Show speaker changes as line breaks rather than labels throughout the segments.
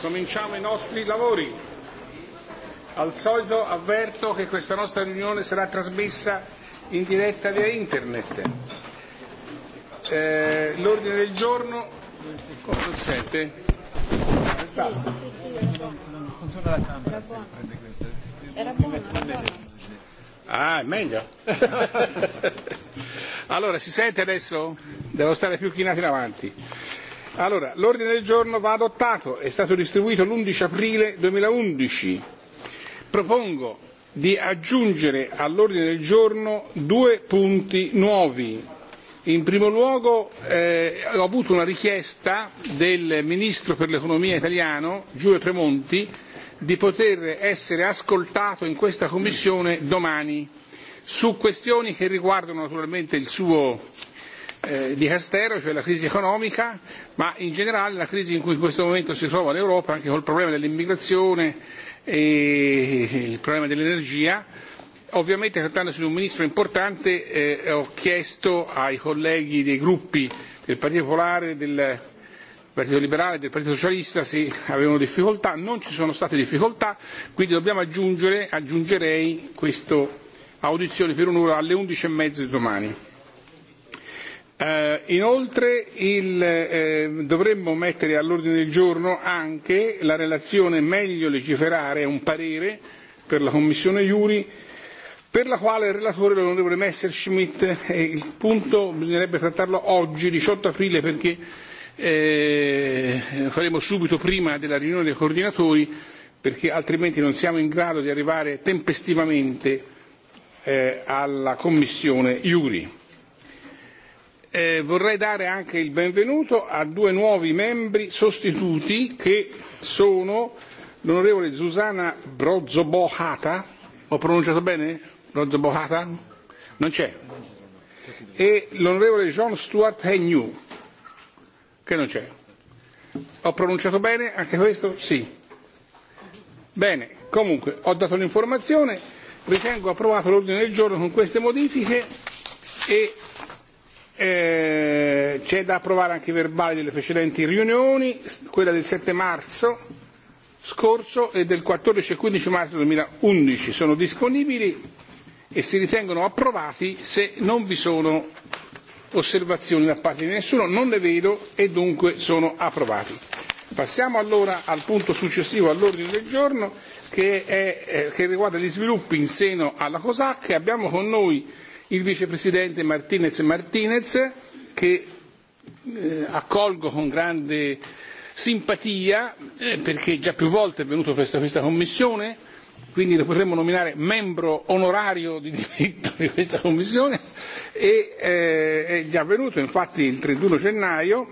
Cominciamo i nostri lavori. Al solito avverto che questa nostra riunione sarà trasmessa in diretta via internet. Eh, l'ordine del giorno consente.
Funziona la camera se prende questo. Era buono.
Ah, è meglio. allora, si sente adesso? Devo stare più chinati in avanti. Allora, l'ordine del giorno va adottato, è stato distribuito l'11 aprile 2011. Propongo di aggiungere all'ordine del giorno due punti nuovi. In primo luogo eh, ho avuto una richiesta del Ministro per l'economia italiano, Giulio Tremonti, di poter essere ascoltato in questa Commissione domani su questioni che riguardano naturalmente il suo Castero, cioè la crisi economica, ma in generale la crisi in cui in questo momento si trova l'Europa, anche col problema dell'immigrazione e il problema dell'energia. Ovviamente trattandosi di un ministro importante ho chiesto ai colleghi dei gruppi del Partito Popolare, del Partito Liberale e del Partito Socialista si avevano difficoltà, non ci sono state difficoltà, quindi dobbiamo aggiungere, aggiungerei questa audizione per un'ora alle 11.30 di domani. Eh, inoltre il, eh, dovremmo mettere all'ordine del giorno anche la relazione meglio legiferare, è un parere per la Commissione Iuri, per la quale il relatore l'onorevole Messerschmidt, eh, il punto bisognerebbe trattarlo oggi, 18 aprile, perché faremo subito prima della riunione dei coordinatori perché altrimenti non siamo in grado di arrivare tempestivamente alla commissione Iuri. vorrei dare anche il benvenuto a due nuovi membri sostituti che sono l'onorevole Zuzana Brozzobohata, ho pronunciato bene? Brozzobohata? Non c'è. E l'onorevole John Stuart Agnew che non c'è. Ho pronunciato bene anche questo? Sì. Bene, comunque ho dato l'informazione, ritengo approvato l'ordine del giorno con queste modifiche e eh, c'è da approvare anche i verbali delle precedenti riunioni, quella del 7 marzo scorso e del 14 e 15 marzo 2011 sono disponibili e si ritengono approvati se non vi sono osservazioni da parte di nessuno, non le vedo e dunque sono approvati. Passiamo allora al punto successivo all'ordine del giorno che, è, eh, che riguarda gli sviluppi in seno alla COSAC. Abbiamo con noi il vicepresidente Martinez Martinez che eh, accolgo con grande simpatia eh, perché già più volte è venuto presso questa commissione quindi lo potremmo nominare membro onorario di diritto di questa commissione e eh, è già avvenuto infatti il 31 gennaio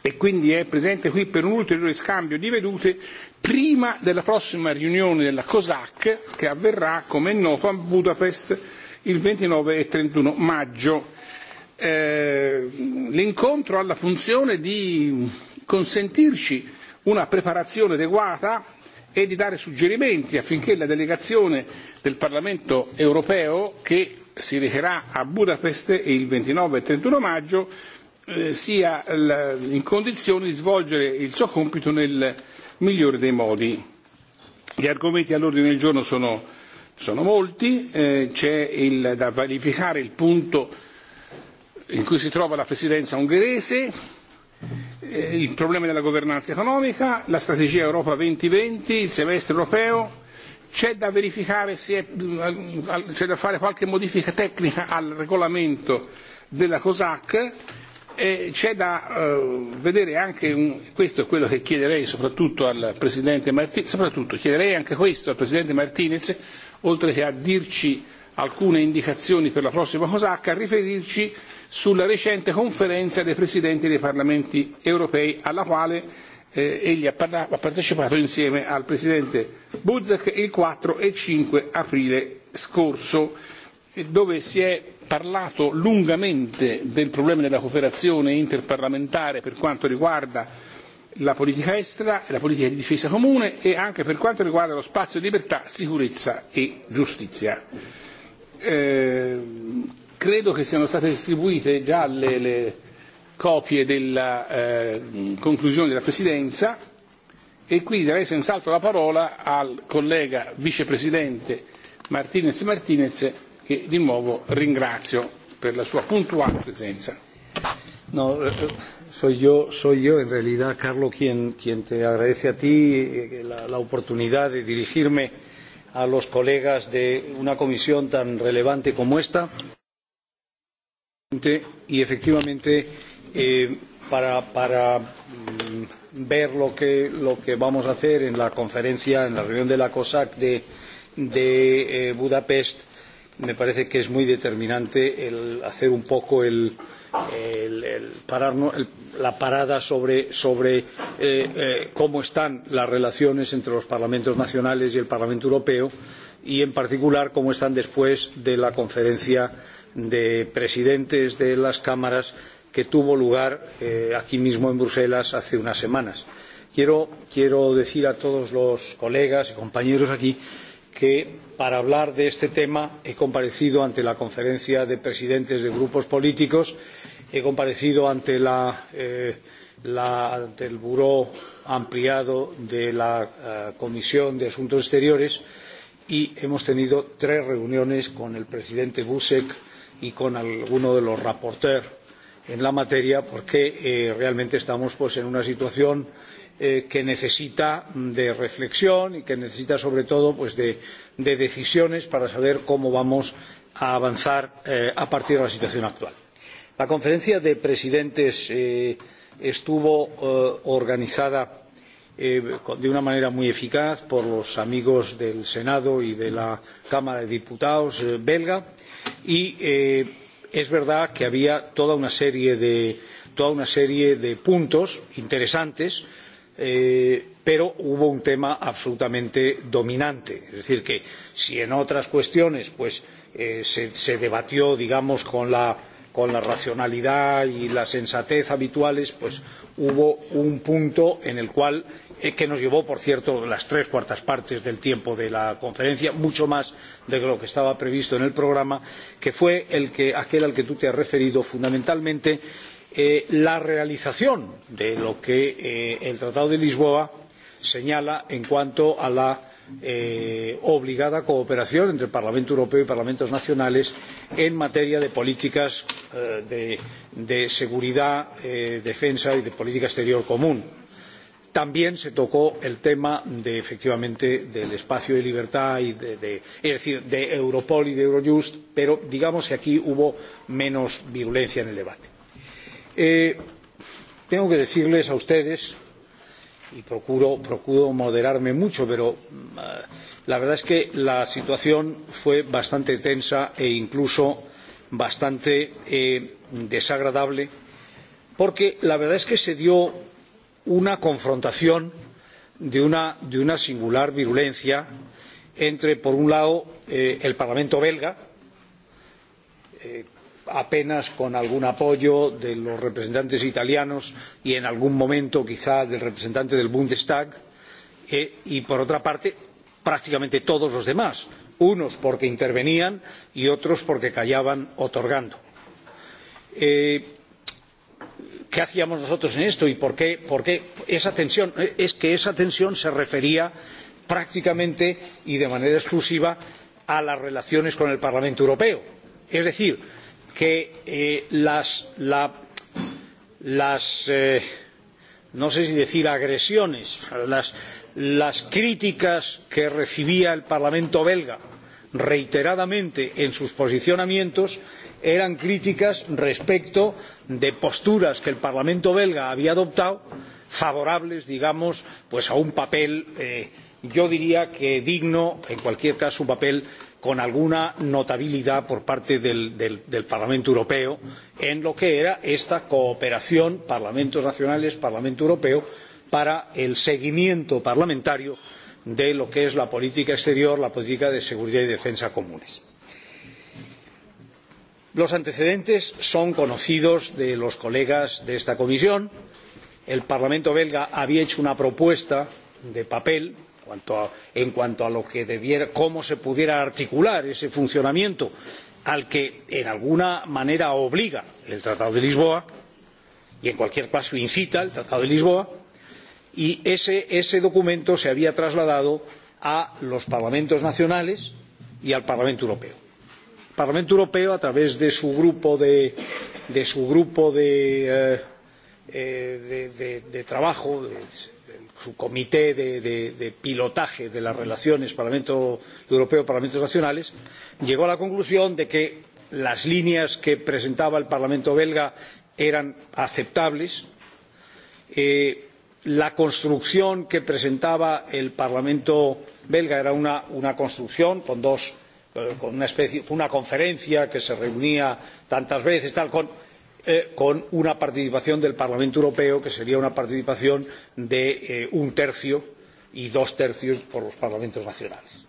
e quindi è presente qui per un ulteriore scambio di vedute prima della prossima riunione della COSAC che avverrà, come è noto, a Budapest il 29 e 31 maggio. Eh, l'incontro ha la funzione di consentirci una preparazione adeguata e di dare suggerimenti affinché la delegazione del Parlamento europeo che si recherà a Budapest il 29 e 31 maggio sia in condizione di svolgere il suo compito nel migliore dei modi. Gli argomenti all'ordine del giorno sono, sono molti, eh, c'è il, da verificare il punto in cui si trova la presidenza ungherese, il problema della governanza economica, la strategia Europa 2020, il semestre europeo, c'è da verificare se è, c'è da fare qualche modifica tecnica al regolamento della COSAC e c'è da uh, vedere anche un, questo è quello che chiederei soprattutto al Presidente Martinez soprattutto chiederei anche questo al Presidente Martinez oltre che a dirci alcune indicazioni per la prossima COSAC a riferirci sulla recente conferenza dei Presidenti dei Parlamenti europei alla quale eh, egli ha, ha partecipato insieme al Presidente Buzek il 4 e 5 aprile scorso dove si è parlato lungamente del problema della cooperazione interparlamentare per quanto riguarda la politica estera e la politica di difesa comune e anche per quanto riguarda lo spazio di libertà, sicurezza e giustizia. Eh, Credo che siano state distribuite già le, le copie della eh, conclusione della Presidenza e qui darei senz'altro la parola al collega vicepresidente Martinez Martinez che di nuovo ringrazio per la sua puntuale presenza.
No, soy yo, soy yo en realidad, Carlo, quien, quien te agradece a ti la, la oportunidad de dirigirme a los colegas de una comisión tan relevante como esta. Y efectivamente, eh, para, para ver lo que, lo que vamos a hacer en la conferencia, en la reunión de la COSAC de, de eh, Budapest, me parece que es muy determinante el hacer un poco el, el, el ¿no? el, la parada sobre, sobre eh, eh, cómo están las relaciones entre los parlamentos nacionales y el Parlamento Europeo y, en particular, cómo están después de la conferencia de presidentes de las cámaras que tuvo lugar aquí mismo en Bruselas hace unas semanas. Quiero, decir a todos los colegas y compañeros aquí que para hablar de este tema he comparecido ante la conferencia de presidentes de grupos políticos, he comparecido ante el Buró ampliado de la Comisión de Asuntos Exteriores y hemos tenido tres reuniones con el presidente Buzek, y con alguno de los rapporteurs en la materia porque realmente estamos en una situación que necesita de reflexión y que necesita sobre todo de, decisiones para saber cómo vamos a avanzar a partir de la situación actual. La conferencia de presidentes estuvo organizada de una manera muy eficaz por los amigos del Senado y de la Cámara de Diputados belga y es verdad que había toda una serie de puntos interesantes pero hubo un tema absolutamente dominante es decir que si en otras cuestiones se debatió digamos con la racionalidad y la sensatez habituales pues hubo un punto en el cual que nos llevó, por cierto, las tres cuartas partes del tiempo de la conferencia, mucho más de lo que estaba previsto en el programa, que fue aquel al que tú te has referido fundamentalmente la realización de lo que el Tratado de Lisboa señala en cuanto a la obligada cooperación entre el Parlamento Europeo y Parlamentos Nacionales en materia de políticas de, seguridad, defensa y de política exterior común También se tocó el tema de efectivamente del espacio de libertad y de, es decir, de Europol y de Eurojust, pero digamos que aquí hubo menos virulencia en el debate. tengo que decirles a ustedes y procuro, moderarme mucho, pero la verdad es que la situación fue bastante tensa e incluso bastante desagradable, porque la verdad es que se dio una confrontación de una, singular virulencia entre, por un lado, el Parlamento belga, apenas con algún apoyo de los representantes italianos y en algún momento quizá del representante del Bundestag, y por otra parte prácticamente todos los demás, unos porque intervenían y otros porque callaban otorgando. Eh, qué hacíamos nosotros en esto y por qué, esa tensión es que esa tensión se refería prácticamente y de manera exclusiva a las relaciones con el Parlamento Europeo. Es decir, que las, no sé si decir agresiones, las críticas que recibía el Parlamento belga reiteradamente en sus posicionamientos eran críticas respecto de posturas que el Parlamento belga había adoptado favorables, digamos, pues a un papel, yo diría que digno, en cualquier caso, un papel con alguna notabilidad por parte del, Parlamento Europeo en lo que era esta cooperación Parlamentos Nacionales Parlamento Europeo para el seguimiento parlamentario de lo que es la política exterior, la política de seguridad y defensa comunes los antecedentes son conocidos de los colegas de esta comisión el parlamento belga había hecho una propuesta de papel en cuanto a cómo se pudiera articular ese funcionamiento al que en alguna manera obliga el tratado de lisboa y en cualquier caso incita el tratado de lisboa y ese documento se había trasladado a los parlamentos nacionales y al parlamento europeo. Parlamento Europeo, a través de su grupo de, de, su grupo de, de, de, de trabajo, de, su comité de, de, de pilotaje de las relaciones Parlamento Europeo-Parlamentos Nacionales, llegó a la conclusión de que las líneas que presentaba el Parlamento belga eran aceptables. Eh, la construcción que presentaba el Parlamento belga era una, una construcción con dos con una especie, una conferencia que se reunía tantas veces, tal, con, con una participación del Parlamento Europeo, que sería una participación de un tercio y dos tercios por los parlamentos nacionales.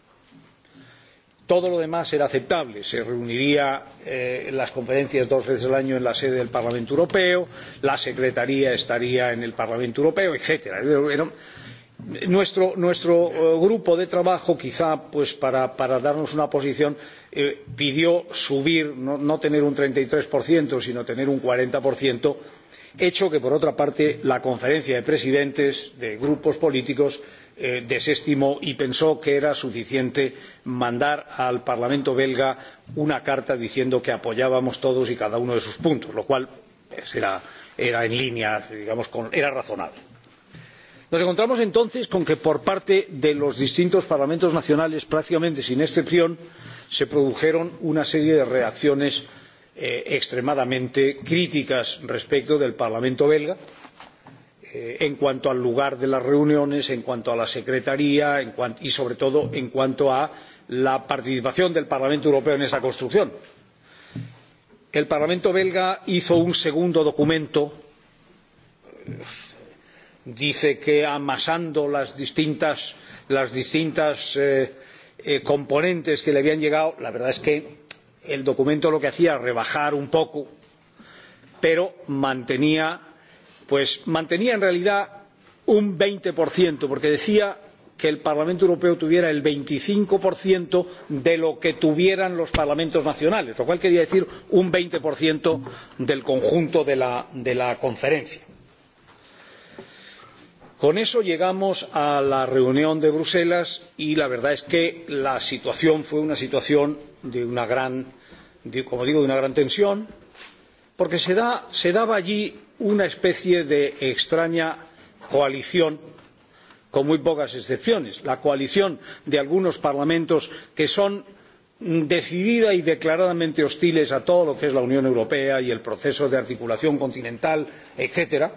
Todo lo demás era aceptable. Se reuniría en las conferencias dos veces al año en la sede del Parlamento Europeo, la Secretaría estaría en el Parlamento Europeo, etcétera nuestro, grupo de trabajo, quizá para, darnos una posición, pidió subir, no, tener un treinta y tres sino tener un cuarenta hecho que, por otra parte, la conferencia de presidentes de grupos políticos desestimó y pensó que era suficiente mandar al Parlamento belga una carta diciendo que apoyábamos todos y cada uno de sus puntos, lo cual era en línea, digamos, era razonable nos encontramos entonces con que por parte de los distintos parlamentos nacionales prácticamente sin excepción se produjeron una serie de reacciones extremadamente críticas respecto del parlamento belga en cuanto al lugar de las reuniones en cuanto a la secretaría y sobre todo en cuanto a la participación del parlamento europeo en esa construcción. el parlamento belga hizo un segundo documento dice que amasando las distintas, componentes que le habían llegado, la verdad es que el documento lo que hacía era rebajar un poco, pero mantenía, pues mantenía en realidad un veinte porque decía que el Parlamento Europeo tuviera el veinticinco de lo que tuvieran los parlamentos nacionales, lo cual quería decir un veinte del conjunto de la conferencia Con eso llegamos a la reunión de Bruselas y la verdad es que la situación fue una situación de una gran, como digo, de una gran tensión, porque se, daba allí una especie de extraña coalición con muy pocas excepciones, la coalición de algunos parlamentos que son decidida y declaradamente hostiles a todo lo que es la Unión Europea y el proceso de articulación continental, etcétera.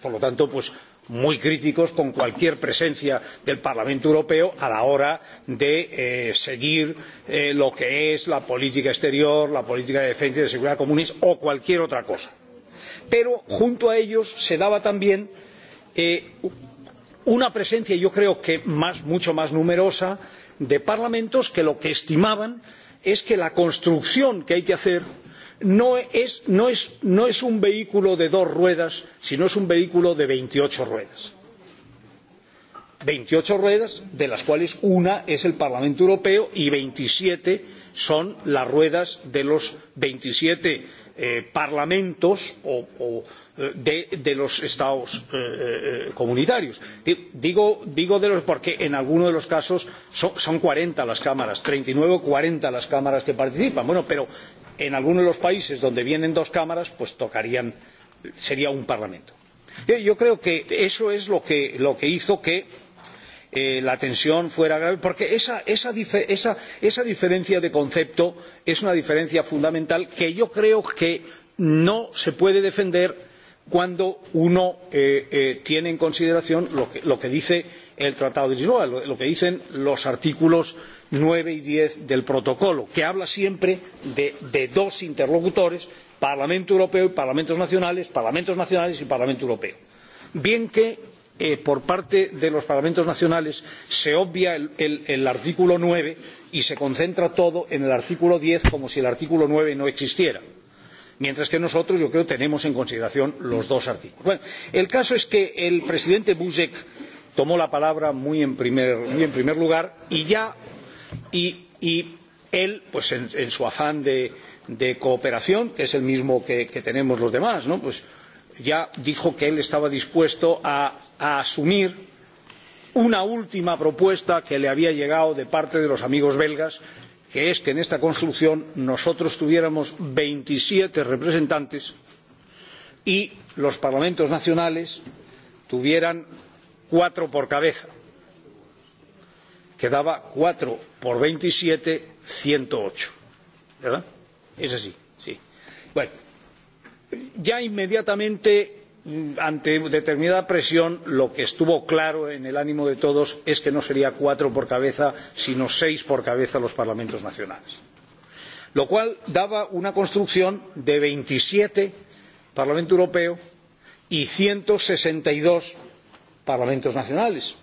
Por lo tanto, pues muy críticos con cualquier presencia del Parlamento Europeo a la hora de seguir lo que es la política exterior, la política de defensa y de seguridad comunes o cualquier otra cosa. Pero junto a ellos se daba también una presencia, yo creo que mucho más numerosa, de parlamentos que lo que estimaban es que la construcción que hay que hacer no es, un vehículo de dos ruedas, sino es un vehículo de veintiocho ruedas. Veintiocho ruedas, de las cuales una es el Parlamento Europeo y veintisiete son las ruedas de los veintisiete parlamentos de, los estados comunitarios. Digo, de los porque en algunos de los casos son, cuarenta las cámaras, treinta y nueve o cuarenta las cámaras que participan. Bueno, pero en algunos de los países donde vienen dos cámaras, pues tocarían, sería un parlamento. Yo creo que eso es lo que, hizo que la tensión fuera grave, porque esa diferencia de concepto es una diferencia fundamental que yo creo que no se puede defender cuando uno tiene en consideración lo que, dice el Tratado de Lisboa, lo que dicen los artículos nueve y diez del protocolo, que habla siempre de, dos interlocutores, Parlamento Europeo y Parlamentos Nacionales, Parlamentos Nacionales y Parlamento Europeo. Bien que por parte de los Parlamentos Nacionales se obvia el, artículo nueve y se concentra todo en el artículo diez como si el artículo nueve no existiera mientras que nosotros yo creo tenemos en consideración los dos artículos. el caso es que el presidente Buzek tomó la palabra muy en primer, lugar y ya y, él, pues en, su afán de, cooperación, que es el mismo que, tenemos los demás, ¿no? pues ya dijo que él estaba dispuesto a, asumir una última propuesta que le había llegado de parte de los amigos belgas, que es que en esta construcción nosotros tuviéramos veintisiete representantes y los parlamentos nacionales tuvieran cuatro por cabeza. Quedaba cuatro por veintisiete, ciento ocho. ¿Verdad? Es así, sí. Bueno, ya inmediatamente ante determinada presión lo que estuvo claro en el ánimo de todos es que no sería cuatro por cabeza sino seis por cabeza los parlamentos nacionales lo cual daba una construcción de veintisiete parlamento europeo y ciento sesenta y dos parlamentos nacionales.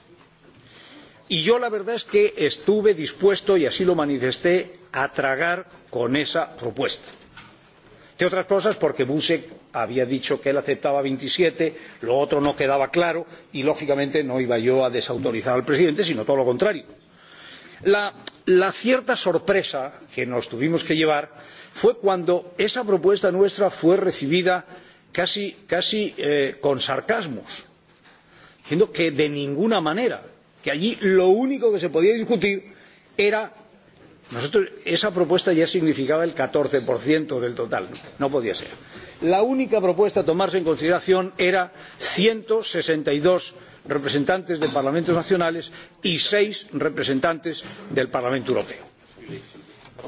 Y yo la verdad es que estuve dispuesto, y así lo manifesté, a tragar con esa propuesta. Entre otras cosas porque Busek había dicho que él aceptaba veintisiete, lo otro no quedaba claro y lógicamente no iba yo a desautorizar al presidente, sino todo lo contrario. La, cierta sorpresa que nos tuvimos que llevar fue cuando esa propuesta nuestra fue recibida casi, con sarcasmos diciendo que de ninguna manera, que allí lo único que se podía discutir era nosotros esa propuesta ya significaba el catorce del total, no podía ser. La única propuesta a tomarse en consideración era ciento sesenta y dos representantes de parlamentos nacionales y seis representantes del Parlamento Europeo.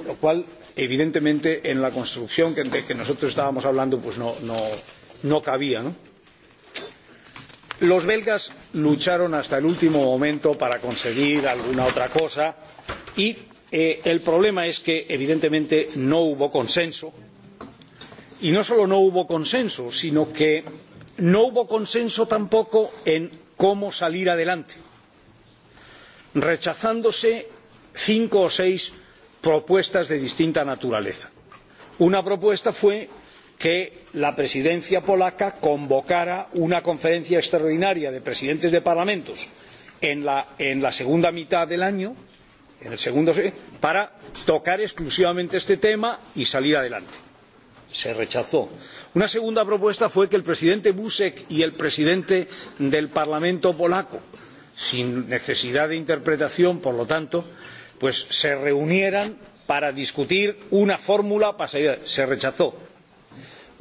Lo cual, evidentemente, en la construcción de que nosotros estábamos hablando, pues no, cabía. ¿no? Los belgas lucharon hasta el último momento para conseguir alguna otra cosa y el problema es que evidentemente no hubo consenso. Y no solo no hubo consenso, sino que no hubo consenso tampoco en cómo salir adelante, rechazándose cinco o seis propuestas de distinta naturaleza. Una propuesta fue que la presidencia polaca convocara una conferencia extraordinaria de presidentes de parlamentos en la segunda mitad del año para tocar exclusivamente este tema y salir adelante. Se rechazó. Una segunda propuesta fue que el presidente Buzek y el presidente del Parlamento polaco, sin necesidad de interpretación, por lo tanto, se reunieran para discutir una fórmula para salir. Se rechazó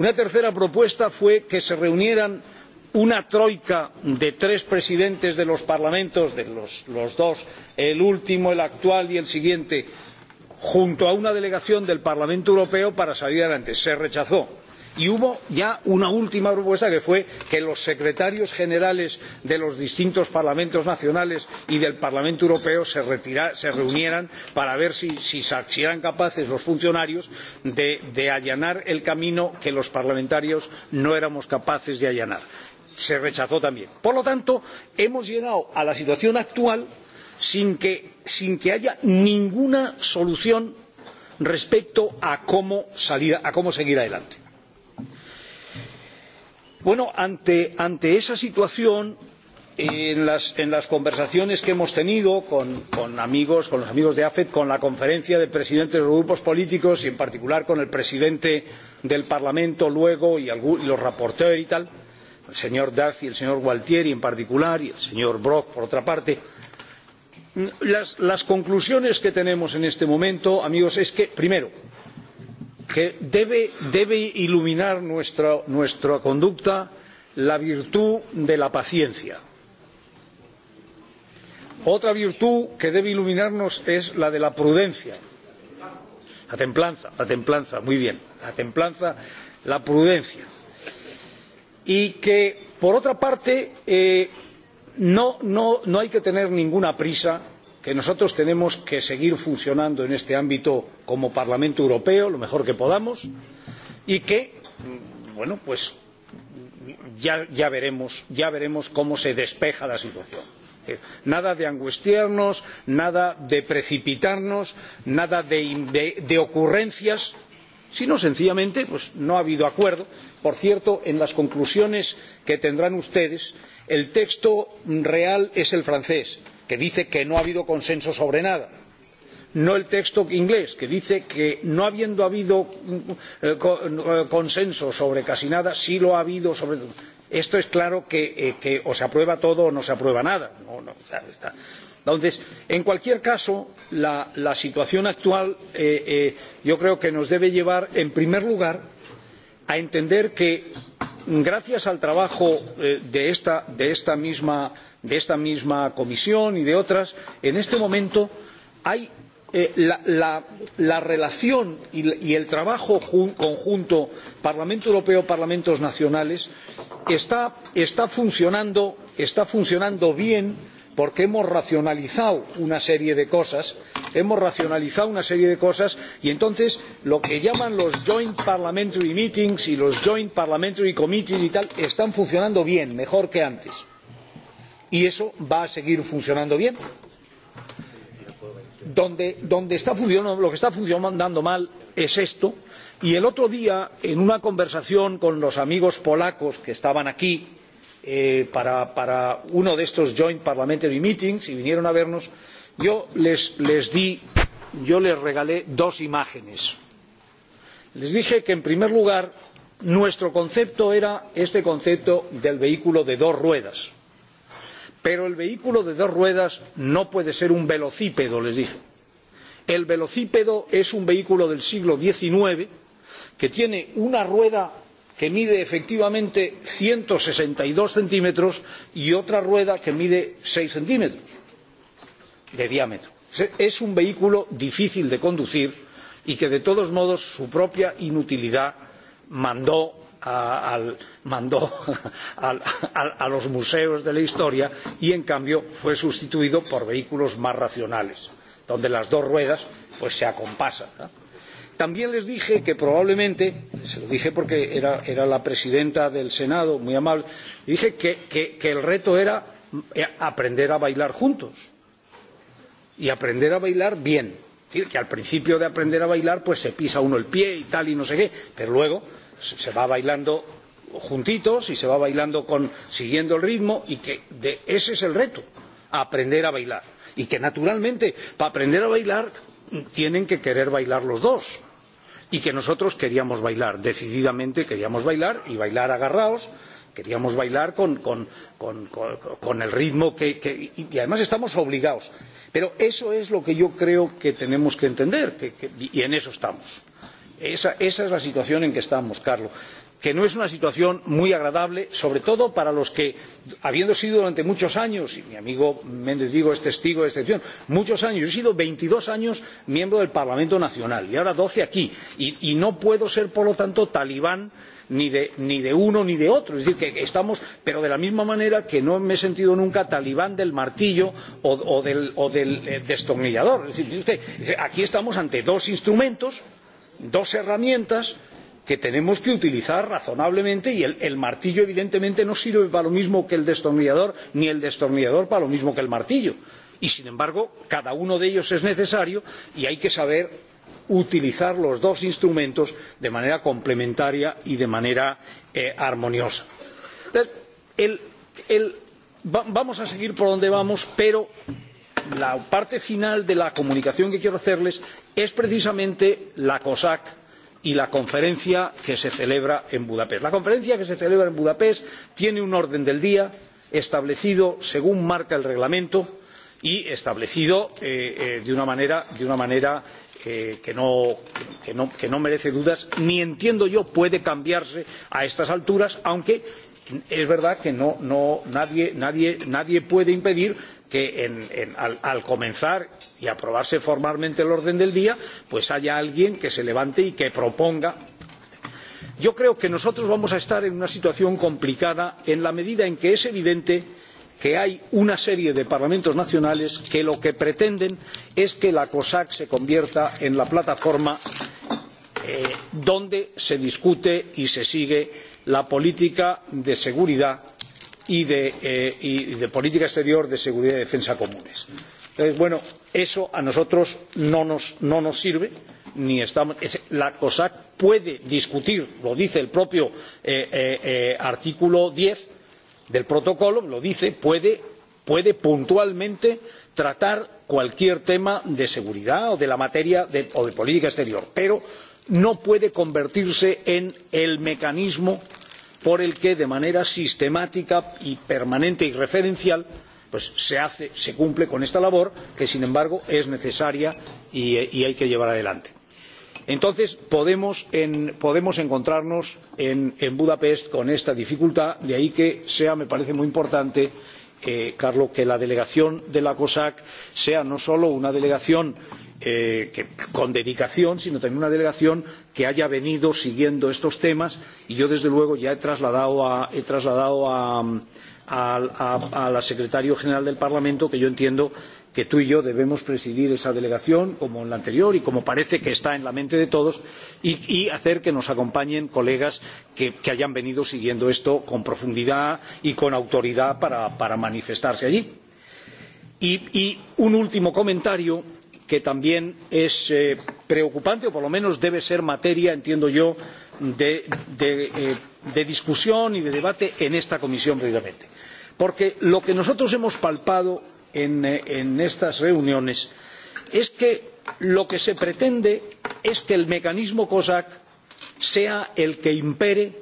una tercera propuesta fue que se reunieran una troika de tres presidentes de los parlamentos de los dos el último el actual y el siguiente junto a una delegación del parlamento europeo para salir adelante. se rechazó y hubo ya una última propuesta que fue que los secretarios generales de los distintos parlamentos nacionales y del Parlamento Europeo se, reunieran para ver si, eran capaces los funcionarios de allanar el camino que los parlamentarios no éramos capaces de allanar. Se rechazó también. Por lo tanto, hemos llegado a la situación actual sin que haya ninguna solución respecto a cómo seguir adelante. Bueno, ante, esa situación, en las, conversaciones que hemos tenido con, amigos, con los amigos de AFET, con la conferencia de presidentes de los grupos políticos y en particular con el presidente del Parlamento luego y, los ponentes y tal, el señor Duff y el señor Gualtieri en particular y el señor Brok por otra parte, las conclusiones que tenemos en este momento, amigos, es que, primero, que debe, iluminar nuestra conducta la virtud de la paciencia. Otra virtud que debe iluminarnos es la de la prudencia. La templanza, la templanza, muy bien. La templanza, la prudencia. Y que, por otra parte, no hay que tener ninguna prisa que nosotros tenemos que seguir funcionando en este ámbito como Parlamento Europeo lo mejor que podamos y que, bueno, pues ya, veremos, ya veremos cómo se despeja la situación. Nada de angustiarnos, nada de precipitarnos, nada de ocurrencias, sino sencillamente pues no ha habido acuerdo. Por cierto, en las conclusiones que tendrán ustedes, el texto real es el francés que dice que no ha habido consenso sobre nada no el texto inglés que dice que no habiendo habido consenso sobre casi nada sí lo ha habido sobre esto es claro que o se aprueba todo o no se aprueba nada entonces en cualquier caso la situación actual yo creo que nos debe llevar en primer lugar a entender que gracias al trabajo de esta misma comisión y de otras en este momento hay la relación y el trabajo conjunto parlamento europeo parlamentos nacionales está funcionando bien porque hemos racionalizado una serie de cosas, hemos racionalizado una serie de cosas y entonces lo que llaman los joint parliamentary meetings y los joint parliamentary committees y tal están funcionando bien, mejor que antes. Y eso va a seguir funcionando bien. Donde, donde está funcionando, lo que está funcionando mal es esto. Y el otro día, en una conversación con los amigos polacos que estaban aquí, para, uno de estos joint parliamentary meetings y vinieron a vernos, yo les, di, yo les regalé dos imágenes. Les dije que en primer lugar nuestro concepto era este concepto del vehículo de dos ruedas. Pero el vehículo de dos ruedas no puede ser un velocípedo, les dije. El velocípedo es un vehículo del siglo XIX que tiene una rueda que mide efectivamente ciento sesenta y dos centímetros y otra rueda que mide seis centímetros de diámetro. Es un vehículo difícil de conducir y que, de todos modos, su propia inutilidad mandó a los museos de la historia y, en cambio, fue sustituido por vehículos más racionales, donde las dos ruedas se acompasan También les dije que probablemente, se lo dije porque era, era la presidenta del Senado, muy amable, dije que, que, que el reto era aprender a bailar juntos y aprender a bailar bien. Es decir, que al principio de aprender a bailar pues se pisa uno el pie y tal y no sé qué, pero luego se va bailando juntitos y se va bailando con, siguiendo el ritmo y que de, ese es el reto, aprender a bailar. Y que naturalmente para aprender a bailar tienen que querer bailar los dos y que nosotros queríamos bailar, decididamente queríamos bailar y bailar agarrados, queríamos bailar con, con, con, con, con el ritmo que, que y además estamos obligados. Pero eso es lo que yo creo que tenemos que entender que, que, y en eso estamos. Esa, esa es la situación en que estamos, Carlos que no es una situación muy agradable, sobre todo para los que, habiendo sido durante muchos años, y mi amigo Méndez Vigo es testigo de excepción, muchos años, yo he sido veintidós años miembro del Parlamento Nacional y ahora doce aquí, y no puedo ser, por lo tanto, talibán ni de, uno ni de otro. Es decir, que estamos, pero de la misma manera que no me he sentido nunca talibán del martillo o, del, destornillador. Es decir, aquí estamos ante dos instrumentos, dos herramientas, que tenemos que utilizar razonablemente y el, martillo evidentemente no sirve para lo mismo que el destornillador ni el destornillador para lo mismo que el martillo y sin embargo cada uno de ellos es necesario y hay que saber utilizar los dos instrumentos de manera complementaria y de manera armoniosa. vamos a seguir por donde vamos pero la parte final de la comunicación que quiero hacerles es precisamente la cosac y la conferencia que se celebra en Budapest. La conferencia que se celebra en Budapest tiene un orden del día establecido según marca el reglamento y establecido de una manera, que, no, merece dudas, ni entiendo yo puede cambiarse a estas alturas, aunque es verdad que nadie puede impedir que al, comenzar y aprobarse formalmente el orden del día, pues haya alguien que se levante y que proponga. Yo creo que nosotros vamos a estar en una situación complicada en la medida en que es evidente que hay una serie de parlamentos nacionales que lo que pretenden es que la COSAC se convierta en la plataforma donde se discute y se sigue la política de seguridad y de, política exterior de seguridad y defensa comunes. Entonces, bueno, eso a nosotros no nos, sirve. Ni estamos, la COSAC puede discutir, lo dice el propio artículo diez del protocolo, lo dice, puede puede puntualmente tratar cualquier tema de seguridad o de la materia o de política exterior, pero no puede convertirse en el mecanismo por el que de manera sistemática y permanente y referencial se, cumple con esta labor que sin embargo es necesaria y, hay que llevar adelante. Entonces podemos, encontrarnos en, Budapest con esta dificultad, de ahí que sea, me parece muy importante, Carlos, que la delegación de la COSAC sea no solo una delegación con dedicación, sino también una delegación que haya venido siguiendo estos temas y yo desde luego ya he trasladado al secretario general del Parlamento que yo entiendo que tú y yo debemos presidir esa delegación como en la anterior y como parece que está en la mente de todos y, hacer que nos acompañen colegas que, hayan venido siguiendo esto con profundidad y con autoridad para, manifestarse allí. y un último comentario que también es preocupante o por lo menos debe ser materia, entiendo yo, de, discusión y de debate en esta comisión precisamente. Porque lo que nosotros hemos palpado en estas reuniones es que lo que se pretende es que el mecanismo COSAC sea el que impere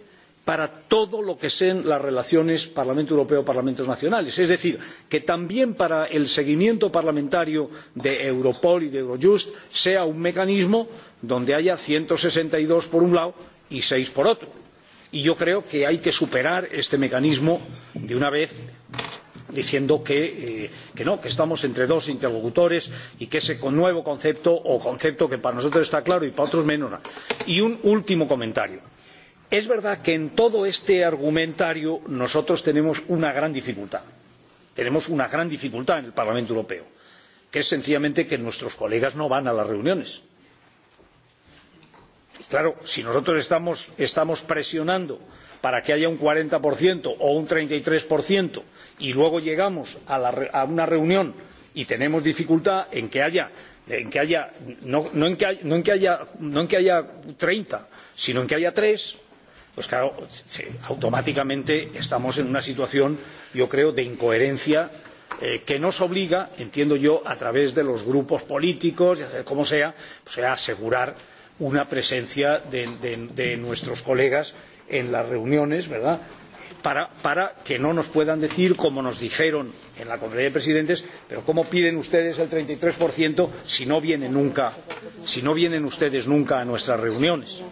para todo lo que sean las relaciones Parlamento Europeo Parlamentos Nacionales. Es decir, que también para el seguimiento parlamentario de Europol y de Eurojust sea un mecanismo donde haya ciento sesenta y dos por un lado y seis por otro. Y yo creo que hay que superar este mecanismo de una vez diciendo que, no, que estamos entre dos interlocutores y que ese nuevo concepto o concepto que para nosotros está claro y para otros menos. Y un último comentario Es verdad que en todo este argumentario nosotros tenemos una gran dificultad. Tenemos una gran dificultad en el Parlamento Europeo, que es sencillamente que nuestros colegas no van a las reuniones. Claro, si nosotros estamos, presionando para que haya un cuarenta o un treinta y tres y luego llegamos a, una reunión y tenemos dificultad en que haya no, en que haya treinta, sino en que haya tres pues claro, automáticamente estamos en una situación, yo creo, de incoherencia que nos obliga, entiendo yo, a través de los grupos políticos, como sea, a asegurar una presencia de, nuestros colegas en las reuniones, ¿verdad? Para, que no nos puedan decir, como nos dijeron en la Conferencia de Presidentes, pero cómo piden ustedes el treinta y tres si no vienen nunca, si no vienen ustedes nunca a nuestras reuniones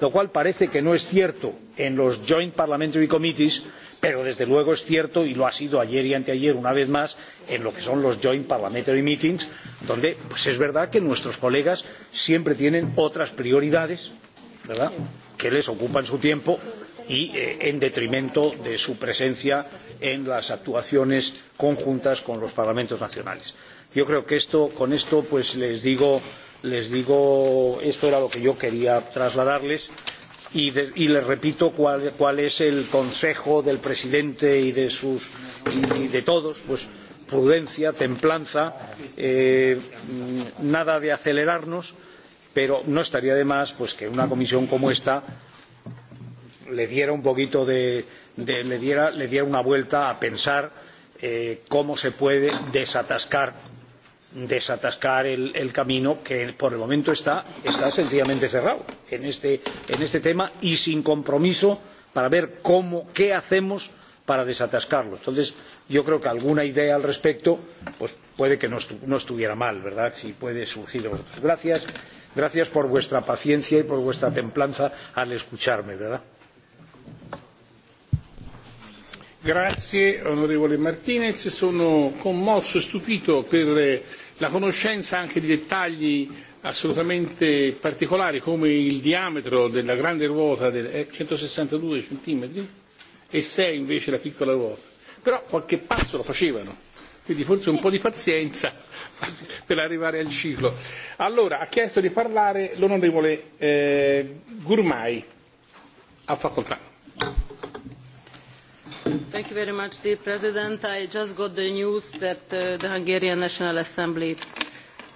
lo cual parece que no es cierto en los joint parliamentary committees pero desde luego es cierto y lo ha sido ayer y anteayer una vez más en lo que son los joint parliamentary meetings donde es verdad que nuestros colegas siempre tienen otras prioridades que les ocupan su tiempo y en detrimento de su presencia en las actuaciones conjuntas con los parlamentos nacionales. yo creo que con esto les digo les digo, esto era lo que yo quería trasladarles y, les repito cuál, es el consejo del presidente y de, sus, y de todos, pues prudencia, templanza, nada de acelerarnos, pero no estaría de más pues, que una comisión como esta le diera un poquito de, le diera una vuelta a pensar cómo se puede desatascar desatascar el, camino que por el momento está, sencillamente cerrado en este, tema y sin compromiso para ver cómo, qué hacemos para desatascarlo. Entonces, yo creo que alguna idea al respecto puede que no, estuviera mal, ¿verdad? Si puede surgir otros vosotros. Gracias, gracias por vuestra paciencia y por vuestra templanza al escucharme, ¿verdad?
grazie onorevole martinez sono commosso e stupito per la conoscenza anche di dettagli assolutamente particolari come il diametro della grande ruota è centosessantadue centimetri e sei invece la piccola ruota. Però qualche passo lo facevano, quindi forse un po' di pazienza per arrivare al ciclo. Allora, ha chiesto di parlare l'onorevole eh, Gurmai. a facoltà.
Thank you very much, dear President. I just got the news that the Hungarian National Assembly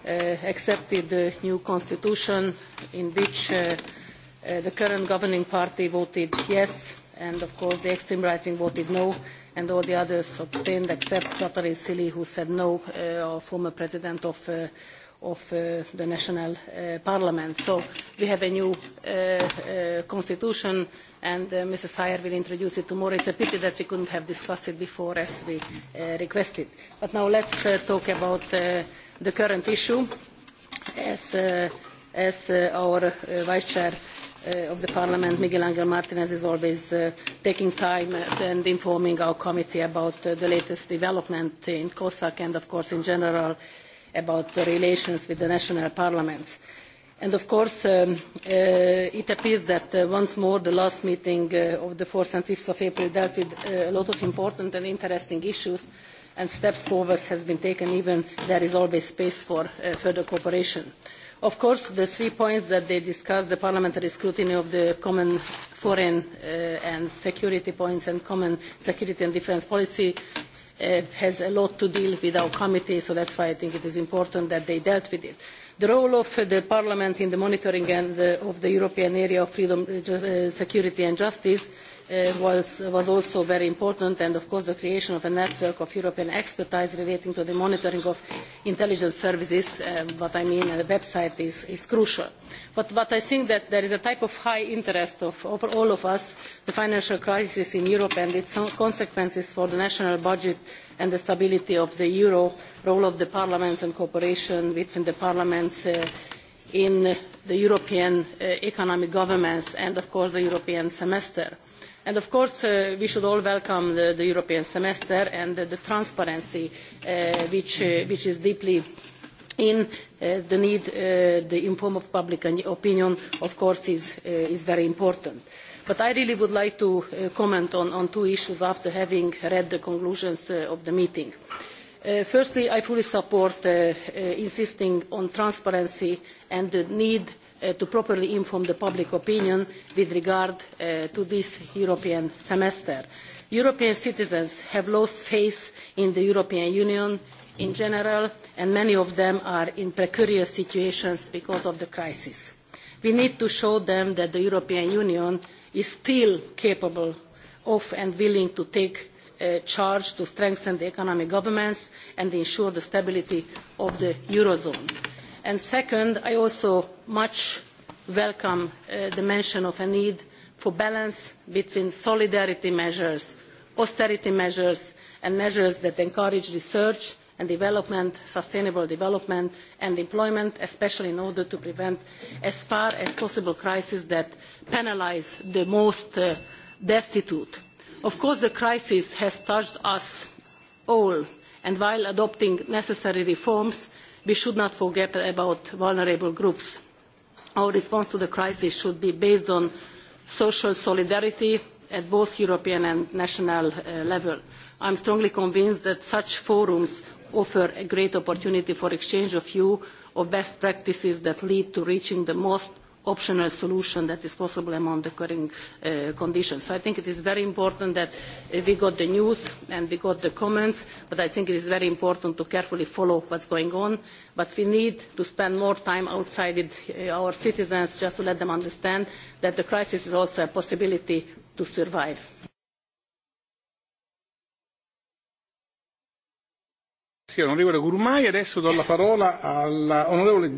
accepted the new constitution in which the current governing party voted yes and of course the extreme right wing voted no and all the others abstained except Katalin Sili who said no, our former president of, the national parliament. So we have a new constitution and Mrs. Heyer will introduce it tomorrow. It's a pity that we couldn't have discussed it before as we requested. But now let's talk about the current issue. As, our Vice Chair of the Parliament, Miguel Angel Martinez, is always taking time and informing our committee about the latest development in COSAC and, of course, in general about the relations with the national parliaments And of course, it appears that once more the last meeting of the fourth and fifth of April dealt with a lot of important and interesting issues, and steps forward has been taken, even there is always space for further cooperation. Of course, the three points that they discussed, the parliamentary scrutiny of the common foreign and security points and common security and defence policy has a lot to deal with our committee, so that's why I think it is important that they dealt with it the role of Parliament in the monitoring of the European area of freedom, security and justice was, also very important and of course the creation of a network of European expertise relating to the monitoring of intelligence services, what I mean a website is, crucial. But, I think that there is a type of high interest of, of all of us, the financial crisis in Europe and its consequences for the national budget and the stability of the euro, role of the parliaments and cooperation between the parliaments in the European economic governance and, of course, the European semester. And, of course, we should all welcome the, European semester and the, transparency which, is deeply in the need, the inform of public opinion, of course, is, very important. But I really would like to comment on, two issues after having read the conclusions of the meeting. firstly, I fully support insisting on transparency and the need to properly inform the public opinion with regard to this European semester. European citizens have lost faith in the European Union in general, and many of them are in precarious situations because of the crisis. We need to show them that the European Union is still capable of and willing to take charge to strengthen the economic governance and ensure the stability of the eurozone. And second, I also much welcome the mention of a need for balance between solidarity measures, austerity measures and measures that encourage research and development, sustainable development and employment, especially in order to prevent as far as possible crises that penalise the most destitute. Of course, the crisis has touched us all, and while adopting necessary reforms, we should not forget about vulnerable groups. Our response to the crisis should be based on social solidarity at both European and national level. I am strongly convinced that such forums offer a great opportunity for exchange of view of best practices that lead to reaching the most optional solution that is possible among the current conditions. So I think it is very important that we got the news and we got the comments, but I think it is very important to carefully follow what is going on. But we need to spend more time outside our citizens just to let them understand that the crisis is also a possibility to survive.
Grazie onorevole Gurmai, adesso do la parola all'onorevole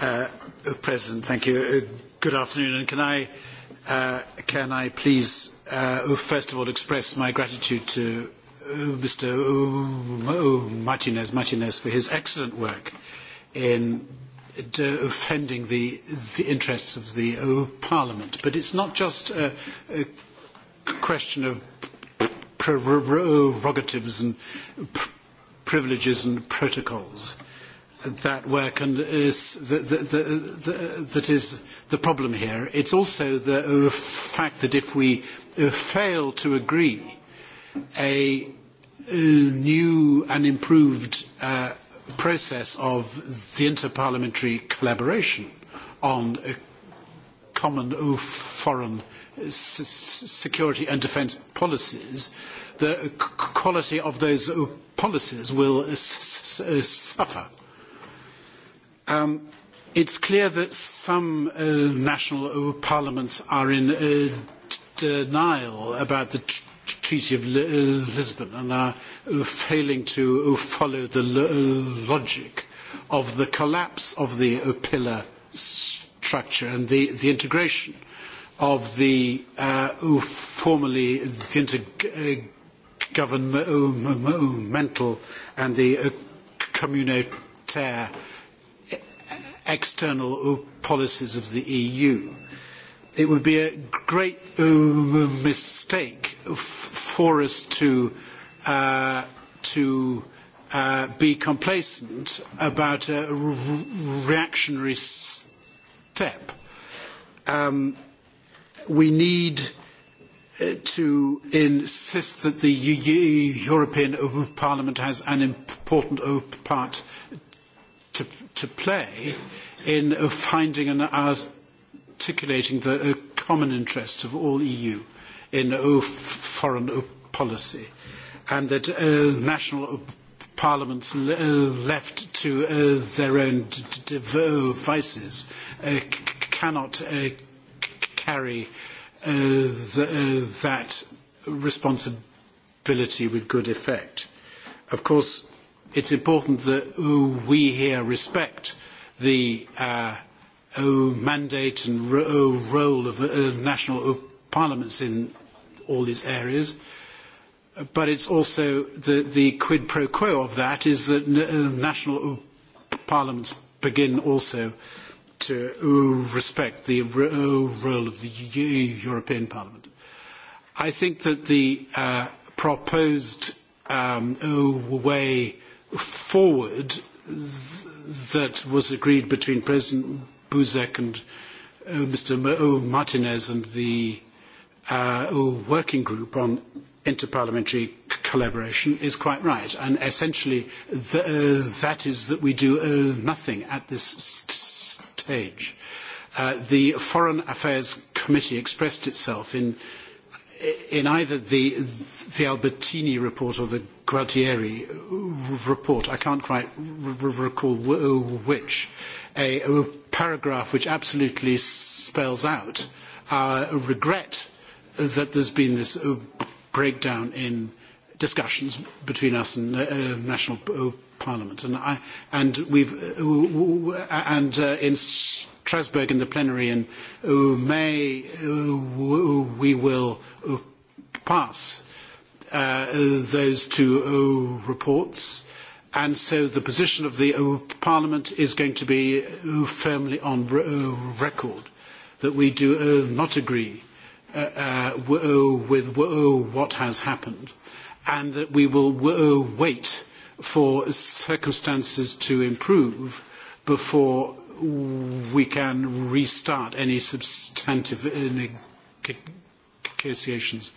uh,
President, thank you. Uh, good afternoon, and can I, uh, can I please uh, first of all express my gratitude to uh, Mr. Martinez, Martinez for his excellent work in defending the, the interests of the Parliament. But it's not just a, a question of prerogatives and privileges and protocols that work and that is the problem here. It's also the fact that if we fail to agree a new and improved process of the interparliamentary collaboration on common foreign security and defence policies, the quality of those policies will suffer. It is clear that some national parliaments are in denial about the Treaty of Lisbon and are failing to follow the logic of the collapse of the pillar structure and the integration of the formerly the intergovernmental and the communautaire external policies of the EU. It would be a great mistake for us to be complacent about a reactionary step we need to insist that the European Parliament has an important part to play in finding and articulating the common interests of all EU in foreign policy, and that national parliaments left to their own devices cannot carry that responsibility with good effect. Of course, it is important that we here respect the mandate and role of national parliaments in all these areas. But it's also the, quid pro quo of that is that national parliaments begin also uh, to respect the role of the European Parliament. I think that the proposed way forward that was agreed between President Buzek and Mr. Martinez and the working group on interparliamentary collaboration is quite right. And essentially, that is that we do nothing at this stage. the Foreign Affairs Committee expressed itself in, either the, Albertini report or the Gualtieri report, I can't quite recall which, a, paragraph which absolutely spells out our regret that there has been this breakdown in discussions between us and national Parliament. And, I, and, we've, and in Strasbourg, in the plenary in May, we will pass those two reports. And so the position of the Parliament is going to be firmly on record that we do not agree with what has happened and that we will wait for circumstances to improve before we can restart any substantive negotiations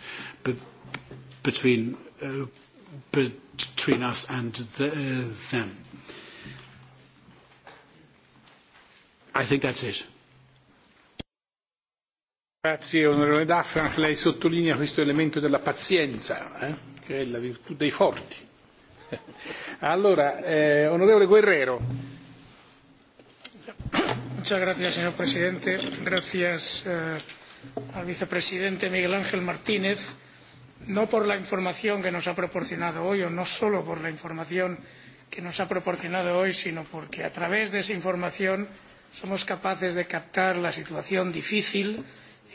between between us and
them. I think that's it. Grazie onorevole lei sottolinea questo elemento della pazienza, eh? che è la virtù dei forti Allora, eh, onorevole Guerrero. Muchas gracias,
señor presidente. Gracias eh, al vicepresidente Miguel Ángel Martínez, no por la información que nos ha proporcionado hoy, o no solo por la información que nos ha proporcionado hoy, sino porque a través de esa información somos capaces de captar la situación difícil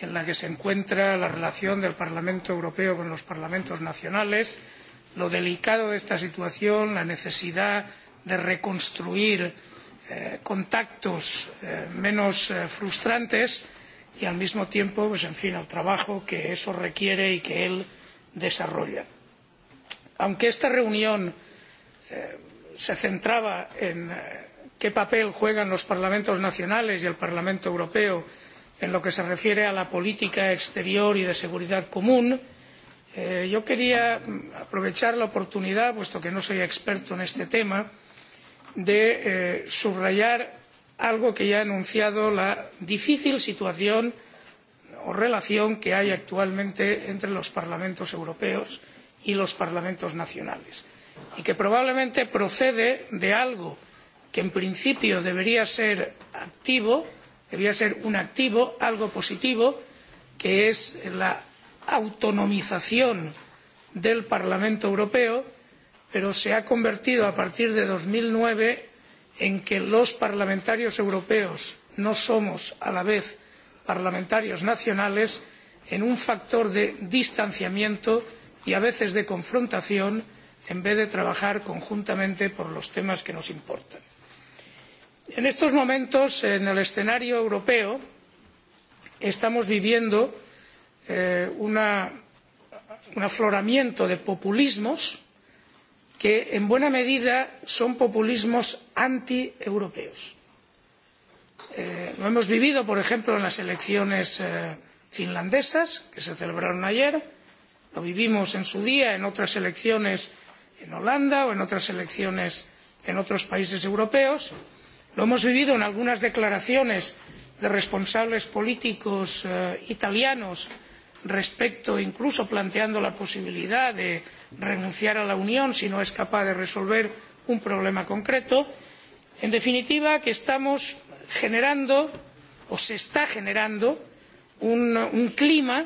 en la que se encuentra la relación del Parlamento Europeo con los parlamentos nacionales, lo delicado de esta situación la necesidad de reconstruir contactos menos frustrantes y al mismo tiempo el trabajo que eso requiere y que él desarrolla. aunque esta reunión se centraba en qué papel juegan los parlamentos nacionales y el parlamento europeo en lo que se refiere a la política exterior y de seguridad común yo quería aprovechar la oportunidad, puesto que no soy experto en este tema, de subrayar algo que ya ha anunciado la difícil situación o relación que hay actualmente entre los parlamentos europeos y los parlamentos nacionales y que probablemente procede de algo que en principio debería ser activo, debería ser un activo, algo positivo, que es la autonomización del Parlamento Europeo, pero se ha convertido a partir de dos mil nueve en que los parlamentarios europeos no somos a la vez parlamentarios nacionales en un factor de distanciamiento y a veces de confrontación en vez de trabajar conjuntamente por los temas que nos importan. En estos momentos, en el escenario europeo, estamos viviendo un afloramiento de populismos que en buena medida son populismos antieuropeos. lo hemos vivido por ejemplo en las elecciones finlandesas que se celebraron ayer lo vivimos en su día en otras elecciones en holanda o en otras elecciones en otros países europeos lo hemos vivido en algunas declaraciones de responsables políticos italianos respecto incluso planteando la posibilidad de renunciar a la unión si no es capaz de resolver un problema concreto en definitiva que estamos generando o se está generando un clima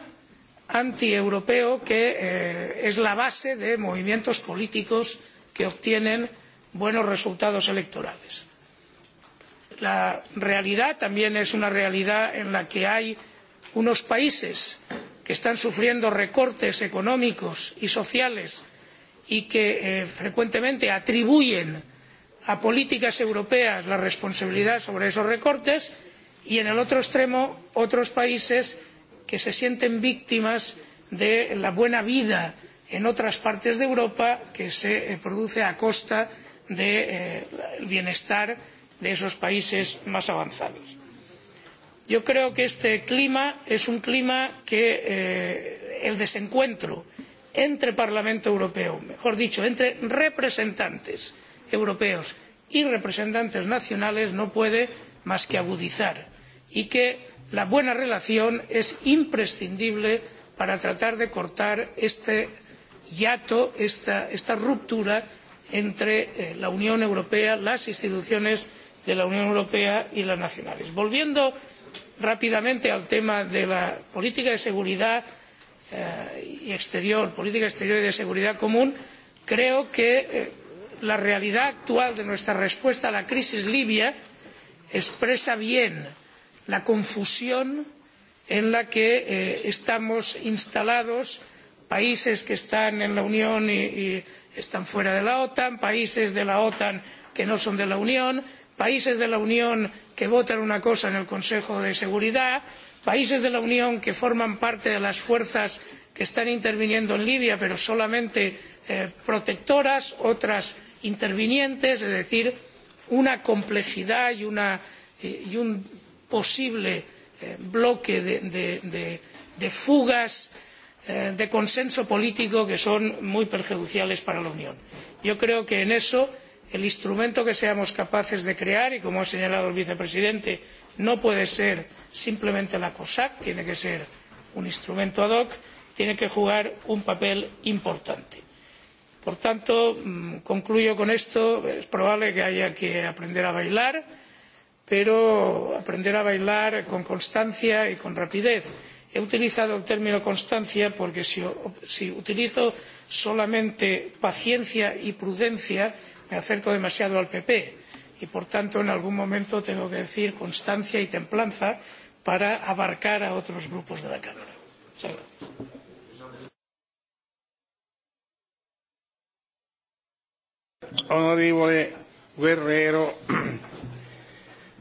antieuropeo que es la base de movimientos políticos que obtienen buenos resultados electorales. La realidad también es una realidad en la que hay unos países que están sufriendo recortes económicos y sociales y que frecuentemente atribuyen a políticas europeas la responsabilidad sobre esos recortes y en el otro extremo otros países que se sienten víctimas de la buena vida en otras partes de europa que se produce a costa del bienestar de esos países más avanzados yo creo que este clima es un clima que el desencuentro entre parlamento europeo mejor dicho entre representantes europeos y representantes nacionales no puede más que agudizar y que la buena relación es imprescindible para tratar de cortar este hiato esta ruptura entre la unión europea las instituciones de la unión europea y las nacionales. volviendo rápidamente al tema de la política de seguridad y exterior política exterior y de seguridad común creo que la realidad actual de nuestra respuesta a la crisis libia expresa bien la confusión en la que estamos instalados países que están en la unión y están fuera de la otan países de la otan que no son de la unión países de la unión que votan una cosa en el consejo de seguridad países de la unión que forman parte de las fuerzas que están interviniendo en libia pero solamente protectoras otras intervinientes es decir una complejidad y un posible bloque de fugas de consenso político que son muy perjudiciales para la unión. yo creo que en eso el instrumento que seamos capaces de crear y como ha señalado el vicepresidente no puede ser simplemente la cosac tiene que ser un instrumento ad hoc tiene que jugar un papel importante. por tanto concluyo con esto es probable que haya que aprender a bailar pero aprender a bailar con constancia y con rapidez. he utilizado el término constancia porque si utilizo solamente paciencia y prudencia me acerco demasiado al pp y por tanto en algún momento tengo que decir constancia y templanza para abarcar a otros grupos de la cámara. muchas gracias.
Onorevole Guerrero,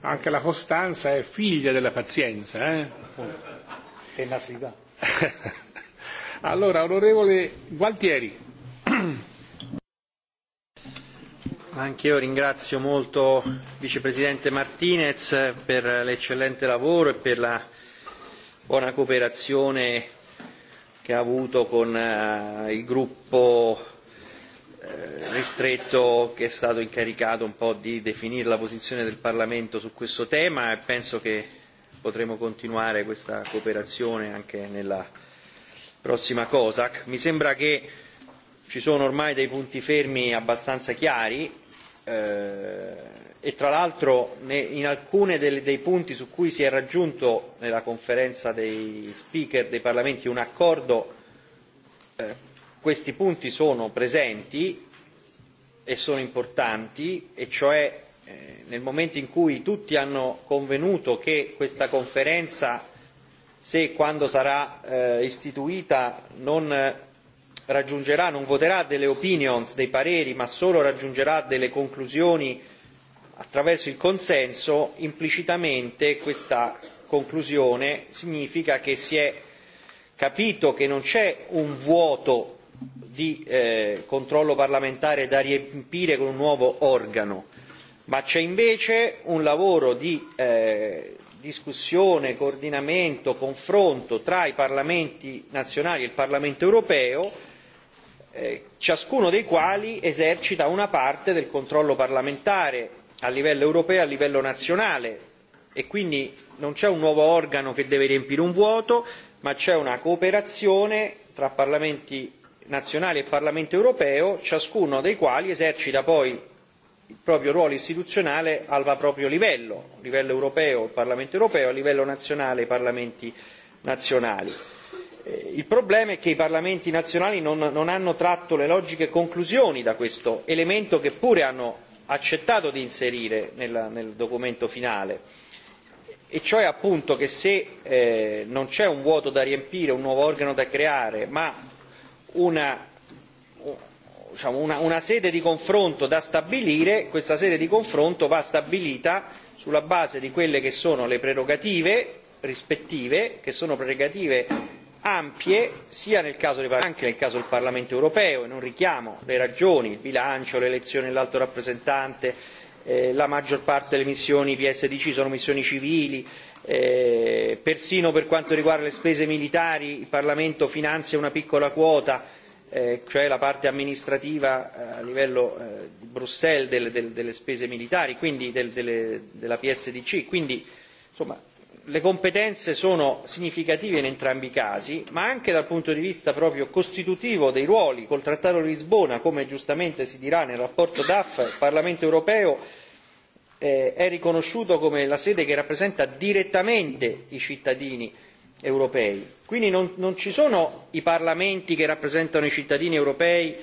anche la costanza è figlia della pazienza. Eh? Tenacità. Allora,
onorevole Gualtieri. Anch'io ringrazio molto il Vicepresidente Martinez per l'eccellente lavoro e per la buona cooperazione che ha avuto con il gruppo ristretto che è stato incaricato un po' di definire la posizione del Parlamento su questo tema e penso che potremo continuare questa cooperazione anche nella prossima COSAC. Mi sembra che ci sono ormai dei punti fermi abbastanza chiari e tra l'altro in alcuni dei punti su cui si è raggiunto nella conferenza dei speaker dei parlamenti un accordo questi punti sono presenti e sono importanti e cioè nel momento in cui tutti hanno convenuto che questa conferenza se e quando sarà istituita non raggiungerà, non voterà delle opinions, dei pareri, ma solo raggiungerà delle conclusioni attraverso il consenso, implicitamente questa conclusione significa che si è capito che non c'è un vuoto di eh, controllo parlamentare da riempire con un nuovo organo, ma c'è invece un lavoro di eh, discussione, coordinamento, confronto tra i parlamenti nazionali e il Parlamento europeo ciascuno dei quali esercita una parte del controllo parlamentare a livello europeo e a livello nazionale e quindi non c'è un nuovo organo che deve riempire un vuoto ma c'è una cooperazione tra parlamenti nazionali e Parlamento europeo, ciascuno dei quali esercita poi il proprio ruolo istituzionale al proprio livello, a livello europeo il Parlamento europeo, a livello nazionale i Parlamenti nazionali il problema è che i parlamenti nazionali non hanno tratto le logiche conclusioni da questo elemento che pure hanno accettato di inserire nel documento finale e cioè appunto che se non c'è un vuoto da riempire un nuovo organo da creare ma una sede di confronto da stabilire questa sede di confronto va stabilita sulla base di quelle che sono le prerogative rispettive che sono prerogative ampie sia nel caso dei, anche nel caso del Parlamento europeo e non richiamo le ragioni, il bilancio, le elezioni dell'alto rappresentante, eh, la maggior parte delle missioni PSDC sono missioni civili, eh, persino per quanto riguarda le spese militari il Parlamento finanzia una piccola quota, eh, cioè la parte amministrativa a livello eh, di Bruxelles delle, delle spese militari, quindi del, delle, della PSDC. Quindi, insomma, le competenze sono significative in entrambi i casi ma anche dal punto di vista proprio costitutivo dei ruoli col trattato di lisbona come giustamente si dirà nella relazione duff il parlamento europeo è riconosciuto come la sede che rappresenta direttamente i cittadini europei quindi non ci sono i parlamenti che rappresentano i cittadini europei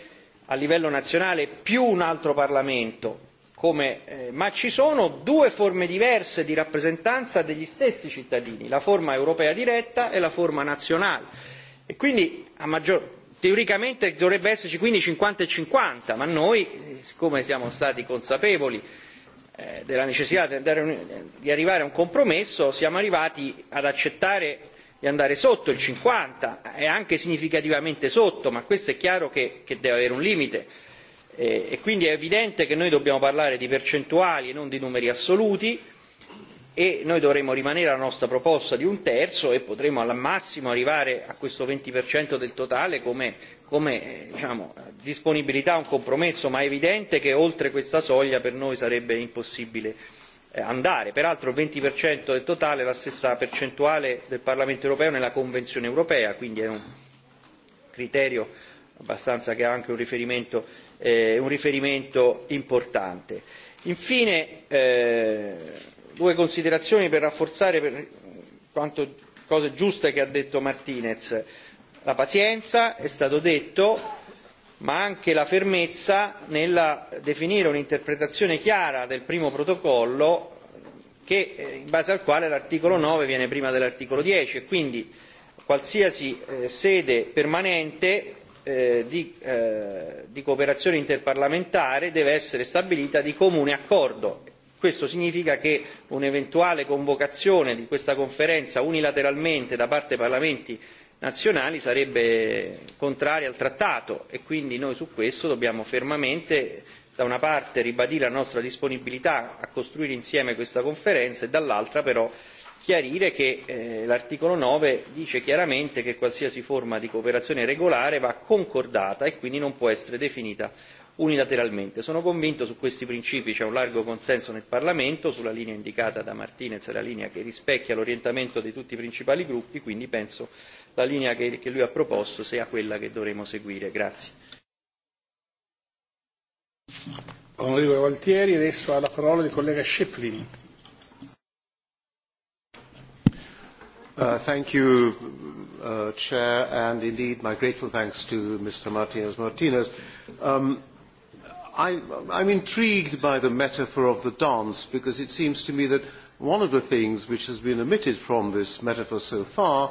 a livello nazionale più un altro parlamento come, eh, ma ci sono due forme diverse di rappresentanza degli stessi cittadini, la forma europea diretta e la forma nazionale. E quindi a maggior, teoricamente dovrebbe esserci quindi 50 e 50, ma noi, siccome siamo stati consapevoli eh, della necessità di, andare, di arrivare a un compromesso, siamo arrivati ad accettare di andare sotto il 50 e anche significativamente sotto, ma questo è chiaro che, che deve avere un limite e quindi è evidente che noi dobbiamo parlare di percentuali e non di numeri assoluti e noi dovremo rimanere alla nostra proposta di un terzo e potremo al massimo arrivare a questo 20% del totale come, come diciamo, disponibilità a un compromesso, ma è evidente che oltre questa soglia per noi sarebbe impossibile andare. Peraltro il 20% del totale è la stessa percentuale del Parlamento europeo nella Convenzione europea, quindi è un criterio abbastanza che ha anche un riferimento eh, un riferimento importante. Infine, eh, due considerazioni per rafforzare per quanto cose giuste che ha detto Martinez. La pazienza, è stato detto, ma anche la fermezza nel definire un'interpretazione chiara del primo protocollo che, in base al quale l'articolo 9 viene prima dell'articolo 10 e quindi qualsiasi sede permanente di cooperazione interparlamentare deve essere stabilita di comune accordo. Questo significa che un'eventuale convocazione di questa conferenza unilateralmente da parte dei parlamenti nazionali sarebbe contraria al trattato e quindi noi su questo dobbiamo fermamente da una parte ribadire la nostra disponibilità a costruire insieme questa conferenza e dall'altra però chiarire che eh, l'articolo 9 dice chiaramente che qualsiasi forma di cooperazione regolare va concordata e quindi non può essere definita unilateralmente. Sono convinto su questi principi c'è un largo consenso nel Parlamento, sulla linea indicata da Martinez è la linea che rispecchia l'orientamento di tutti i principali gruppi, quindi penso la linea che, che lui ha proposto sia quella che dovremo seguire. Grazie.
Onorevole Valtieri, adesso ha la parola il collega
Thank you, Chair, and indeed my grateful thanks to Mr. Martinez Martinez. I, am intrigued by the metaphor of the dance because it seems to me that one of the things which has been omitted from this metaphor so far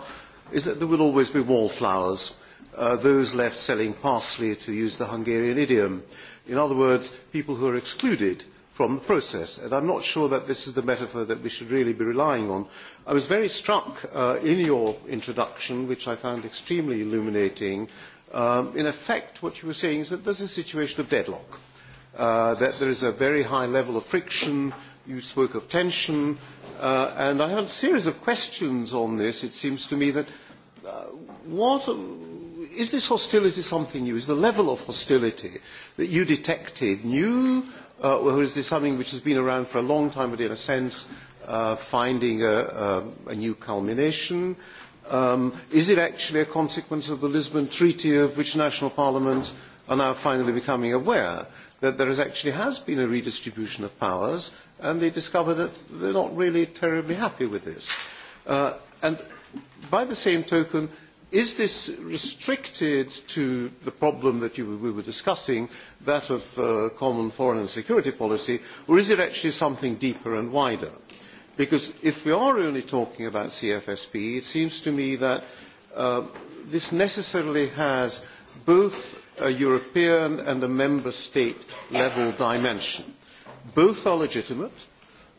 is that there will always be wallflowers, those left selling parsley, to use the Hungarian idiom. In other words, people who are excluded from the process. And I'm not sure that this is the metaphor that we should really be relying on. I was very struck in your introduction, which I found extremely illuminating. in effect, what you were saying is that there's a situation of deadlock, that there is a very high level of friction. You spoke of tension. and I have a series of questions on this. It seems to me that what is this hostility something new? Is the level of hostility that you detected new? uh, is this something which has been around for a long time, but in a sense, uh, finding a, a, a new culmination. Um, is it actually a consequence of the Lisbon Treaty of which national parliaments are now finally becoming aware that there has actually has been a redistribution of powers and they discover that they're not really terribly happy with this. Uh, and by the same token, Is this restricted to the problem that you, we were discussing, that of uh, common foreign and security policy, or is it actually something deeper and wider? Because if we are only talking about CFSP, it seems to me that uh, this necessarily has both a European and a member state level dimension. Both are legitimate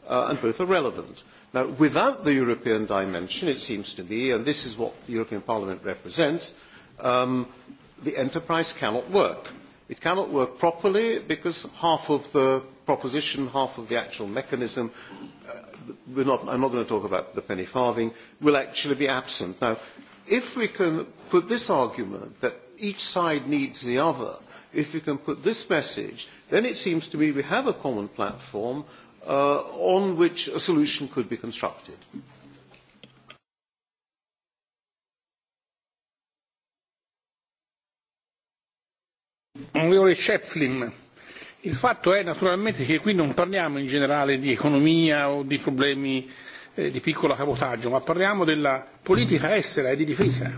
uh, and both are relevant Now, without the European dimension, it seems to me, and this is what the European Parliament represents, the enterprise cannot work. It cannot work properly because half of the proposition, half of the actual mechanism, I am not going to talk about the penny farthing, will actually be absent. Now, if we can put this argument that each side needs the other, if we can put this message, then it seems to me we have a common platform on which a solution could be constructed.
Onorevole Schefflin, il fatto è naturalmente che qui non parliamo in generale di economia o di problemi di piccolo cabotaggio, ma parliamo della politica estera e di difesa,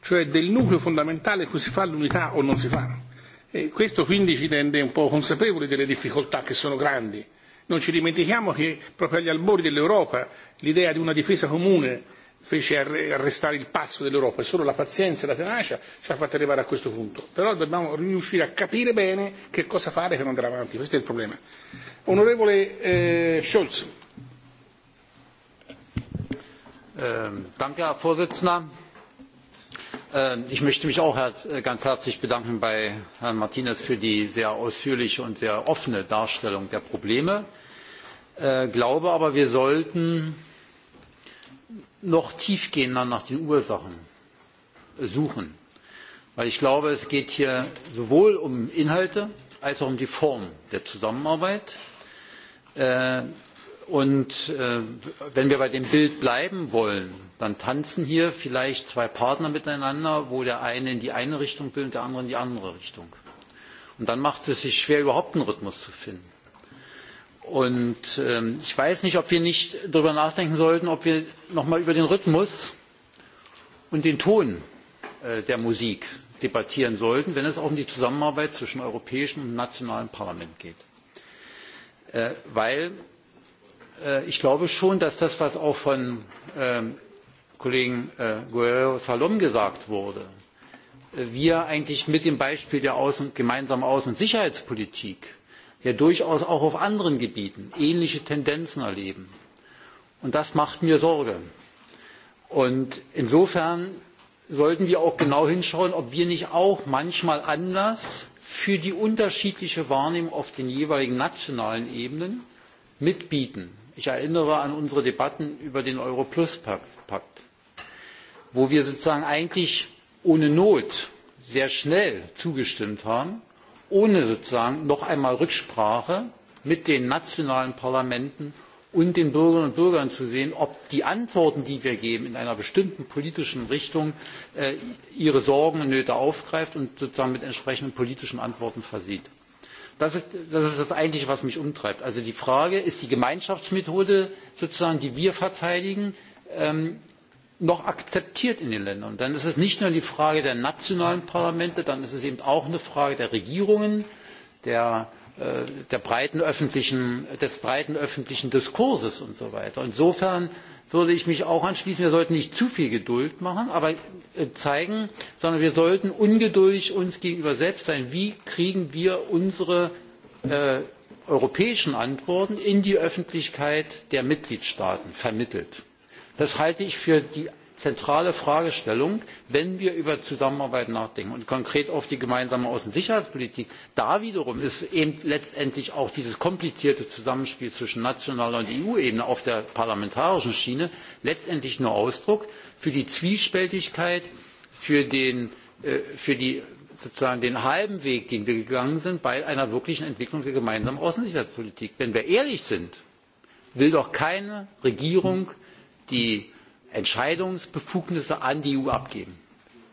cioè del nucleo fondamentale in cui si fa l'unità o non si fa. E questo quindi ci rende un po' consapevoli delle difficoltà che sono grandi Non ci dimentichiamo che proprio agli albori dell'Europa l'idea di una difesa comune fece arrestare il passo dell'Europa e solo la pazienza e la tenacia ci ha fatto arrivare a questo punto. Però dobbiamo riuscire a capire bene che cosa fare per andare avanti, questo è il problema.
Onorevole eh, Scholz. Danke, Herr Vorsitzender. Ich möchte mich auch ganz herzlich bedanken bei Herrn Martinez für die sehr ausführliche und sehr offene Darstellung der Probleme glaube aber wir sollten noch tiefgehender nach den ursachen suchen weil ich glaube es geht hier sowohl um inhalte als auch um die form der zusammenarbeit. und wenn wir bei dem bild bleiben wollen dann tanzen hier vielleicht zwei partner miteinander wo der eine in die eine richtung will und der andere in die andere richtung. und dann macht es sich schwer überhaupt einen rhythmus zu finden. Und ich weiß nicht, ob wir nicht darüber nachdenken sollten, ob wir noch mal über den Rhythmus und den Ton der Musik debattieren sollten, wenn es auch um die Zusammenarbeit zwischen europäischem und nationalem Parlament geht. Denn ich glaube schon, dass das, was auch von Kollegen Guerrero Salom gesagt wurde, wir eigentlich mit dem Beispiel der gemeinsamen Außen- und Sicherheitspolitik ja durchaus auch auf anderen gebieten ähnliche tendenzen erleben. das macht mir sorge. insofern sollten wir auch genau hinschauen ob wir nicht auch manchmal anlass für die unterschiedliche wahrnehmung auf den jeweiligen nationalen ebenen mitbieten. ich erinnere an unsere debatten über den euro plus pakt wo wir sozusagen eigentlich ohne not sehr schnell zugestimmt haben ohne sozusagen noch einmal Rücksprache mit den nationalen Parlamenten und den Bürgerinnen und Bürgern zu sehen, ob die Antworten, die wir geben, in einer bestimmten politischen Richtung ihre Sorgen und Nöte aufgreift und sozusagen mit entsprechenden politischen Antworten versieht. Das ist, das eigentliche, was mich umtreibt. Also die Frage, ist die Gemeinschaftsmethode sozusagen, die wir verteidigen, noch akzeptiert in den ländern. dann ist es nicht nur die frage der nationalen parlamente dann ist es eben auch eine frage der regierungen des breiten öffentlichen diskurses und so weiter. insofern würde ich mich auch anschließen wir sollten nicht zu viel geduld machen aber zeigen sondern wir sollten ungeduldig uns gegenüber selbst sein wie kriegen wir unsere europäischen antworten in die öffentlichkeit der mitgliedstaaten vermittelt? das halte ich für die zentrale fragestellung wenn wir über zusammenarbeit nachdenken und konkret auf die gemeinsame außen und sicherheitspolitik. da wiederum ist eben letztendlich auch dieses komplizierte zusammenspiel zwischen nationaler und eu ebene auf der parlamentarischen schiene letztendlich nur ausdruck für die zwiespältigkeit für den sozusagen den halben weg den wir gegangen sind bei einer wirklichen entwicklung der gemeinsamen außen und sicherheitspolitik. wenn wir ehrlich sind will doch keine regierung die Entscheidungsbefugnisse an die EU abgeben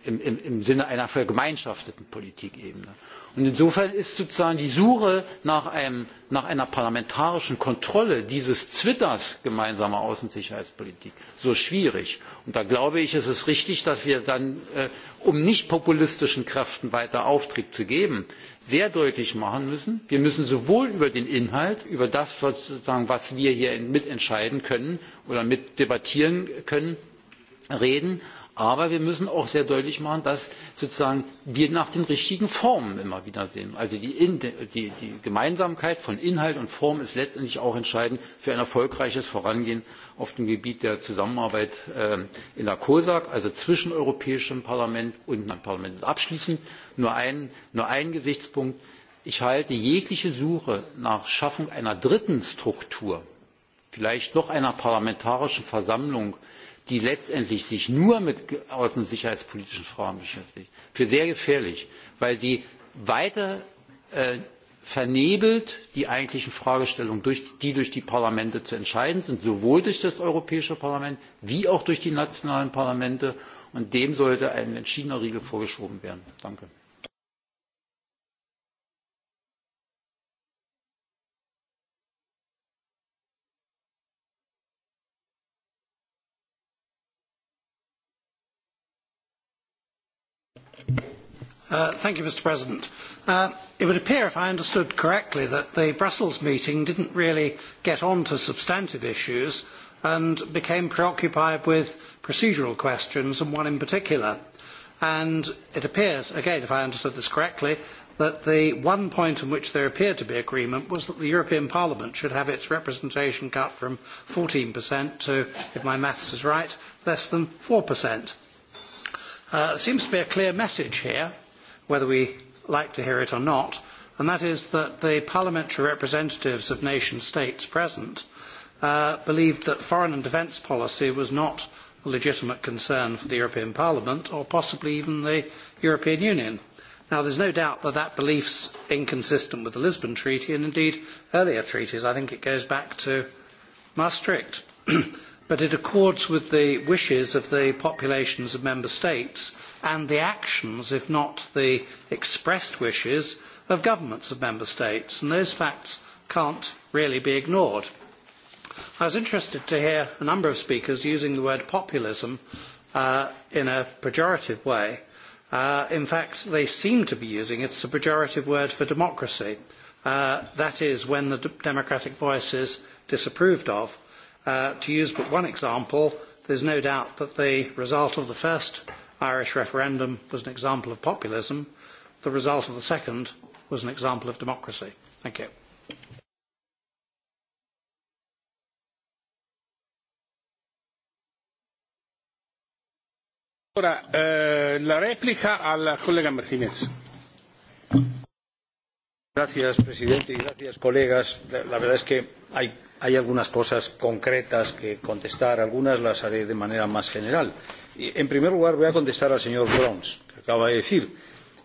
im, Sinne einer vergemeinschafteten Politikebene insofern ist sozusagen die Suche nach, einer parlamentarischen Kontrolle dieses Zwitters gemeinsamer Außen- und Sicherheitspolitik so schwierig. Und da glaube ich, ist es richtig, dass wir dann, um nicht populistischen Kräften weiter Auftrieb zu geben, sehr deutlich machen müssen, wir müssen sowohl über den Inhalt, über das sozusagen, was wir hier mitentscheiden können oder mitdebattieren können, reden, Aber wir müssen auch sehr deutlich machen, dass sozusagen wir nach den richtigen Formen immer wieder sehen. Also die, Gemeinsamkeit von Inhalt und Form ist letztendlich auch entscheidend für ein erfolgreiches Vorangehen auf dem Gebiet der Zusammenarbeit in der COSAC, also zwischen Europäischem Parlament und dem Parlament. Abschließend nur ein, nur ein Gesichtspunkt. Ich halte jegliche Suche nach Schaffung einer dritten Struktur, vielleicht noch einer parlamentarischen Versammlung, die sich letztendlich nur mit außen- und sicherheitspolitischen fragen beschäftigt für sehr gefährlich weil sie weiter vernebelt die eigentlichen fragestellungen die durch die parlamente zu entscheiden sind sowohl durch das europäische parlament wie auch durch die nationalen parlamente und dem sollte ein entschiedener riegel vorgeschoben werden.
Mr President. it would appear, if I understood correctly, that the Brussels meeting did not really get on to substantive issues and became preoccupied with procedural questions, and one in particular. And it appears, again, if I understood this correctly, that the one point on which there appeared to be agreement was that the European Parliament should have its representation cut from fourteen to, if my maths is right, less than four it seems to be a clear message here whether we like to hear it or not, and that is that the parliamentary representatives of nation states present believed that foreign and defence policy was not a legitimate concern for the European Parliament or possibly even the European Union. Now, is no doubt that that belief's inconsistent with the Lisbon Treaty and indeed earlier treaties. I think it goes back to Maastricht. but it accords with the wishes of the populations of member states and the actions, if not the expressed wishes, of governments of member states. And those facts cannot really be ignored. I was interested to hear a number of speakers using the word populism in a pejorative way. in fact, they seem to be using it as a pejorative word for democracy. that is, when the democratic voice is disapproved of. to use but one example, there is no doubt that the result of the first Irish referendum was an example of populism. The result of the second was an example of democracy. Thank you.
Ora, la replica al collega Martinez.
Gracias, presidente, y gracias, colegas. La, verdad es que hay, hay algunas cosas concretas que contestar, algunas las haré de manera más general. En primer lugar, voy a contestar al señor Brons, que acaba de decir.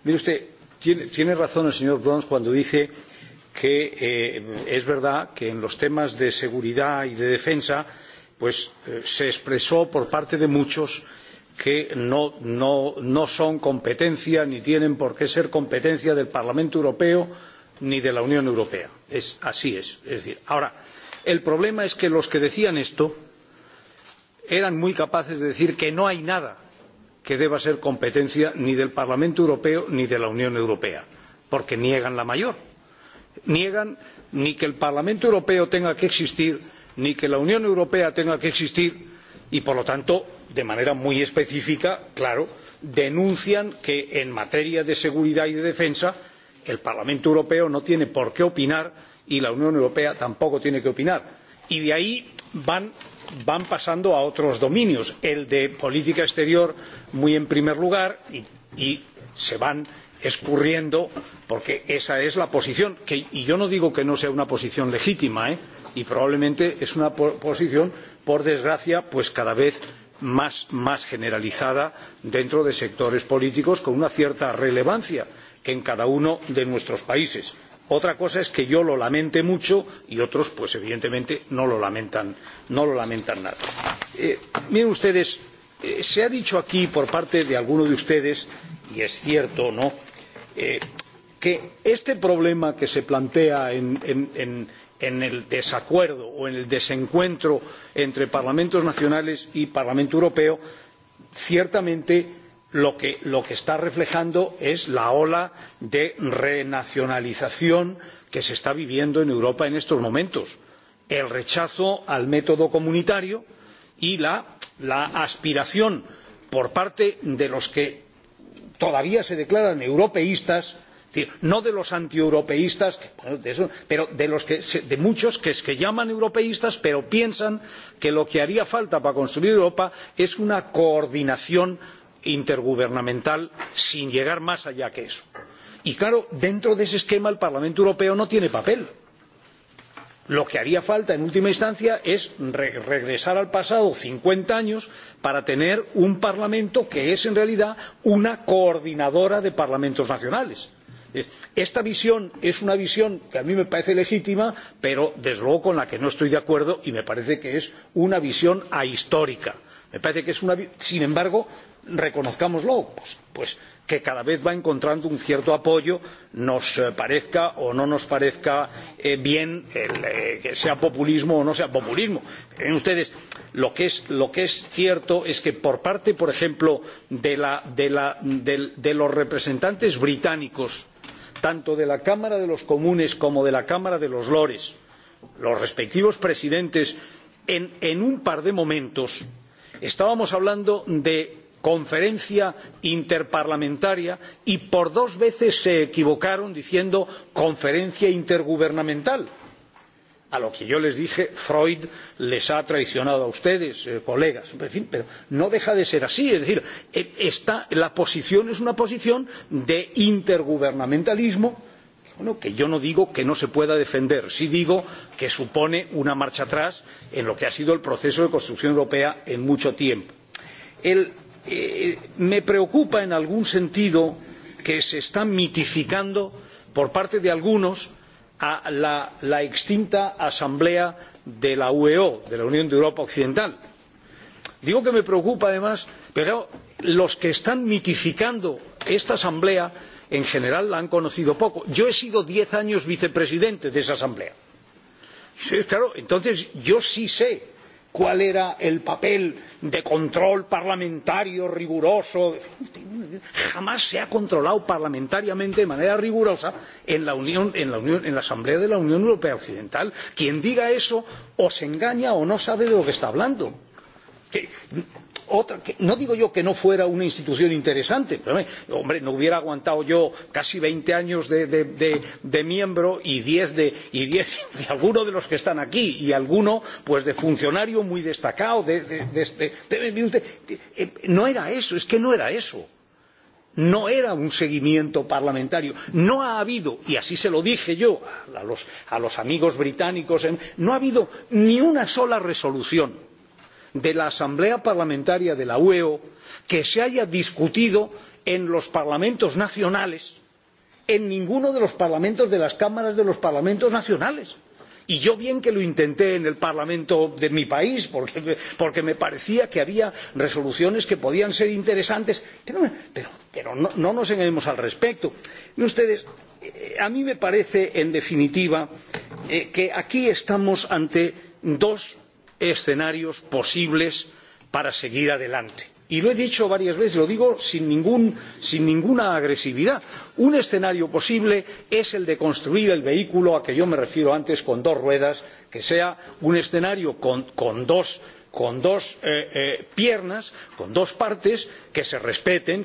Mire usted, tiene, tiene razón el señor Brons cuando dice que eh, es verdad que en los temas de seguridad y de defensa pues, eh, se expresó por parte de muchos que no, no, no son competencia ni tienen por qué ser competencia del Parlamento Europeo ni de la Unión Europea. así es. Es decir, ahora, el problema es que los que decían esto eran muy capaces de decir que no hay nada que deba ser competencia ni del Parlamento Europeo ni de la Unión Europea, porque niegan la mayor. Niegan ni que el Parlamento Europeo tenga que existir, ni que la Unión Europea tenga que existir, y por lo tanto, de manera muy específica, claro, denuncian que en materia de seguridad y de defensa el Parlamento Europeo no tiene por qué opinar y la Unión Europea tampoco tiene que opinar. Y de ahí van, pasando a otros dominios, el de política exterior muy en primer lugar y se van escurriendo porque esa es la posición que, y yo no digo que no sea una posición legítima y probablemente es una posición por desgracia pues cada vez más, generalizada dentro de sectores políticos con una cierta relevancia en cada uno de nuestros países. Otra cosa es que yo lo lamente mucho y otros, pues evidentemente, no lo lamentan, nada. miren ustedes, se ha dicho aquí por parte de alguno de ustedes, y es cierto, ¿no?, que este problema que se plantea en, el desacuerdo o en el desencuentro entre parlamentos nacionales y Parlamento Europeo ciertamente lo que, está reflejando es la ola de renacionalización que se está viviendo en Europa en estos momentos, el rechazo al método comunitario y la, aspiración por parte de los que todavía se declaran europeístas es decir, no de los antieuropeístas, pero de, muchos que, que llaman europeístas, pero piensan que lo que haría falta para construir Europa es una coordinación intergubernamental sin llegar más allá que eso. Y claro, dentro de ese esquema el Parlamento Europeo no tiene papel. Lo que haría falta en última instancia es regresar al pasado cincuenta años para tener un Parlamento que es en realidad una coordinadora de parlamentos nacionales. Esta visión es una visión que a mí me parece legítima, pero desde luego con la que no estoy de acuerdo y me parece que es una visión ahistórica. Me parece que es una. Sin embargo, reconozcámoslo, pues, que cada vez va encontrando un cierto apoyo, nos parezca o no nos parezca bien que sea populismo o no sea populismo. Miren ustedes, lo que, es, cierto es que por parte, por ejemplo, de los representantes británicos, tanto de la Cámara de los Comunes como de la Cámara de los Lores, los respectivos presidentes, en un par de momentos estábamos hablando de conferencia interparlamentaria y por dos veces se equivocaron diciendo conferencia intergubernamental a lo que yo les dije freud les ha traicionado a ustedes colegas en fin pero no deja de ser así es decir la posición es una posición de intergubernamentalismo que yo no digo que no se pueda defender sí digo que supone una marcha atrás en lo que ha sido el proceso de construcción europea en mucho tiempo me preocupa en algún sentido que se está mitificando por parte de algunos a la, extinta asamblea de la UEO, de la Unión de Europa Occidental. Digo que me preocupa además, pero los que están mitificando esta asamblea en general la han conocido poco. Yo he sido diez años vicepresidente de esa asamblea. Claro, entonces yo sí sé cuál era el papel de control parlamentario riguroso. Jamás se ha controlado parlamentariamente de manera rigurosa en la, Unión, en, la Unión, en la Asamblea de la Unión Europea Occidental. Quien diga eso o se engaña o no sabe de lo que está hablando otra, que, no digo yo que no fuera una institución interesante, pero hombre, no hubiera aguantado yo casi veinte años de, de, de, de miembro y diez de, y de alguno de los que están aquí y alguno pues de funcionario muy destacado. De, de, de, de, de, usted, no era eso, es que no era eso no era un seguimiento parlamentario. No ha habido, y así se lo dije yo a los, amigos británicos, no ha habido ni una sola resolución de la Asamblea Parlamentaria de la UEO que se haya discutido en los parlamentos nacionales, en ninguno de los parlamentos de las cámaras de los parlamentos nacionales. Y yo bien que lo intenté en el Parlamento de mi país, porque, me parecía que había resoluciones que podían ser interesantes, pero, no, nos engañemos al respecto. ustedes, a mí me parece, en definitiva, que aquí estamos ante dos escenarios posibles para seguir adelante. Y lo he dicho varias veces, lo digo sin, ninguna agresividad. Un escenario posible es el de construir el vehículo a que yo me refiero antes con dos ruedas, que sea un escenario con dos con dos piernas, con dos partes que se respeten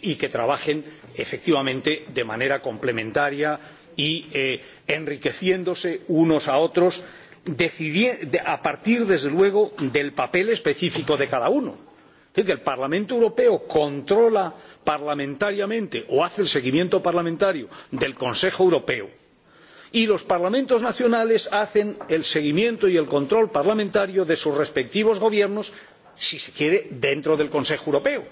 y que trabajen efectivamente de manera complementaria y enriqueciéndose unos a otros a partir desde luego del papel específico de cada uno. Es decir, que el Parlamento Europeo controla parlamentariamente o hace el seguimiento parlamentario del Consejo Europeo y los parlamentos nacionales hacen el seguimiento y el control parlamentario de sus respectivos gobiernos, si se quiere, dentro del Consejo Europeo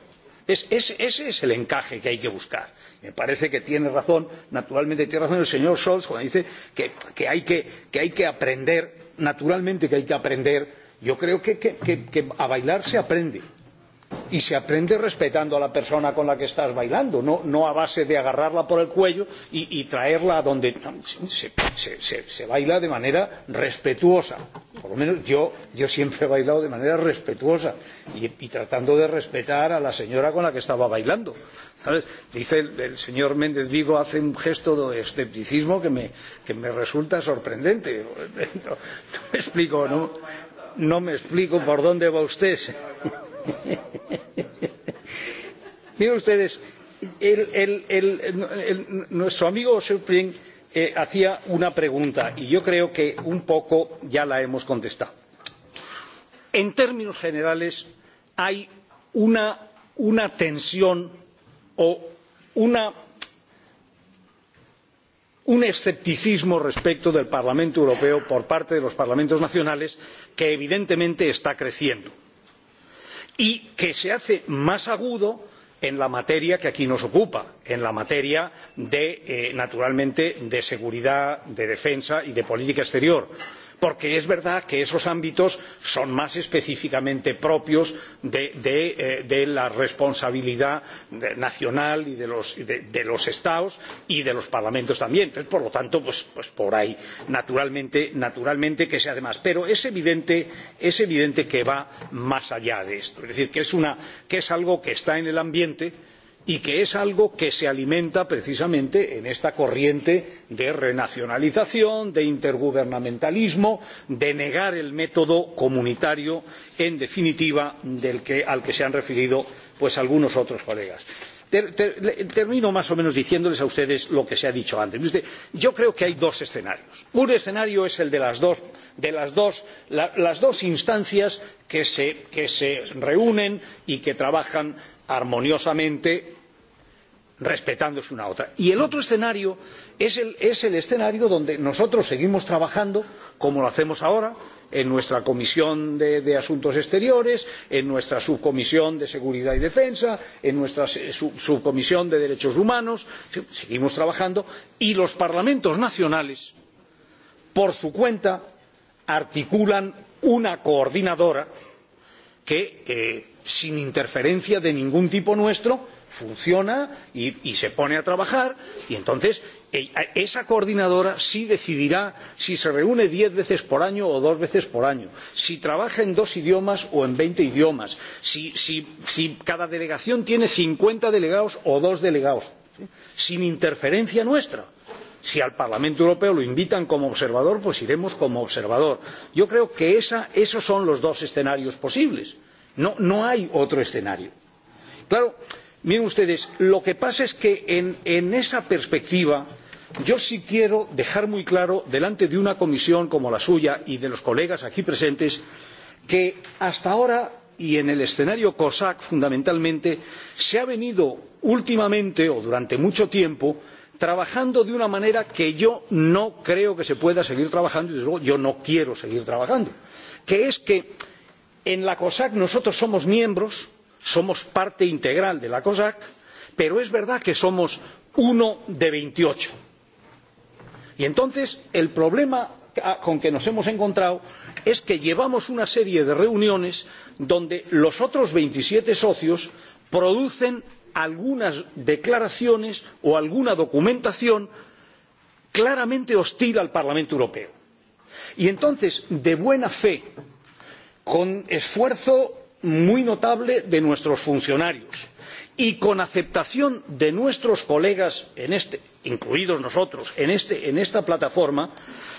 ese es el encaje que hay que buscar. Me parece que tiene razón, naturalmente tiene razón el señor Scholz cuando dice que, hay, que, aprender, naturalmente que hay que aprender. Yo creo que a bailar se aprende Y se aprende respetando a la persona con la que estás bailando, no, no a base de agarrarla por el cuello y, y traerla a donde se, se, se, se baila de manera respetuosa. Por lo menos yo, yo siempre he bailado de manera respetuosa y, y tratando de respetar a la señora con la que estaba bailando. ¿sabes? Dice el, el señor Méndez Vigo, hace un gesto de escepticismo que me, que me resulta sorprendente. No, no me explico, no, no me explico por dónde va usted. Miren ustedes, nuestro amigo Schöpflin hacía una pregunta y yo creo que un poco ya la hemos contestado. En términos generales, hay una, tensión o un escepticismo respecto del Parlamento Europeo por parte de los parlamentos nacionales que evidentemente está creciendo y que se hace más agudo en la materia que aquí nos ocupa en la materia naturalmente de seguridad de defensa y de política exterior porque es verdad que esos ámbitos son más específicamente propios de la responsabilidad nacional y de los estados y de los parlamentos también. por lo tanto por ahí naturalmente que sea de más. pero es evidente que va más allá de esto es decir que es algo que está en el ambiente y que es algo que se alimenta precisamente en esta corriente de renacionalización, de intergubernamentalismo, de negar el método comunitario, en definitiva, al que se han referido algunos otros colegas. Termino más o menos diciéndoles a ustedes lo que se ha dicho antes. yo creo que hay dos escenarios. Un escenario es el de las dos, instancias que se reúnen y que trabajan armoniosamente respetándose una a otra. Y el otro escenario es el, escenario donde nosotros seguimos trabajando como lo hacemos ahora en nuestra Comisión de, Asuntos Exteriores, en nuestra Subcomisión de Seguridad y Defensa, en nuestra Subcomisión de Derechos Humanos, seguimos trabajando y los parlamentos nacionales, por su cuenta, articulan una coordinadora que, sin interferencia de ningún tipo nuestro, funciona y, se pone a trabajar y entonces esa coordinadora sí decidirá si se reúne diez veces por año o dos veces por año, si trabaja en dos idiomas o en veinte idiomas, si, cada delegación tiene cincuenta delegados o dos delegados, sin interferencia nuestra. Si al Parlamento Europeo lo invitan como observador, pues iremos como observador. Yo creo que esos son los dos escenarios posibles. No, hay otro escenario. Claro, miren ustedes lo que pasa es que en esa perspectiva yo sí quiero dejar muy claro delante de una comisión como la suya y de los colegas aquí presentes que hasta ahora y en el escenario cosac fundamentalmente se ha venido últimamente o durante mucho tiempo trabajando de una manera que yo no creo que se pueda seguir trabajando y desde luego yo no quiero seguir trabajando que es que en la cosac nosotros somos miembros somos parte integral de la cosac pero es verdad que somos uno de veintiocho y entonces el problema con que nos hemos encontrado es que llevamos una serie de reuniones donde los otros veintisiete socios producen algunas declaraciones o alguna documentación claramente hostil al Parlamento Europeo. Y entonces, de buena fe, con esfuerzo muy notable de nuestros funcionarios y con aceptación de nuestros colegas incluidos nosotros en esta plataforma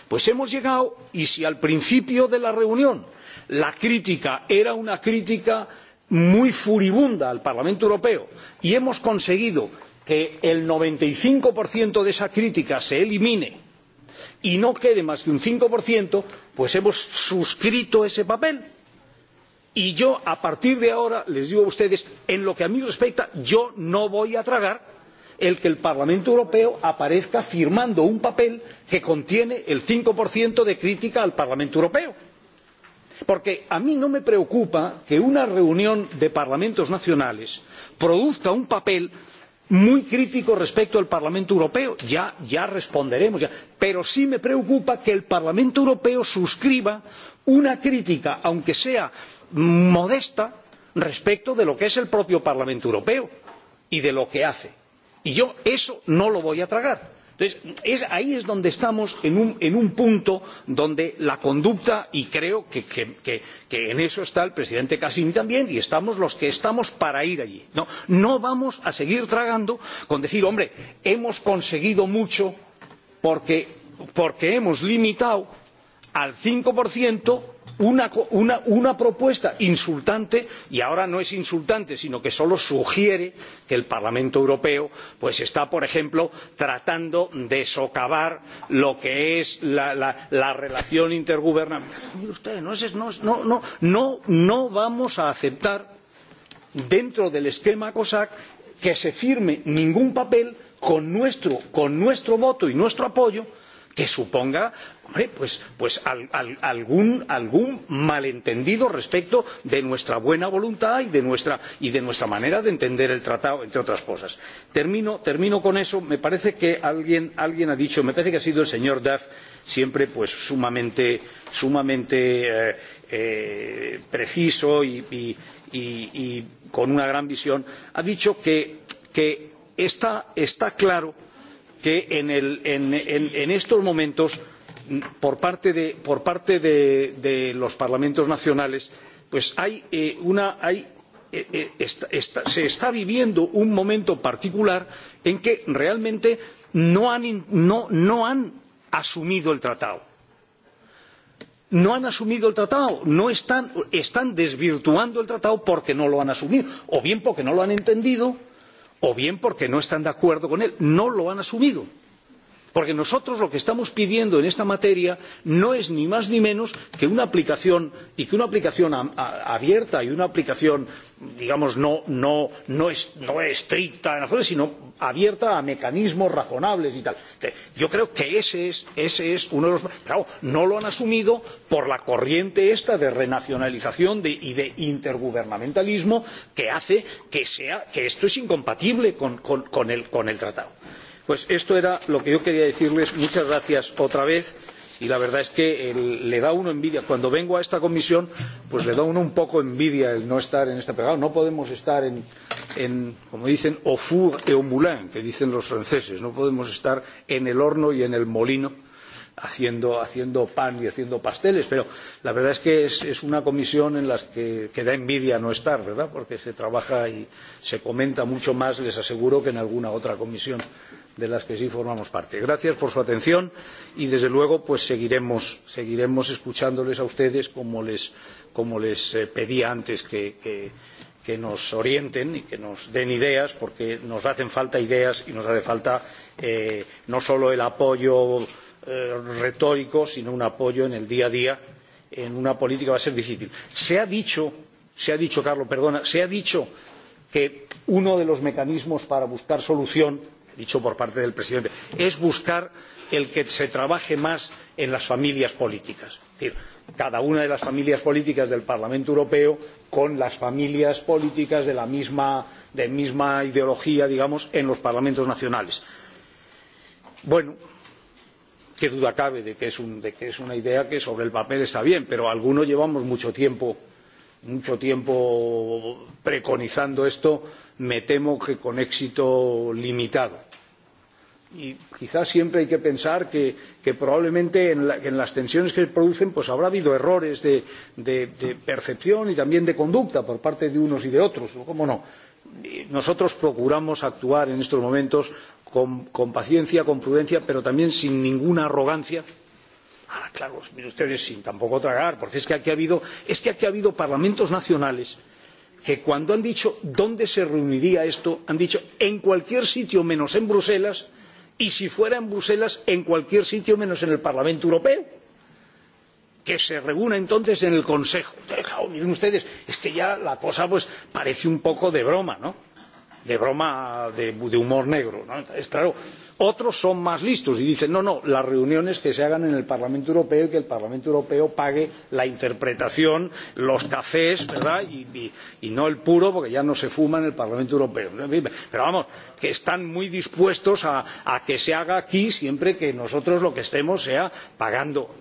pues hemos llegado y si al principio de la reunión la crítica era una crítica muy furibunda al Parlamento Europeo y hemos conseguido que el noventa y cinco de esa crítica se elimine y no quede más que un cinco pues hemos suscrito ese papel Y yo, a partir de ahora, les digo a ustedes, en lo que a mí respecta, yo no voy a tragar el que el Parlamento Europeo aparezca firmando un papel que contiene el cinco de crítica al Parlamento Europeo. Porque a mí no me preocupa que una reunión de parlamentos nacionales produzca un papel muy crítico respecto al Parlamento Europeo. Ya, responderemos. Pero sí me preocupa que el Parlamento Europeo suscriba una crítica, aunque sea modesta respecto de lo que es el propio Parlamento Europeo y de lo que hace. Y yo eso no lo voy a tragar. Entonces, ahí es donde estamos en un, punto donde la conducta, y creo que, en eso está el presidente Cassini también, y estamos los que estamos para ir allí. No, no vamos a seguir tragando con decir, hombre, hemos conseguido mucho porque hemos limitado al cinco una, propuesta insultante y ahora no es insultante sino que solo sugiere que el Parlamento Europeo está por ejemplo tratando de socavar lo que es la, relación intergubernamental. no vamos a aceptar dentro del esquema COSAC que se firme ningún papel con nuestro voto y nuestro apoyo que suponga hombre, pues, pues algún, algún malentendido respecto de nuestra buena voluntad y de nuestra, y de nuestra manera de entender el tratado, entre otras cosas. Termino, termino con eso. Me parece que alguien, alguien ha dicho, me parece que ha sido el señor Duff, siempre pues sumamente, sumamente eh, eh, preciso y, y, y, y con una gran visión, ha dicho que, que está, está claro que en, estos momentos por parte de, los parlamentos nacionales hay una, se está viviendo un momento particular en que realmente no han, asumido el tratado. No han asumido el tratado, no están, están desvirtuando el tratado porque no lo han asumido, o bien porque no lo han entendido, o bien porque no están de acuerdo con él, no lo han asumido Porque nosotros lo que estamos pidiendo en esta materia no es ni más ni menos que una aplicación y que una aplicación abierta y una aplicación, digamos, no, estricta, en sino abierta a mecanismos razonables y tal. Yo creo que ese es, uno de los. Claro, no lo han asumido por la corriente esta de renacionalización y de intergubernamentalismo que hace que, esto es incompatible con el tratado pues esto era lo que yo quería decirles. Muchas gracias otra vez y la verdad es que le da uno envidia. Cuando vengo a esta comisión, pues le da uno un poco envidia el no estar en esta pegada. No podemos estar en, en como dicen, au four et au moulin, que dicen los franceses. No podemos estar en el horno y en el molino haciendo, haciendo pan y haciendo pasteles, pero la verdad es que es, es una comisión en la que, que da envidia no estar, ¿verdad? Porque se trabaja y se comenta mucho más, les aseguro, que en alguna otra comisión de las que sí formamos parte. Gracias por su atención y, desde luego, pues seguiremos, seguiremos escuchándoles a ustedes como les, como les pedía antes que, que, que nos orienten y que nos den ideas, porque nos hacen falta ideas y nos hace falta eh, no solo el apoyo eh, retórico, sino un apoyo en el día a día en una política va a ser difícil. Se ha dicho, se ha dicho, Carlos, perdona, se ha dicho que uno de los mecanismos para buscar solución dicho por parte del presidente es buscar que se trabaje más en las familias políticas es decir cada una de las familias políticas del parlamento europeo con las familias políticas de la misma ideología digamos en los parlamentos nacionales. bueno qué duda cabe de que es una idea que sobre el papel está bien pero algunos llevamos mucho tiempo mucho tiempo preconizando esto me temo que con éxito limitado y quizás siempre hay que pensar que, probablemente en, las tensiones que se producen pues habrá habido errores de, percepción y también de conducta por parte de unos y de otros, ¿cómo no? Nosotros procuramos actuar en estos momentos con, con paciencia, con prudencia, pero también sin ninguna arrogancia. Ah, claro, mire ustedes, sin tampoco tragar, porque es que aquí ha habido, es que aquí ha habido parlamentos nacionales que cuando han dicho dónde se reuniría esto, han dicho en cualquier sitio menos en Bruselas, y si fuera en Bruselas, en cualquier sitio menos en el Parlamento Europeo, que se reúna entonces en el Consejo. Claro, miren ustedes, es que ya la cosa pues parece un poco de broma, ¿no? De broma de, humor negro, ¿no? Entonces, claro, Otros son más listos y dicen, no, no, las reuniones que se hagan en el Parlamento Europeo y que el Parlamento Europeo pague la interpretación, los cafés, ¿verdad? Y, no el puro, porque ya no se fuma en el Parlamento Europeo. Pero vamos, que están muy dispuestos a, que se haga aquí siempre que nosotros lo que estemos sea pagando.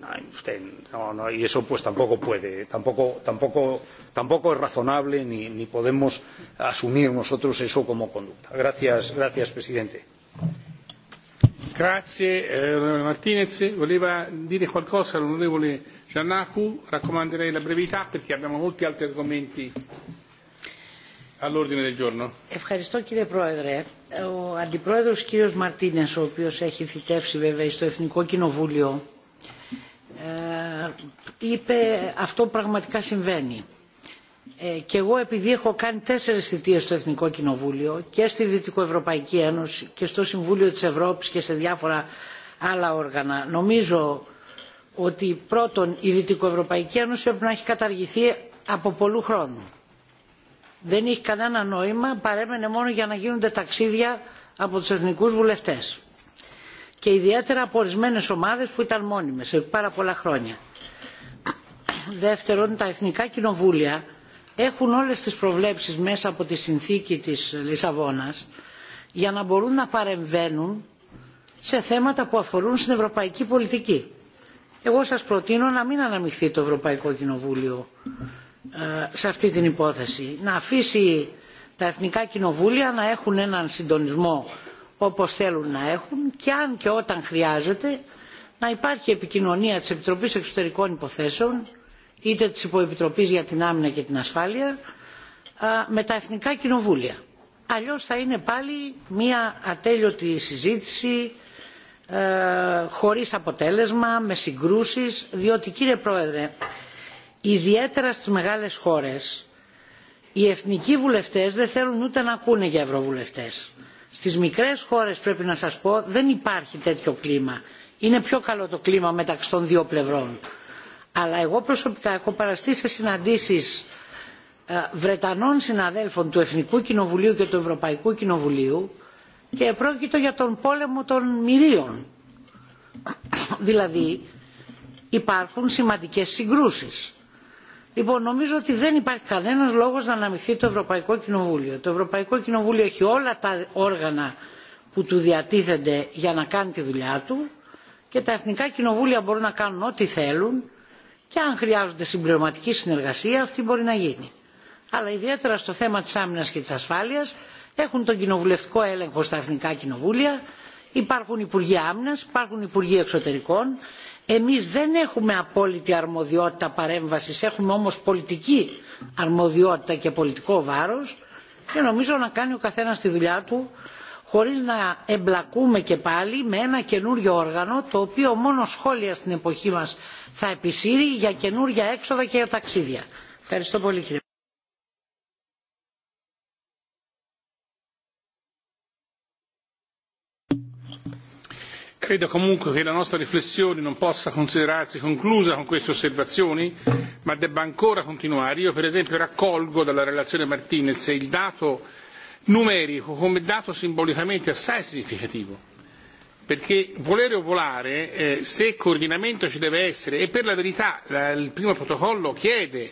y eso pues tampoco puede, tampoco, tampoco, tampoco es razonable ni, ni podemos asumir nosotros eso como conducta. Gracias, gracias presidente.
Grazie onorevole Martinez. Voleva dire qualcosa l'onorevole Giannacu, raccomanderei la brevità perché abbiamo molti altri argomenti all'ordine del giorno.
Ευχαριστώ κύριε Πρόεδρε. Ο Αντιπρόεδρος κύριος Μαρτίνες, ο οποίος έχει θητεύσει βέβαια στο Εθνικό Κοινοβούλιο, είπε αυτό πραγματικά συμβαίνει και εγώ επειδή έχω κάνει τέσσερις θητείες στο Εθνικό Κοινοβούλιο και στη Δυτικοευρωπαϊκή Ένωση και στο Συμβούλιο της Ευρώπης και σε διάφορα άλλα όργανα, νομίζω ότι πρώτον η Δυτικοευρωπαϊκή Ένωση πρέπει να έχει καταργηθεί από πολλού χρόνου. Δεν έχει κανένα νόημα, παρέμενε μόνο για να γίνονται ταξίδια από τους εθνικούς βουλευτές. Και ιδιαίτερα από ορισμένε ομάδες που ήταν μόνιμες σε πάρα πολλά χρόνια. Δεύτερον, τα εθνικά κοινοβούλια έχουν όλες τις προβλέψεις μέσα από τη συνθήκη της Λισαβόνας για να μπορούν να παρεμβαίνουν σε θέματα που αφορούν στην ευρωπαϊκή πολιτική. Εγώ σας προτείνω να μην αναμειχθεί το Ευρωπαϊκό Κοινοβούλιο σε αυτή την υπόθεση. Να αφήσει τα εθνικά κοινοβούλια να έχουν έναν συντονισμό όπως θέλουν να έχουν και αν και όταν χρειάζεται να υπάρχει επικοινωνία της Επιτροπής Εξωτερικών Υποθέσεων είτε της Υποεπιτροπής για την Άμυνα και την Ασφάλεια με τα Εθνικά Κοινοβούλια. Αλλιώς θα είναι πάλι μια ατέλειωτη συζήτηση χωρίς αποτέλεσμα, με συγκρούσεις, διότι κύριε Πρόεδρε, ιδιαίτερα στις μεγάλες χώρες οι εθνικοί βουλευτές δεν θέλουν ούτε να ακούνε για ευρωβουλευτές. Στις μικρές χώρες πρέπει να σας πω δεν υπάρχει τέτοιο κλίμα. Είναι πιο καλό το κλίμα μεταξύ των δύο πλευρών αλλά εγώ προσωπικά έχω παραστεί σε συναντήσεις Βρετανών συναδέλφων του Εθνικού Κοινοβουλίου και του Ευρωπαϊκού Κοινοβουλίου και πρόκειτο για τον πόλεμο των μυρίων. Δηλαδή υπάρχουν σημαντικές συγκρούσεις. Λοιπόν, νομίζω ότι δεν υπάρχει κανένας λόγος να αναμειχθεί το Ευρωπαϊκό Κοινοβούλιο. Το Ευρωπαϊκό Κοινοβούλιο έχει όλα τα όργανα που του διατίθενται για να κάνει τη δουλειά του και τα εθνικά κοινοβούλια μπορούν να κάνουν ό,τι θέλουν και αν χρειάζονται συμπληρωματική συνεργασία αυτή μπορεί να γίνει. Αλλά ιδιαίτερα στο θέμα της άμυνας και της ασφάλειας έχουν τον κοινοβουλευτικό έλεγχο στα εθνικά κοινοβούλια, υπάρχουν Υπουργοί Άμυνας, υπάρχουν Υπουργοί Εξωτερικών. Εμείς δεν έχουμε απόλυτη αρμοδιότητα παρέμβασης, έχουμε όμως πολιτική αρμοδιότητα και πολιτικό βάρος και νομίζω να κάνει ο καθένας τη δουλειά του χωρίς να εμπλακούμε και πάλι με ένα καινούριο όργανο το οποίο μόνο σχόλια στην εποχή μας θα επισύρει για καινούργια έξοδα και ταξίδια. Ευχαριστώ πολύ κύριε.
Credo comunque che la nostra riflessione non possa considerarsi conclusa con queste osservazioni, ma debba ancora continuare. Io per esempio raccolgo dalla relazione Martinez il dato numerico come dato simbolicamente assai significativo perché volere o volare, eh, se coordinamento ci deve essere, e per la verità la, il primo protocollo chiede,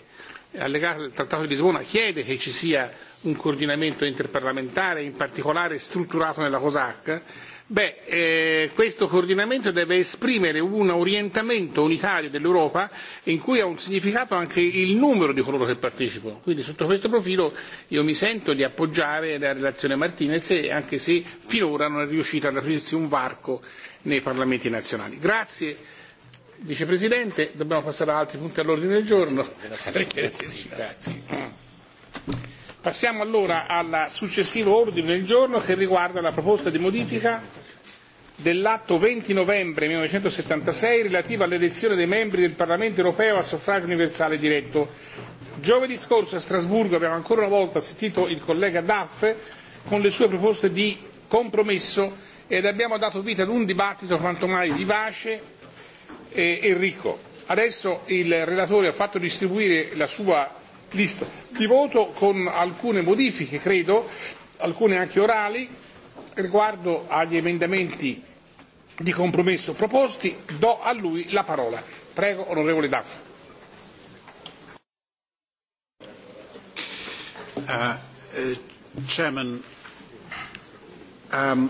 allegato al Trattato di Lisbona, chiede che ci sia un coordinamento interparlamentare, in particolare strutturato nella COSAC, Beh, questo coordinamento deve esprimere un orientamento unitario dell'Europa in cui ha un significato anche il numero di coloro che partecipano. Quindi sotto questo profilo io mi sento di appoggiare la relazione Martinez, anche se finora non è riuscita ad aprirsi un varco nei Parlamenti nazionali. Grazie Vicepresidente, dobbiamo passare ad altri punti all'ordine del giorno. Grazie. Passiamo allora al successivo ordine del giorno che riguarda la proposta di modifica dell'atto 20 novembre 1976 relativa all'elezione dei membri del Parlamento europeo a suffragio universale diretto. Giovedì scorso a Strasburgo abbiamo ancora una volta sentito il collega Daff con le sue proposte di compromesso ed abbiamo dato vita ad un dibattito quanto mai vivace e ricco. Adesso il relatore ha fatto distribuire la sua lista di voto con alcune modifiche, credo, alcune anche orali, riguardo agli emendamenti di compromesso proposti. Do a lui la parola. Prego, onorevole Daff.
Uh, uh, Chairman, um,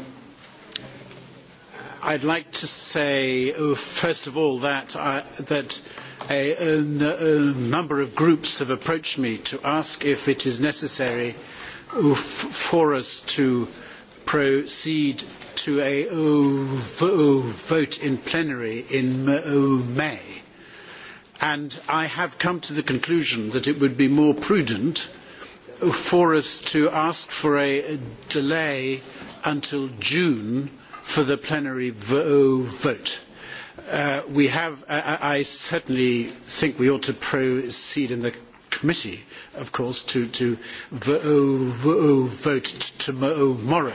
I'd like to say, first of all, that, uh, that a, number of groups have approached me to ask if it is necessary for us to proceed to a vote in plenary in May. And I have come to the conclusion that it would be more prudent for us to ask for a delay until June for the plenary vote we have, I certainly think we ought to proceed in the committee, of course, to, vote tomorrow.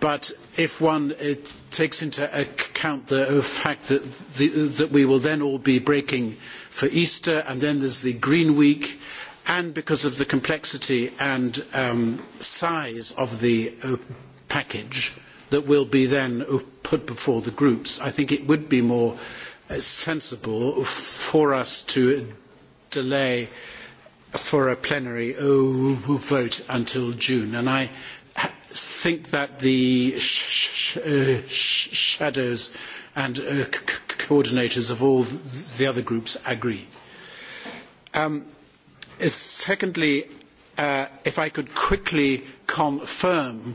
But if one takes into account the fact that, we will then all be breaking for Easter, and then there is the Green Week, and because of the complexity and size of the package, uh, that will be then put before the groups. I think it would be more sensible for us to delay for a plenary vote until June. And I think that the shadows and coordinators of all the other groups agree. secondly, if I could quickly confirm uh,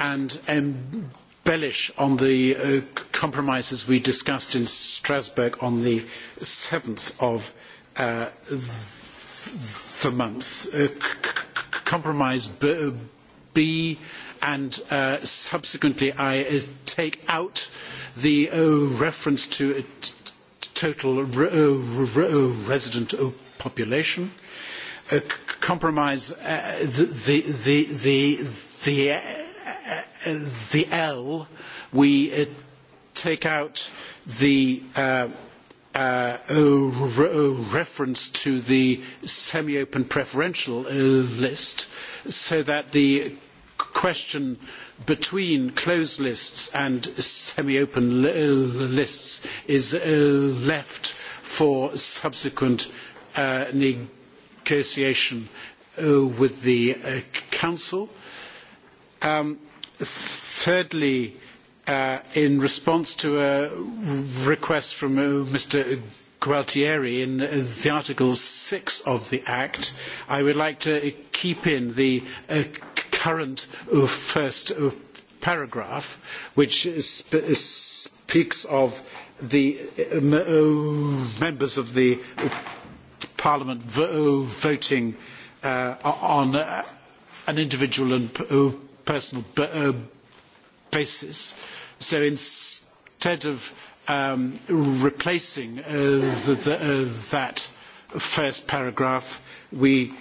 and embellish on the compromises we discussed in Strasbourg on the 7th of the month. Compromise B and subsequently I take out the reference to total resident population. Compromise the the L, we take out the reference to the semi-open preferential list so that the question between closed lists and semi-open lists is left for subsequent negotiation with the Council thirdly, in response to a request from Mr. Gualtieri in the Article six of the Act, I would like to keep in the current first paragraph, which speaks of the members of the Parliament voting on an individual and personal basis. So instead of replacing that first paragraph, we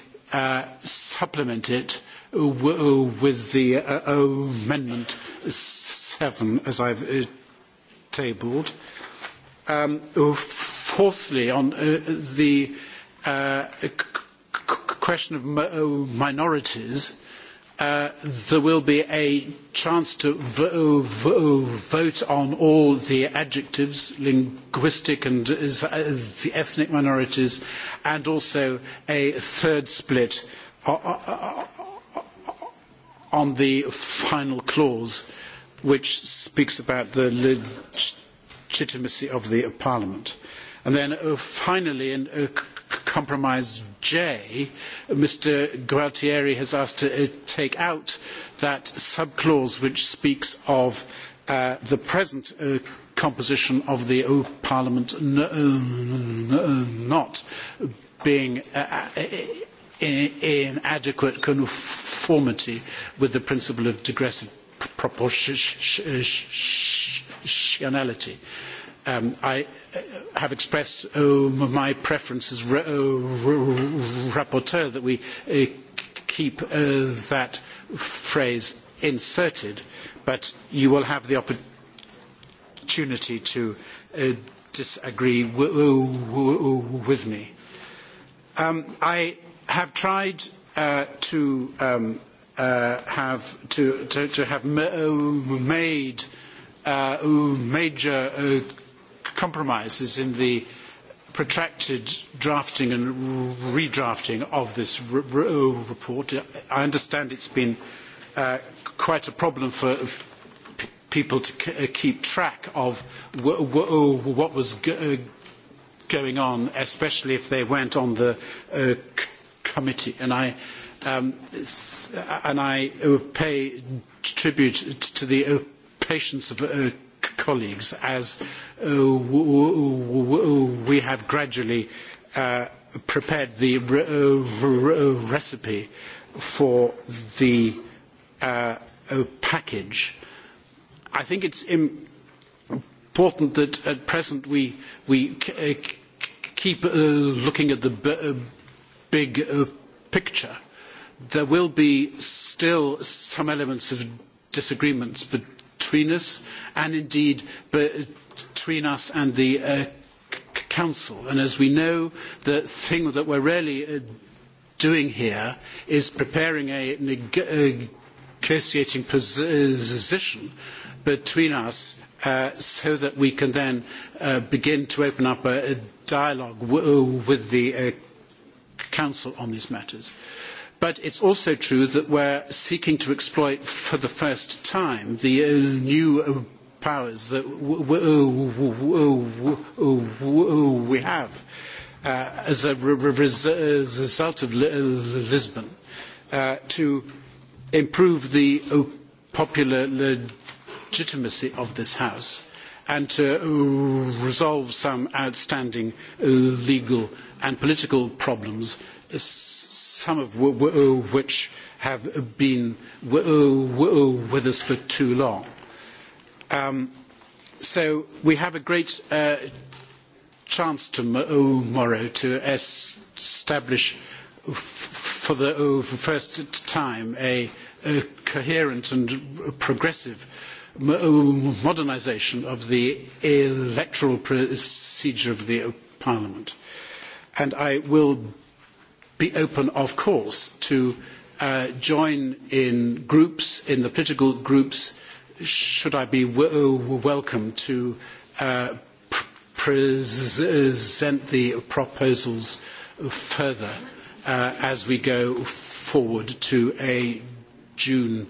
supplement it with the amendment seven, as I've tabled. Fourthly, on the question of minorities, there will be a chance to vote on all the adjectives, linguistic and ethnic minorities, and also a third split on the final clause, which speaks about the legitimacy of the parliament. finally, in compromise J, Mr. Gualtieri has asked to take out that subclause which speaks of the present composition of the Parliament not being in adequate conformity with the principle of digressive proportionality. I have expressed my preference as rapporteur that we keep that phrase inserted, but you will have the opportunity to disagree with me. I have tried to have made major compromises in the protracted drafting and redrafting of this report. I understand it's been quite a problem for people to keep track of what was going on, especially if they went on the committee. And I pay tribute to the patience of colleagues as we have gradually prepared the recipe for the package. I think it's important that at present we keep looking at the big picture. There will be still some elements of disagreements between between us and indeed between us and the Council. And as we know, the thing that we are really doing here is preparing a negotiating position between us so that we can then begin to open up a dialogue with the Council on these matters. But it is also true that we are seeking to exploit for the first time the new powers that we have as a result of Lisbon to improve the popular legitimacy of this House and to resolve some outstanding legal and political problems some of which have been with us for too long. So we have a great chance tomorrow to establish for the first time a coherent and progressive modernisation of the electoral procedure of the Parliament. And I will be open, of course, to join in groups, in the political groups, should I be welcome to present the proposals further as we go forward to a June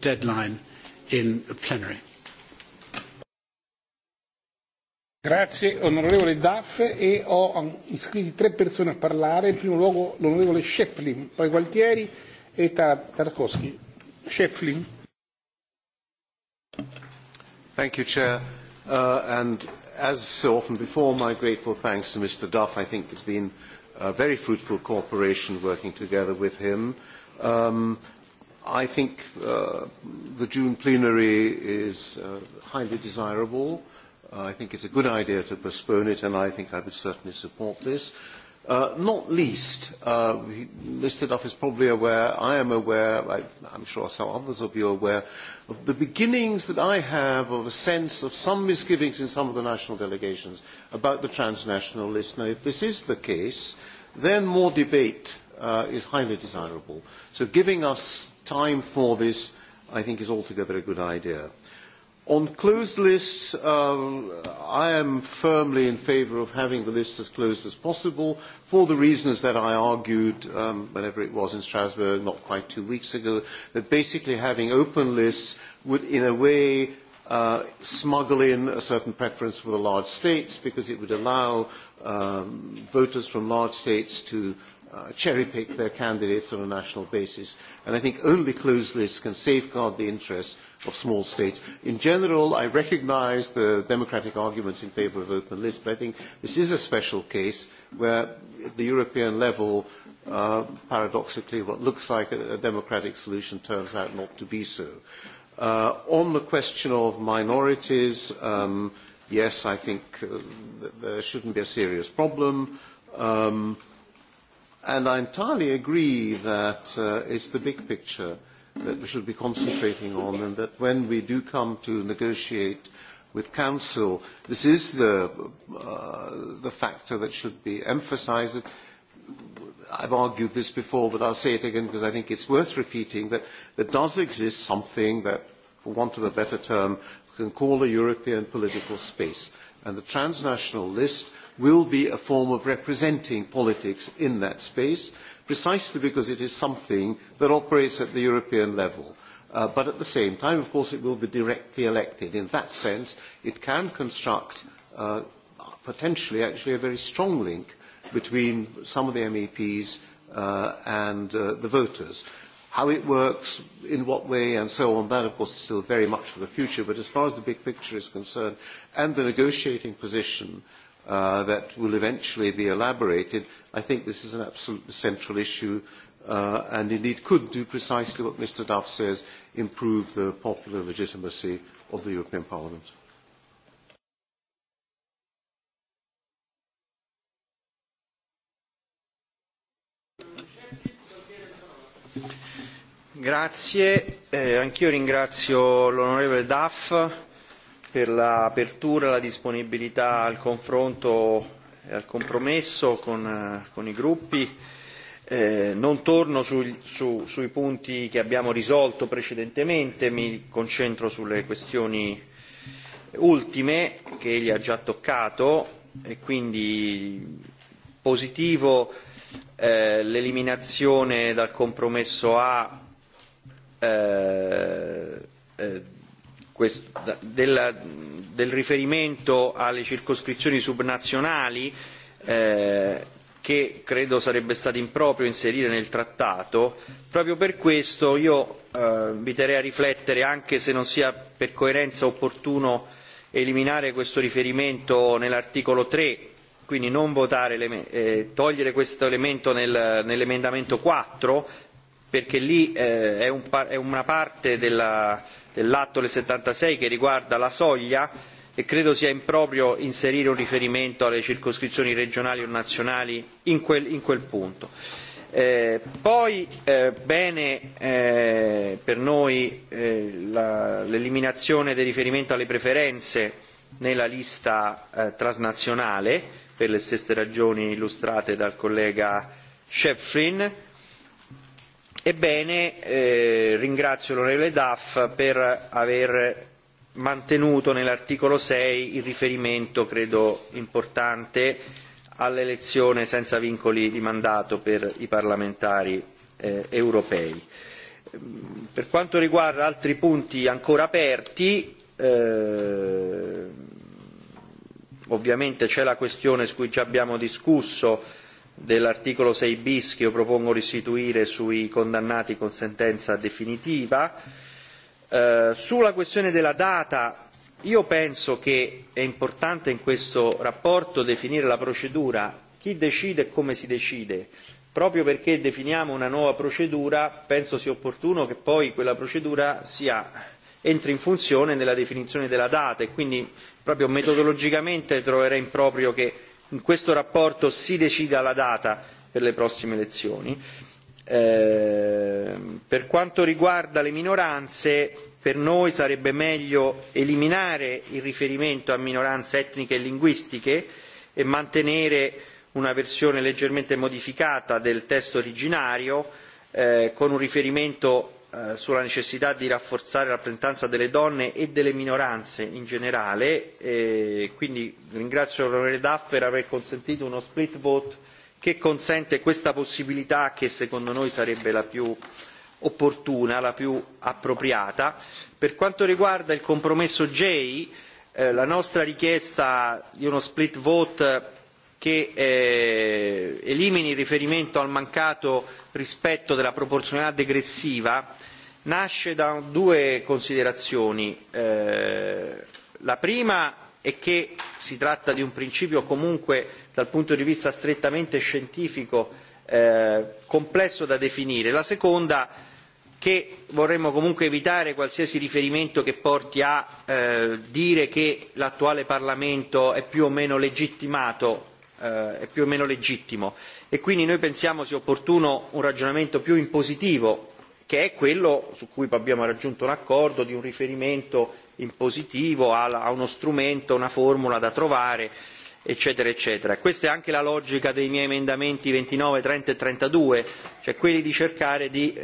deadline in plenary.
Grazie onorevole Daff e ho iscritti tre persone a parlare, in primo luogo l'onorevole Schefflin, poi Gualtieri e Tarkovsky. Schefflin.
Thank you, Chair. Uh, and as so often before, my grateful thanks to Mr. Duff. I think it's been a very fruitful cooperation working together with him. Um, I think uh, the June plenary is uh, highly desirable. I think it's a good idea to postpone it, and I think I would certainly support this. Uh, not least, uh, Mr. Duff is probably aware, I am aware, I, I'm sure some others of you are aware, of the beginnings that I have of a sense of some misgivings in some of the national delegations about the transnational list. Now, if this is the case, then more debate uh, is highly desirable. So giving us time for this, I think, is altogether a good idea. On closed lists, I am firmly in favour of having the list as closed as possible for the reasons that I argued whenever it was in Strasbourg not quite two weeks ago, that basically having open lists would in a way smuggle in a certain preference for the large states because it would allow voters from large states to uh, cherry-pick their candidates on a national basis. And I think only closed lists can safeguard the interests of small states. In general, I recognise the democratic arguments in favour of open lists, but I think this is a special case where at the European level, uh, paradoxically, what looks like a, a democratic solution turns out not to be so. Uh, on the question of minorities, um, yes, I think uh, there shouldn't be a serious problem. Um, uh, And I entirely agree that uh, it's the big picture that we should be concentrating on and that when we do come to negotiate with Council, this is the, uh, the factor that should be emphasised. I've argued this before, but I'll say it again because I think it's worth repeating that there does exist something that, for want of a better term, we can call a European political space. And the transnational list will be a form of representing politics in that space, precisely because it is something that operates at the European level. but at the same time, of course, it will be directly elected. In that sense, it can construct potentially actually a very strong link between some of the MEPs and the voters. How it works, in what way, and so on, that of course is still very much for the future, but as far as the big picture is concerned, and the negotiating position uh, that will eventually be elaborated, I think this is an absolutely central issue uh, and indeed could do precisely what Mr Duff says, improve the popular legitimacy of the European Parliament.
Grazie, eh, anch'io ringrazio l'onorevole Duff per l'apertura, la disponibilità al confronto e al compromesso con, i gruppi. non torno sui punti che abbiamo risolto precedentemente, mi concentro sulle questioni ultime che egli ha già toccato e quindi positivo l'eliminazione dal compromesso A del riferimento alle circoscrizioni subnazionali che credo sarebbe stato improprio inserire nel trattato. Proprio per questo io inviterei a riflettere, anche se non sia per coerenza opportuno eliminare questo riferimento nell'articolo tre, quindi non votare, togliere questo elemento nell'emendamento quattro, perché lì è una parte della l'atto del settantasei che riguarda la soglia e credo sia improprio inserire un riferimento alle circoscrizioni regionali o nazionali in quel, punto. poi bene per noi l'eliminazione del riferimento alle preferenze nella lista transnazionale per le stesse ragioni illustrate dal collega Schöpflin Ebbene, ringrazio l'onorevole Duff per aver mantenuto nell'articolo sei il riferimento, credo importante, all'elezione senza vincoli di mandato per i parlamentari europei. Per quanto riguarda altri punti ancora aperti, ovviamente c'è la questione su cui già abbiamo discusso dell'articolo 6 bis che io propongo di istituire sui condannati con sentenza definitiva. sulla questione della data, io penso che è importante in questo rapporto definire la procedura, chi decide e come si decide. Proprio perché definiamo una nuova procedura, penso sia opportuno che poi quella procedura sia entri in funzione nella definizione della data e quindi proprio metodologicamente troverei improprio che in questa relazione si decida la data per le prossime elezioni. per quanto riguarda le minoranze, per noi sarebbe meglio eliminare il riferimento a minoranze etniche e linguistiche e mantenere una versione leggermente modificata del testo originario con un riferimento sulla necessità di rafforzare la rappresentanza delle donne e delle minoranze in generale, e quindi ringrazio l'onorevole Duff per aver consentito uno split vote che consente questa possibilità che secondo noi sarebbe la più opportuna, la più appropriata. Per quanto riguarda il compromesso J, la nostra richiesta di uno split vote che eh, elimini il riferimento al mancato rispetto della proporzionalità degressiva nasce da due considerazioni. Eh, la prima è che si tratta di un principio comunque dal punto di vista strettamente scientifico eh, complesso da definire. La seconda che vorremmo comunque evitare qualsiasi riferimento che porti a eh, dire che l'attuale Parlamento è più o meno legittimato è più o meno legittimo e quindi noi pensiamo sia opportuno un ragionamento più impositivo che è quello su cui abbiamo raggiunto un accordo di un riferimento impositivo a uno strumento, una formula da trovare eccetera eccetera. Questa è anche la logica dei miei emendamenti ventinove, trenta e trentadue, cioè quelli di cercare di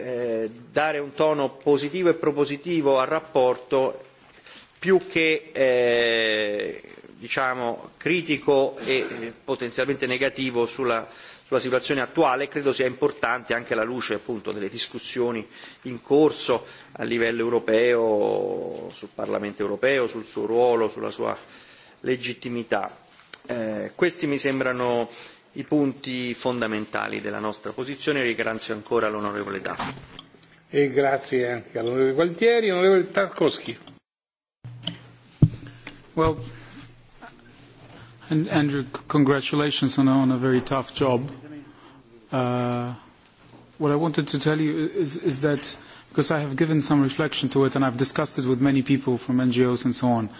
dare un tono positivo e propositivo al rapporto più che diciamo, critico e potenzialmente negativo sulla, sulla situazione attuale e credo sia importante anche alla luce appunto delle discussioni in corso a livello europeo, sul Parlamento europeo, sul suo ruolo, sulla sua legittimità. Eh, questi mi sembrano i punti fondamentali della nostra posizione e ringrazio ancora l'onorevole Daffi.
E grazie anche all'onorevole Gualtieri. Onorevole Tarkovsky.
Well, And Andrew, congratulations on, on a very tough job. Uh, what I wanted to tell you is, is that, because I have given some reflection to it and I've discussed it with many people from NGOs and so on,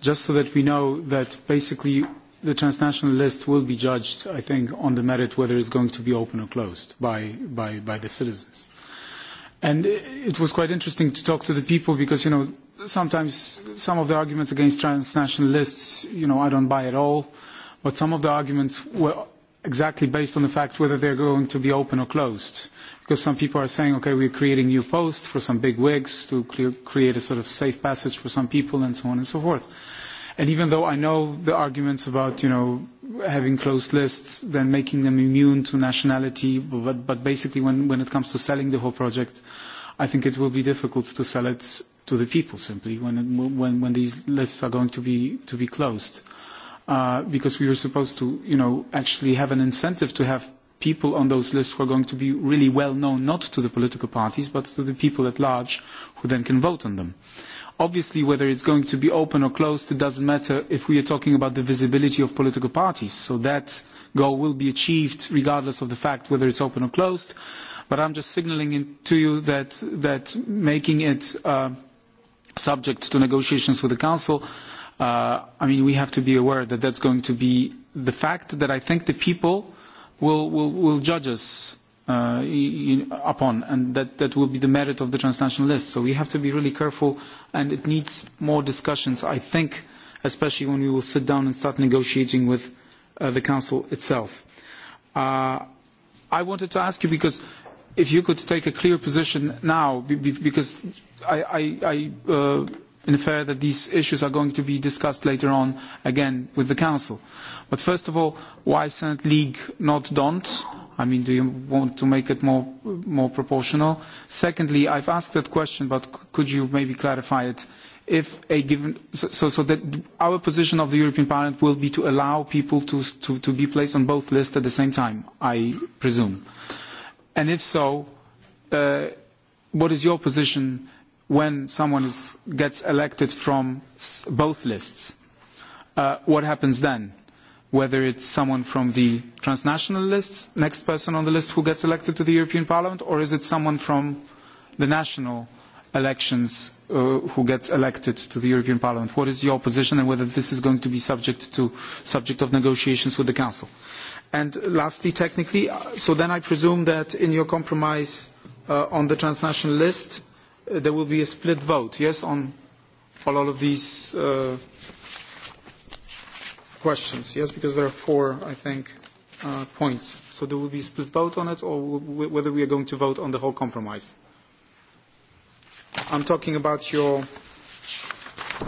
just so that we know that basically the transnational list will be judged, I think, on the merit whether it's going to be open or closed by, by, by the citizens. And it was quite interesting to talk to the people because, you know, sometimes some of the arguments against transnational lists, you know, I don't buy at all. But some of the arguments were exactly based on the fact whether they're going to be open or closed. Because some people are saying, okay, we're creating new posts for some big wigs to clear, create a sort of safe passage for some people and so on and so forth. And even though I know the arguments about, you know, having closed lists, then making them immune to nationality, but, but basically when, when it comes to selling the whole project, I think it will be difficult to sell it to the people simply when, when, when these lists are going to be, to be closed. Uh, because we were supposed to, you know, actually have an incentive to have people on those lists who are going to be really well known not to the political parties but to the people at large who then can vote on them. Obviously, whether it's going to be open or closed, it doesn't matter if we are talking about the visibility of political parties. So that goal will be achieved regardless of the fact whether it's open or closed. But I'm just signaling to you that, that making it uh, – subject to negotiations with the Council, I mean, we have to be aware that that's going to be the fact that I think the people will, will, will judge us upon, and that, that will be the merit of the transnational list. So we have to be really careful, and it needs more discussions, I think, especially when we will sit down and start negotiating with the Council itself. I wanted to ask you, because if you could take a clear position now, because I, I, uh, infer that these issues are going to be discussed later on again with the Council. But first of all, why Senate League, not DONT? I mean, do you want to make it more, more proportional? Secondly, I've asked that question, but could you maybe clarify it? If a given, so, so that our position of the European Parliament will be to allow people to, to, to be placed on both lists at the same time, I presume. And if so, uh, what is your position when someone is, gets elected from both lists, what happens then? Whether it's someone from the transnational lists, next person on the list who gets elected to the European Parliament, or is it someone from the national elections who gets elected to the European Parliament? What is your position and whether this is going to be subject to subject of negotiations with the Council? And lastly, technically, so then I presume that in your compromise on the transnational list, there will be a split vote, yes, on all of these questions, yes, because there are four, I think, points. So there will be a split vote on it, or whether we are going to vote on the whole compromise. I'm talking about your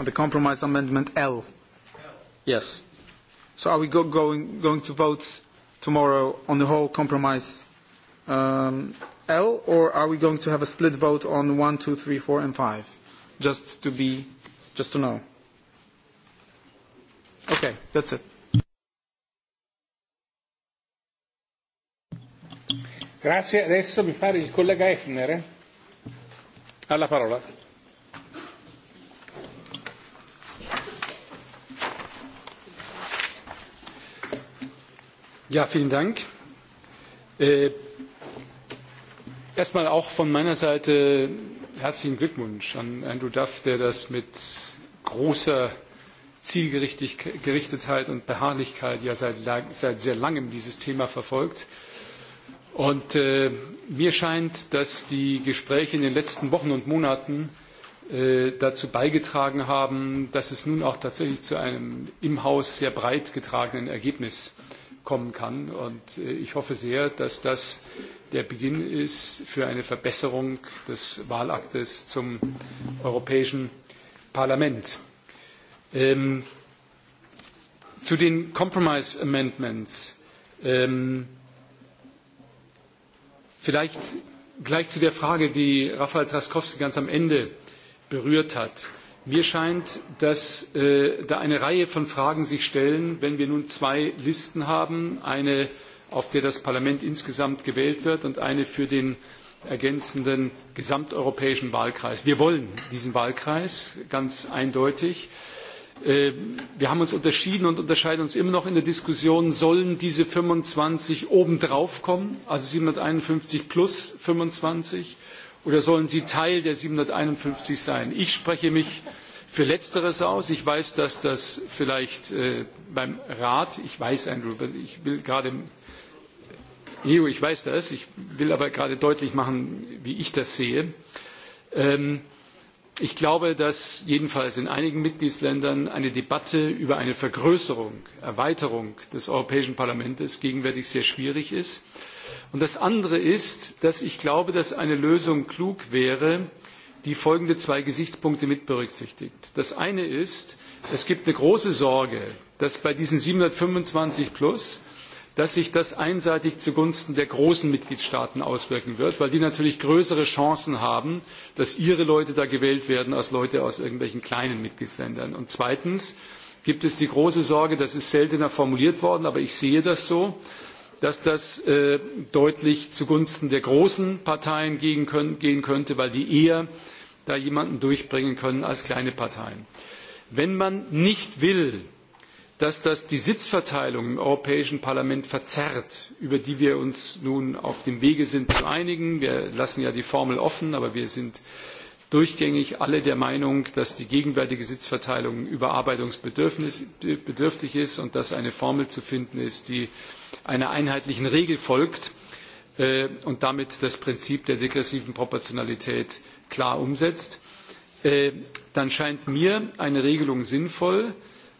the compromise amendment L. Yes. So are we go going to vote tomorrow on the whole compromise L, or are we going to have a split vote on one, two, three, four, and five? Just to be, just to know. Okay, that's it.
Grazie. Adesso mi pare il collega Effner ha la parola.
Ja, vielen Dank. Eh, Erst einmal auch von meiner Seite herzlichen Glückwunsch an Andrew Duff, der das mit großer Zielgerichtetheit und Beharrlichkeit ja seit, sehr langem dieses Thema verfolgt. Und mir scheint, dass die Gespräche in den letzten Wochen und Monaten dazu beigetragen haben, dass es nun auch tatsächlich zu einem im Haus sehr breit getragenen Ergebnis kommen kann. Und ich hoffe sehr, dass das der Beginn ist für eine Verbesserung des Wahlaktes zum Europäischen Parlament. zu den Compromise Amendments. vielleicht gleich zu der Frage, die Rafael Traskowski ganz am Ende berührt hat. Mir scheint, dass da eine Reihe von Fragen sich stellen, wenn wir nun zwei Listen haben, eine auf der das Parlament insgesamt gewählt wird, und eine für den ergänzenden gesamteuropäischen Wahlkreis. Wir wollen diesen Wahlkreis ganz eindeutig. Wir haben uns unterschieden und unterscheiden uns immer noch in der Diskussion, sollen diese 25 obendrauf kommen, also 751 plus 25, oder sollen sie Teil der 751 sein? Ich spreche mich für Letzteres aus. Ich weiß, dass das vielleicht beim Rat, ich weiß, Andrew, ich will gerade im Leo, ich weiß das. Ich will aber gerade deutlich machen, wie ich das sehe. ich glaube, dass jedenfalls in einigen Mitgliedsländern eine Debatte über eine Vergrößerung, Erweiterung des Europäischen Parlaments gegenwärtig sehr schwierig ist. Und das andere ist, dass ich glaube, dass eine Lösung klug wäre, die folgende zwei Gesichtspunkte mit berücksichtigt. Das eine ist, es gibt eine große Sorge, dass bei diesen 725 plus dass sich das einseitig zugunsten der großen Mitgliedstaaten auswirken wird, weil die natürlich größere Chancen haben, dass ihre Leute da gewählt werden als Leute aus irgendwelchen kleinen Mitgliedsländern. Und zweitens gibt es die große Sorge, das ist seltener formuliert worden, aber ich sehe das so, dass das deutlich zugunsten der großen Parteien gehen könnte, weil die eher da jemanden durchbringen können als kleine Parteien. Wenn man nicht will, dass das die Sitzverteilung im Europäischen Parlament verzerrt, über die wir uns nun auf dem Wege sind zu einigen. Wir lassen ja die Formel offen, aber wir sind durchgängig alle der Meinung, dass die gegenwärtige Sitzverteilung überarbeitungsbedürftig ist und dass eine Formel zu finden ist, die einer einheitlichen Regel folgt und damit das Prinzip der degressiven Proportionalität klar umsetzt. Dann scheint mir eine Regelung sinnvoll,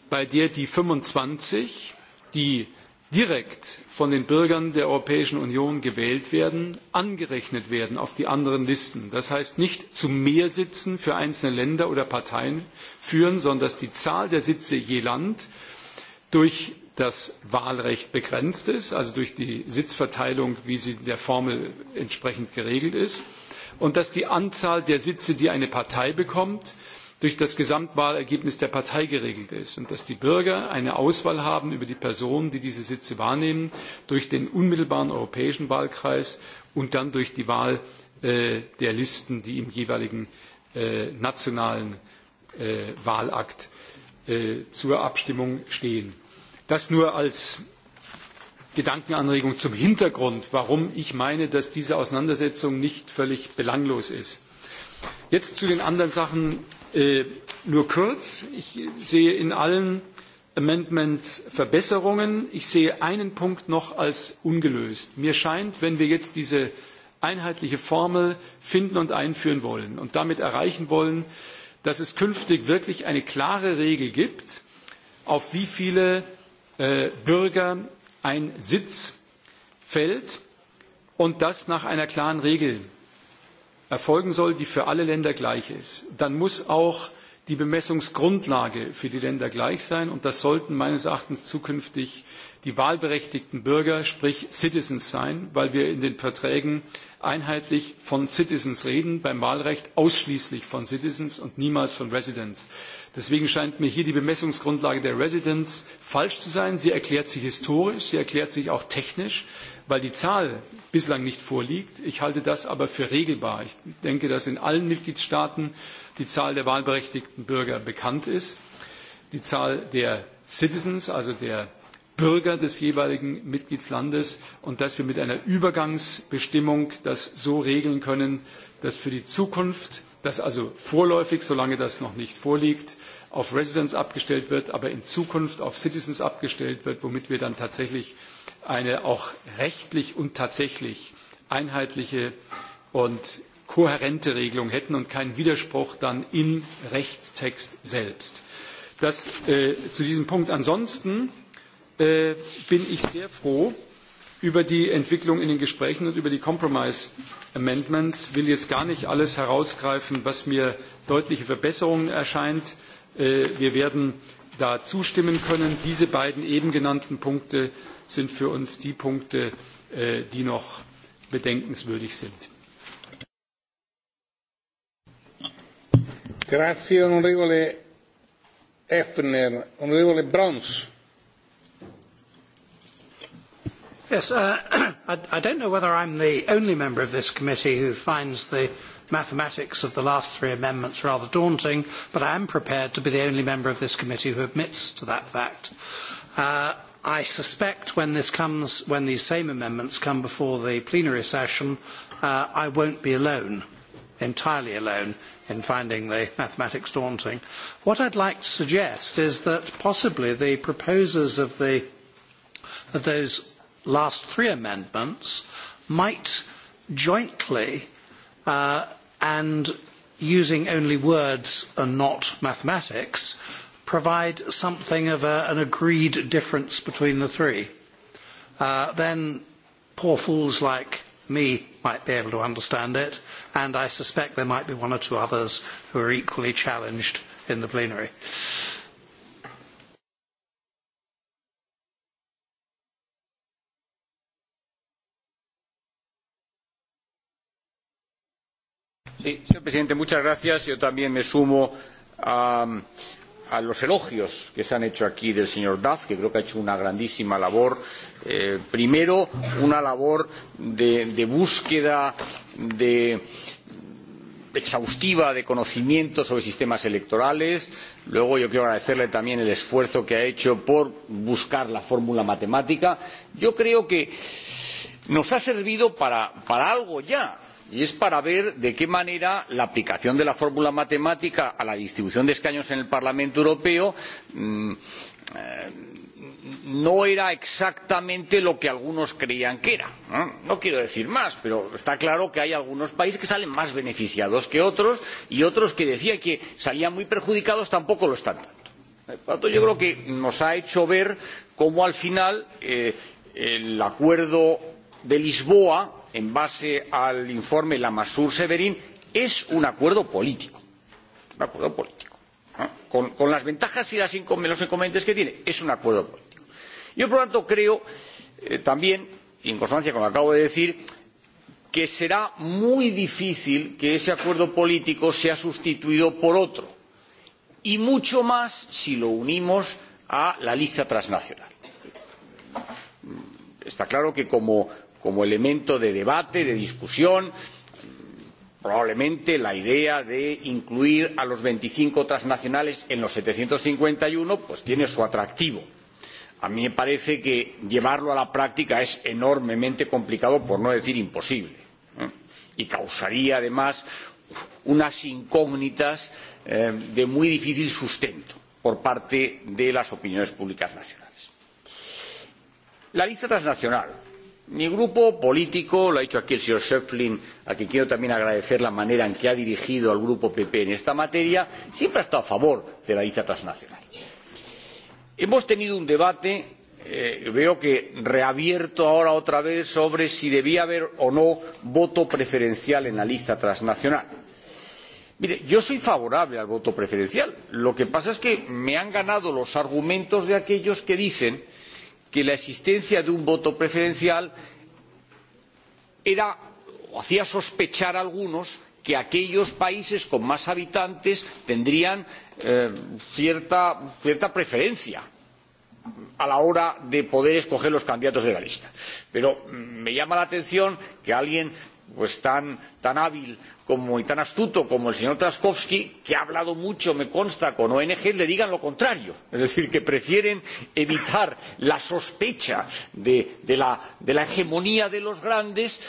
bei der die fünfundzwanzig die direkt von den Bürgern der Europäischen Union gewählt werden, angerechnet werden auf die anderen Listen. Das heißt nicht zu mehr Sitzen für einzelne Länder oder Parteien führen, sondern dass die Zahl der Sitze je Land durch das Wahlrecht begrenzt ist, also durch die Sitzverteilung, wie sie in der Formel entsprechend geregelt ist, und dass die Anzahl der Sitze, die eine Partei bekommt, durch das Gesamtwahlergebnis der Partei geregelt ist und dass die Bürger eine Auswahl haben über die Personen, die diese Sitze wahrnehmen, durch den unmittelbaren europäischen Wahlkreis und dann durch die Wahl der Listen, die im jeweiligen nationalen Wahlakt zur Abstimmung stehen. Das nur als Gedankenanregung zum Hintergrund, warum ich meine, dass diese Auseinandersetzung nicht völlig belanglos ist. Jetzt zu den anderen Sachen, Nur kurz, ich sehe in allen Amendments Verbesserungen. Ich sehe einen Punkt noch als ungelöst. Mir scheint, wenn wir jetzt diese einheitliche Formel finden und einführen wollen und damit erreichen wollen, dass es künftig wirklich eine klare Regel gibt, auf wie viele Bürger ein Sitz fällt und das nach einer klaren Regel erfolgen soll, die für alle Länder gleich ist, dann muss auch die Bemessungsgrundlage für die Länder gleich sein. Und das sollten meines Erachtens zukünftig die wahlberechtigten Bürger, sprich Citizens sein, weil wir in den Verträgen einheitlich von Citizens reden, beim Wahlrecht ausschließlich von Citizens und niemals von Residents. Deswegen scheint mir hier die Bemessungsgrundlage der Residents falsch zu sein. Sie erklärt sich historisch, sie erklärt sich auch technisch weil die Zahl bislang nicht vorliegt. Ich halte das aber für regelbar. Ich denke, dass in allen Mitgliedstaaten die Zahl der wahlberechtigten Bürger bekannt ist. Die Zahl der Citizens, also der Bürger des jeweiligen Mitgliedslandes und dass wir mit einer Übergangsbestimmung das so regeln können, dass für die Zukunft, dass also vorläufig, solange das noch nicht vorliegt, auf Residents abgestellt wird, aber in Zukunft auf Citizens abgestellt wird, womit wir dann tatsächlich eine auch rechtlich und tatsächlich einheitliche und kohärente Regelung hätten und keinen Widerspruch dann im Rechtstext selbst. Das zu diesem Punkt. Ansonsten bin ich sehr froh über die Entwicklung in den Gesprächen und über die Compromise Amendments. Ich will jetzt gar nicht alles herausgreifen, was mir deutliche Verbesserungen erscheint. Wir werden da zustimmen können. Diese beiden eben genannten Punkte sind für uns die Punkte, die noch bedenkenswürdig sind.
Grazie onorevole
Effner. Onorevole Brons. Yes, uh, I, I don't know whether I'm the only member of this committee who finds the mathematics of the last three amendments rather daunting, but I am prepared to be the only member of this committee who admits to that fact. I suspect when this comes, when these same amendments come before the plenary session, I won't be alone, entirely alone, in finding the mathematics daunting. What I'd like to suggest is that possibly the proposers of, the, of those last three amendments might jointly and using only words and not mathematics provide something of an agreed difference between the three, then poor fools like me might be able to understand it, and I suspect there might be one or two others who are equally challenged in the plenary.
señor presidente muchas gracias. yo también me sumo a a los elogios que se han hecho aquí del señor Duff, que creo que ha hecho una grandísima labor. primero, una labor de, búsqueda exhaustiva de conocimiento sobre sistemas electorales. Luego yo quiero agradecerle también el esfuerzo que ha hecho por buscar la fórmula matemática. Yo creo que nos ha servido para algo ya y es para ver de qué manera la aplicación de la fórmula matemática a la distribución de escaños en el Parlamento Europeo no era exactamente lo que algunos creían que era. No quiero decir más, pero está claro que hay algunos países que salen más beneficiados que otros y otros que decían que salían muy perjudicados tampoco lo están tanto. Por tanto, yo creo que nos ha hecho ver cómo al final el acuerdo de Lisboa en base al informe Lamassur Severin, es un acuerdo político. Un acuerdo político. Con, las ventajas y los inconvenientes que tiene, es un acuerdo político. Yo, por lo tanto, creo también, y en consonancia con lo que acabo de decir, que será muy difícil que ese acuerdo político sea sustituido por otro, y mucho más si lo unimos a la lista transnacional. Está claro que como, como elemento de debate, de discusión, probablemente la idea de incluir a los veinticinco transnacionales en los setecientos cincuenta y uno tiene su atractivo. A mí me parece que llevarlo a la práctica es enormemente complicado, por no decir imposible, y causaría además unas incógnitas de muy difícil sustento por parte de las opiniones públicas nacionales. La lista transnacional Mi grupo político, lo ha dicho aquí el señor Schöpflin, a quien quiero también agradecer la manera en que ha dirigido al grupo PP en esta materia, siempre ha estado a favor de la lista transnacional. Hemos tenido un debate, veo que reabierto ahora otra vez, sobre si debía haber o no voto preferencial en la lista transnacional. Mire, yo soy favorable al voto preferencial. Lo que pasa es que me han ganado los argumentos de aquellos que dicen que que la existencia de un voto preferencial era o hacía sospechar a algunos que aquellos países con más habitantes tendrían cierta preferencia a la hora de poder escoger los candidatos de la lista. pero me llama la atención que alguien tan hábil como, y tan astuto como el señor Traskowski, que ha hablado mucho, me consta, con ONG, le digan lo contrario. Es decir, que prefieren evitar la sospecha de, la, hegemonía de los grandes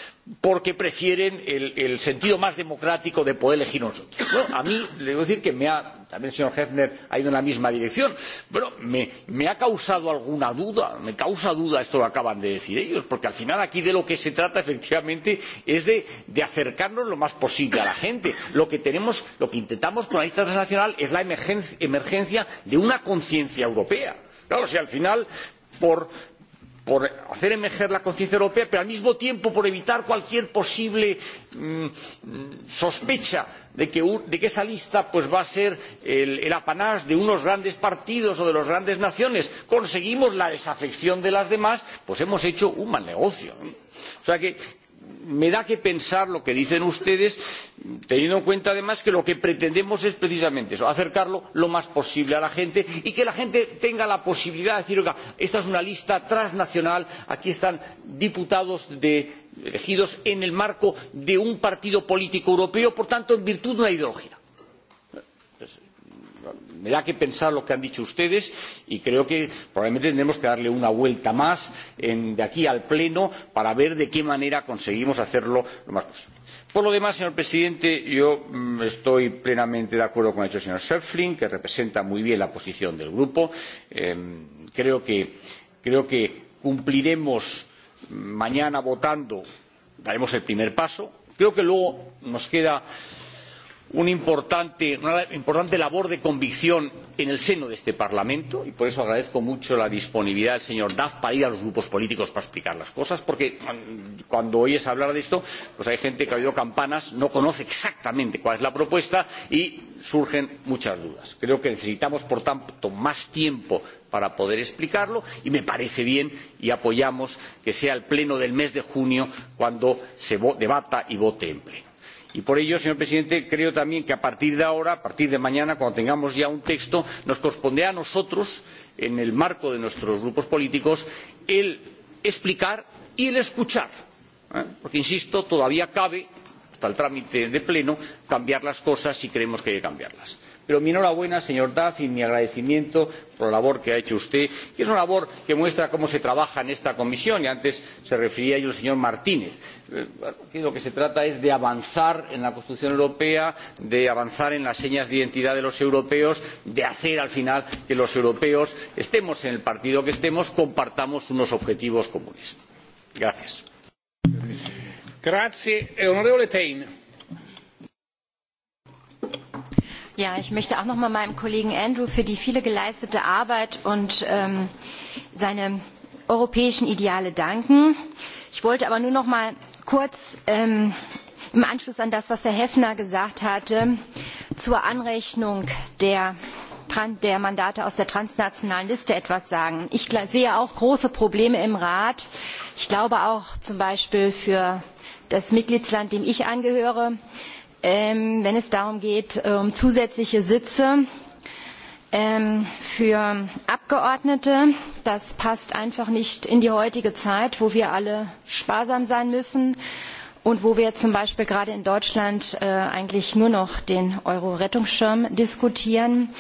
porque prefieren el, sentido más democrático de poder elegir nosotros. a mí, le debo decir que me ha, también el señor Hefner ha ido en la misma dirección, pero me, me ha causado alguna duda, me causa duda esto que acaban de decir ellos, porque al final aquí de lo que se trata efectivamente es de, de acercarnos lo más posible a la gente. Lo que tenemos, lo que intentamos con la lista transnacional es la emergencia de una conciencia europea. Claro, si al final, por por hacer emerger la conciencia europea, pero al mismo tiempo por evitar cualquier posible sospecha de que, esa lista va a ser el, apanage de unos grandes partidos o de las grandes naciones. Conseguimos la desafección de las demás, pues hemos hecho un mal negocio. O sea que me da que pensar lo que dicen ustedes, teniendo en cuenta además que lo que pretendemos es precisamente eso, acercarlo lo más posible a la gente y que la gente tenga la posibilidad de decir, oiga, esta es una lista transnacional, aquí están diputados elegidos en el marco de un partido político europeo, por tanto, en virtud de una ideología me da que pensar lo que han dicho ustedes y creo que probablemente tendremos que darle una vuelta más de aquí al pleno para ver de qué manera conseguimos hacerlo lo más posible. Por lo demás, señor presidente, yo estoy plenamente de acuerdo con lo que ha dicho el señor Schöpflin, que representa muy bien la posición del grupo. creo que cumpliremos mañana votando, daremos el primer paso. Creo que luego nos queda una importante labor de convicción en el seno de este Parlamento y por eso agradezco mucho la disponibilidad del señor Duff para ir a los grupos políticos para explicar las cosas porque cuando oyes hablar de esto pues hay gente que ha oído campanas no conoce exactamente cuál es la propuesta y surgen muchas dudas. Creo que necesitamos por tanto más tiempo para poder explicarlo y me parece bien y apoyamos que sea el pleno del mes de junio cuando se debata y vote en pleno y por ello señor presidente creo también que a partir de ahora a partir de mañana cuando tengamos ya un texto nos corresponderá a nosotros en el marco de nuestros grupos políticos el explicar y el escuchar porque insisto todavía cabe hasta el trámite de pleno cambiar las cosas si creemos que hay que cambiarlas pero mi enhorabuena señor duff y mi agradecimiento por la labor que ha hecho usted y es una labor que muestra cómo se trabaja en esta comisión y antes se refería a ello el señor martínez. aquí de lo que se trata es de avanzar en la construcción europea de avanzar en las señas de identidad de los europeos de hacer al final que los europeos estemos en el partido que estemos compartamos unos objetivos comunes.
gracias.
Ja, ich möchte auch noch mal meinem Kollegen Andrew für die viele geleistete Arbeit und ähm, seine europäischen Ideale danken. Ich wollte aber nur noch mal kurz ähm, im Anschluss an das, was Herr Heffner gesagt hatte, zur Anrechnung der der Mandate aus der transnationalen Liste etwas sagen. Ich sehe auch große Probleme im Rat. Ich glaube auch zum Beispiel für das Mitgliedsland, dem ich angehöre, wenn es darum geht, um zusätzliche Sitze für Abgeordnete. Das passt einfach nicht in die heutige Zeit, wo wir alle sparsam sein müssen und wo wir zum Beispiel gerade in Deutschland eigentlich nur noch den Euro-Rettungsschirm diskutieren.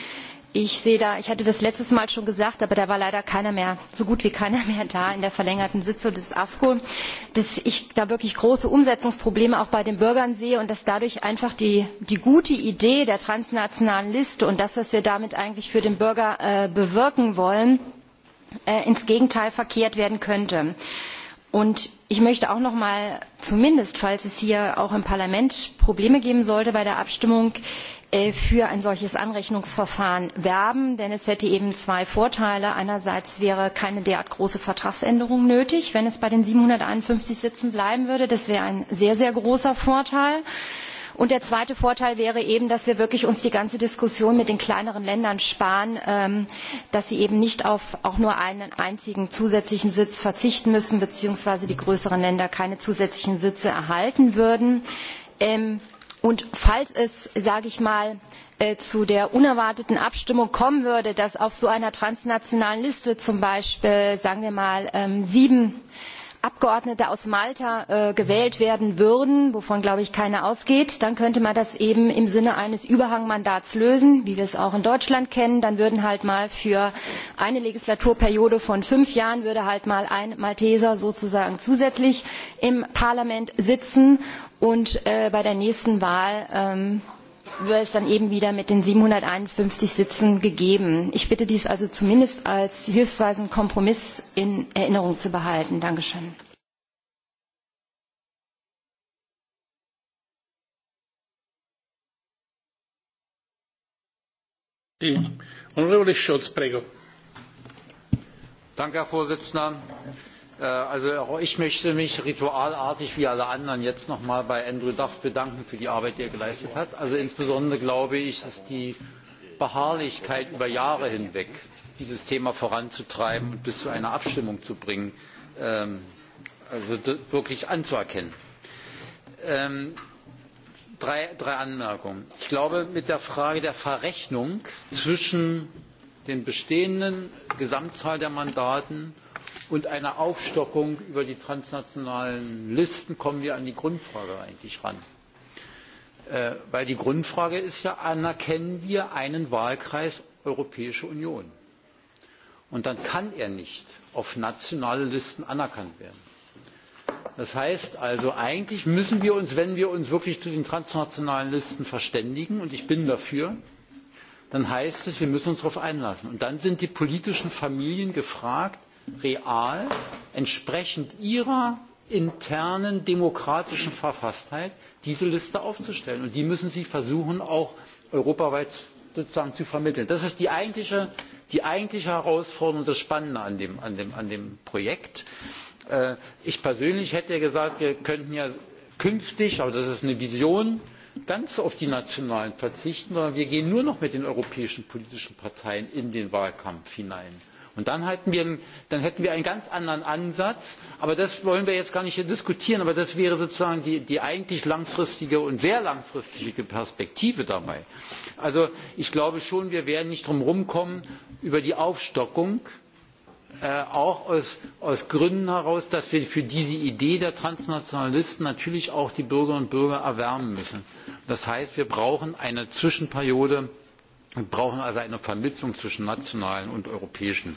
Ich sehe da, ich hatte das letztes Mal schon gesagt, aber da war leider keiner mehr, so gut wie keiner mehr da in der verlängerten Sitzung des AFCO, dass ich da wirklich große Umsetzungsprobleme auch bei den Bürgern sehe und dass dadurch einfach die, gute Idee der transnationalen Liste und das, was wir damit eigentlich für den Bürger bewirken wollen, ins Gegenteil verkehrt werden könnte. Und ich möchte auch noch mal, zumindest falls es hier auch im Parlament Probleme geben sollte bei der Abstimmung, für ein solches Anrechnungsverfahren werben, denn es hätte eben zwei Vorteile. Einerseits wäre keine derart große Vertragsänderung nötig, wenn es bei den 751 Sitzen bleiben würde. Das wäre ein sehr, sehr großer Vorteil. Und der zweite Vorteil wäre eben, dass wir wirklich uns die ganze Diskussion mit den kleineren Ländern sparen, dass sie eben nicht auf auch nur einen einzigen zusätzlichen Sitz verzichten müssen, beziehungsweise die größeren Länder keine zusätzlichen Sitze erhalten würden. Und falls es, sage ich mal, zu der unerwarteten Abstimmung kommen würde, dass auf so einer transnationalen Liste zum Beispiel, sagen wir mal, sieben Abgeordnete aus Malta gewählt werden würden, wovon, glaube ich, keiner ausgeht, dann könnte man das eben im Sinne eines Überhangmandats lösen, wie wir es auch in Deutschland kennen. Dann würden halt mal für eine Legislaturperiode von fünf Jahren würde halt mal ein Malteser sozusagen zusätzlich im Parlament sitzen und bei der nächsten Wahl wäre es dann eben wieder mit den 751 Sitzen gegeben. Ich bitte dies also zumindest als hilfsweisen Kompromiss in Erinnerung zu behalten. Dankeschön.
Herr Vorsitzender, Also auch ich möchte mich ritualartig wie alle anderen jetzt nochmal bei Andrew Duff bedanken für die Arbeit, die er geleistet hat. Also insbesondere glaube ich, dass die Beharrlichkeit über Jahre hinweg, dieses Thema voranzutreiben und bis zu einer Abstimmung zu bringen, wirklich anzuerkennen. drei Anmerkungen. Ich glaube, mit der Frage der Verrechnung zwischen den bestehenden Gesamtzahl der Mandaten und einer aufstockung über die transnationalen listen kommen wir an die grundfrage eigentlich ran. denn die grundfrage ist ja anerkennen wir einen wahlkreis europäische union? und dann kann er nicht auf nationale listen anerkannt werden. das heißt also eigentlich müssen wir uns wenn wir uns wirklich zu den transnationalen listen verständigen und ich bin dafür dann heißt es wir müssen uns darauf einlassen. und dann sind die politischen familien gefragt real entsprechend ihrer internen demokratischen Verfasstheit diese Liste aufzustellen. Und die müssen sie versuchen, auch europaweit sozusagen zu vermitteln. Das ist die eigentliche, Herausforderung, und das Spannende an dem, Projekt. ich persönlich hätte gesagt, wir könnten ja künftig, aber das ist eine Vision, ganz auf die nationalen verzichten, sondern wir gehen nur noch mit den europäischen politischen Parteien in den Wahlkampf hinein Und dann, hätten wir einen ganz anderen Ansatz, aber das wollen wir jetzt gar nicht hier diskutieren, aber das wäre sozusagen die, eigentlich langfristige und sehr langfristige Perspektive dabei. Also ich glaube schon, wir werden nicht drum kommen über die Aufstockung auch aus, Gründen heraus, dass wir für diese Idee der Transnationalisten natürlich auch die Bürgerinnen und Bürger erwärmen müssen. Das heißt, wir brauchen eine Zwischenperiode Wir brauchen also eine Vermittlung zwischen nationalen und europäischen,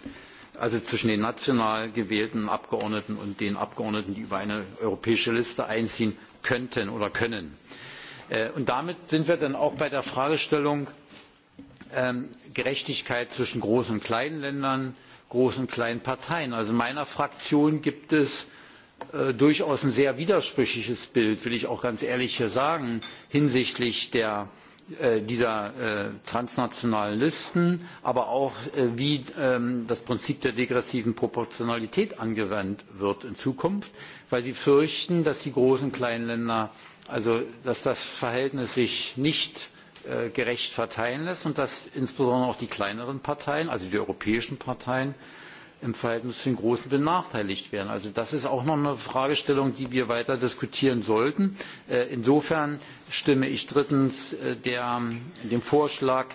also zwischen den national gewählten Abgeordneten und den Abgeordneten, die über eine europäische Liste einziehen könnten oder können. Und damit sind wir dann auch bei der Fragestellung Gerechtigkeit zwischen großen und kleinen Ländern, großen und kleinen Parteien. Also in meiner Fraktion gibt es durchaus ein sehr widersprüchliches Bild, will ich auch ganz ehrlich hier sagen, hinsichtlich der dieser transnationalen Listen, aber auch wie das Prinzip der degressiven Proportionalität angewandt wird in Zukunft, weil sie fürchten, dass die großen und kleinen Länder, also dass das Verhältnis sich nicht gerecht verteilen lässt und dass insbesondere auch die kleineren Parteien, also die europäischen Parteien, im Verhältnis zu den Großen benachteiligt werden. Also das ist auch noch eine Fragestellung, die wir weiter diskutieren sollten. Insofern stimme ich drittens dem Vorschlag,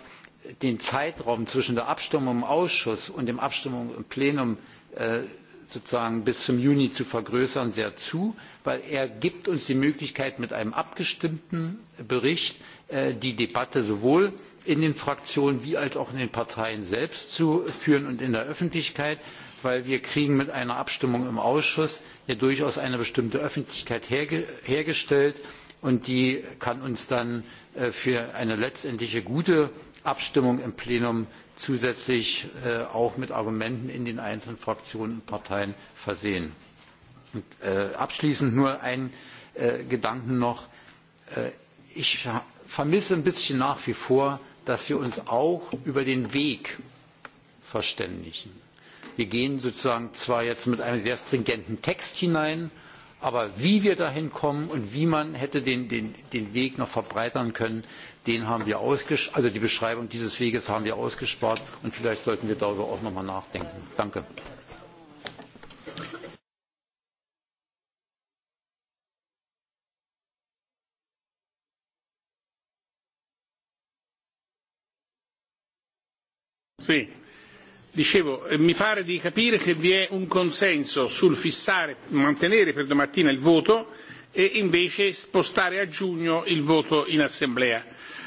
den Zeitraum zwischen der Abstimmung im Ausschuss und der Abstimmung im Plenum sozusagen bis zum Juni zu vergrößern, sehr zu, weil er uns die Möglichkeit, gibt, mit einem abgestimmten Bericht die Debatte sowohl in den Fraktionen wie auch in den Parteien selbst zu führen und in der Öffentlichkeit, weil wir kriegen mit einer Abstimmung im Ausschuss ja durchaus eine bestimmte Öffentlichkeit hergestellt und die kann uns dann für eine letztendliche gute Abstimmung im Plenum zusätzlich auch mit Argumenten in den einzelnen Fraktionen und Parteien versehen. abschließend nur ein Gedanken noch. Ich vermisse ein bisschen nach wie vor dass wir uns auch über den Weg verständigen. Wir gehen sozusagen zwar jetzt mit einem sehr stringenten Text hinein, aber wie wir dahin kommen und wie man hätte den, Weg noch verbreitern können, den haben wir also die Beschreibung dieses Weges haben wir ausgespart und vielleicht sollten wir darüber auch noch mal nachdenken. Danke.
Sì. Dicevo, mi pare di capire che vi è un consenso sul fissare, mantenere per domattina il voto e invece spostare a giugno il voto in assemblea.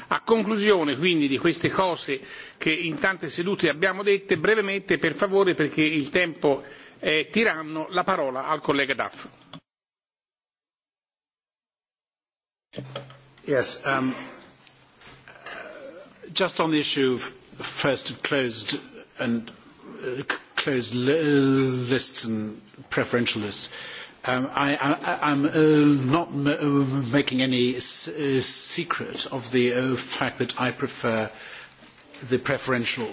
A conclusione quindi di queste cose che in tante sedute abbiamo dette, brevemente per favore perché il tempo è tiranno, la parola al collega Duff.
Yes, um, just on the issue of first closed and closed lists and preferential lists. I, am not making any secret of the fact that I prefer the preferential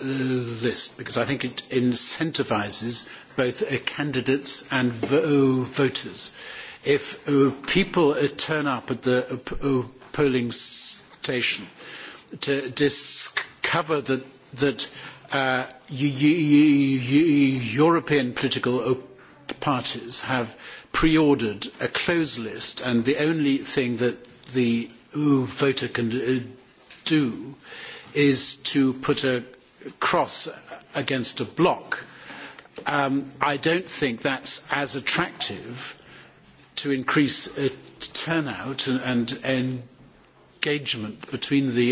list because I think it incentivises both candidates and voters. If people turn up at the polling station to discuss cover that European political parties have pre-ordered a closed list, and the only thing that the voter can do is to put a cross against a block. I don't think that's as attractive to increase turnout and engagement between the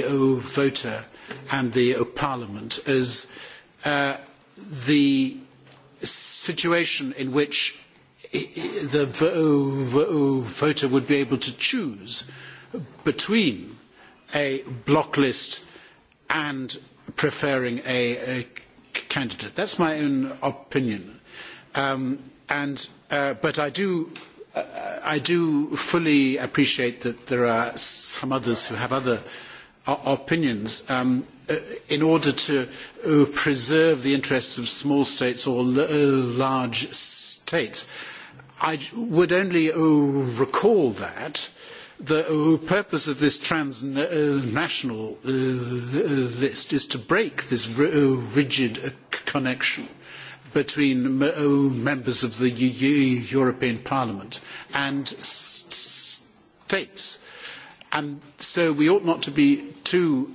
voter and the Parliament is the situation in which the voter would be able to choose between a block list and preferring a candidate. That is my own opinion. but I do I do fully appreciate that there are some others who have other opinions in order to preserve the interests of small states or large states. I would only recall that the purpose of this transnational list is to break this rigid connection between members of the European Parliament and states And so we ought not to be too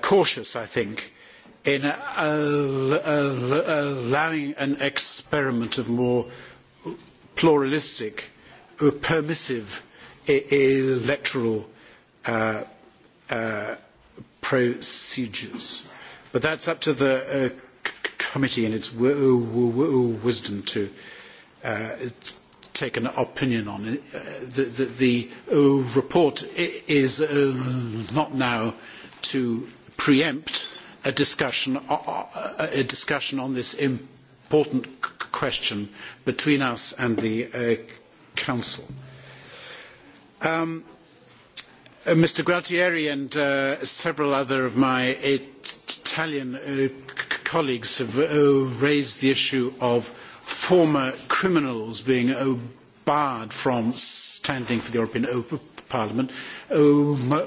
cautious, I think, in allowing an experiment of more pluralistic, permissive electoral procedures. But that is up to the committee in its wisdom to take an opinion on it. The, report is not now to preempt a discussion, on this important question between us and the Council. Mr. Gualtieri and several other of my Italian colleagues have raised the issue of former criminals being barred from standing for the European Parliament. my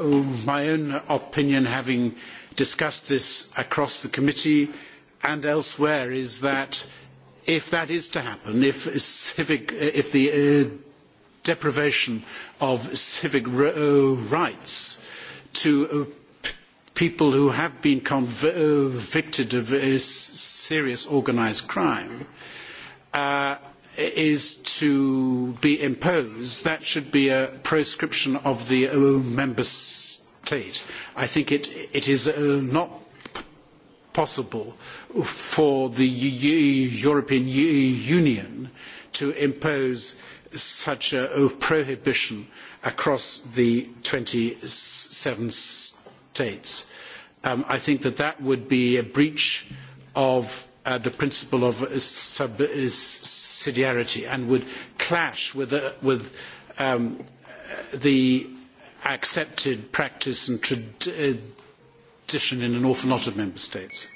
own opinion, having discussed this across the committee and elsewhere, is that if that is to happen, if, the deprivation of civic rights to people who have been convicted of serious organised crime is to be imposed, that should be a proscription of the member state. I think it, is not possible for the European Union to impose such a prohibition across the twenty seven states. I think that that would be a breach of the principle of subsidiarity and would clash with, the accepted practice and tradition in an awful lot of member states.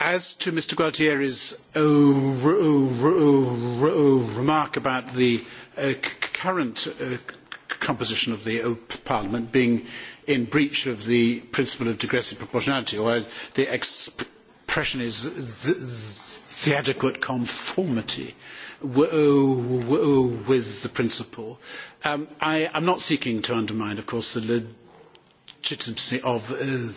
as to Mr. Gualtieri's remark about the current composition of the Parliament being in breach of the principle of digressive proportionality, or the expression is the adequate conformity with the principle. I am not seeking to undermine, of course, the legitimacy of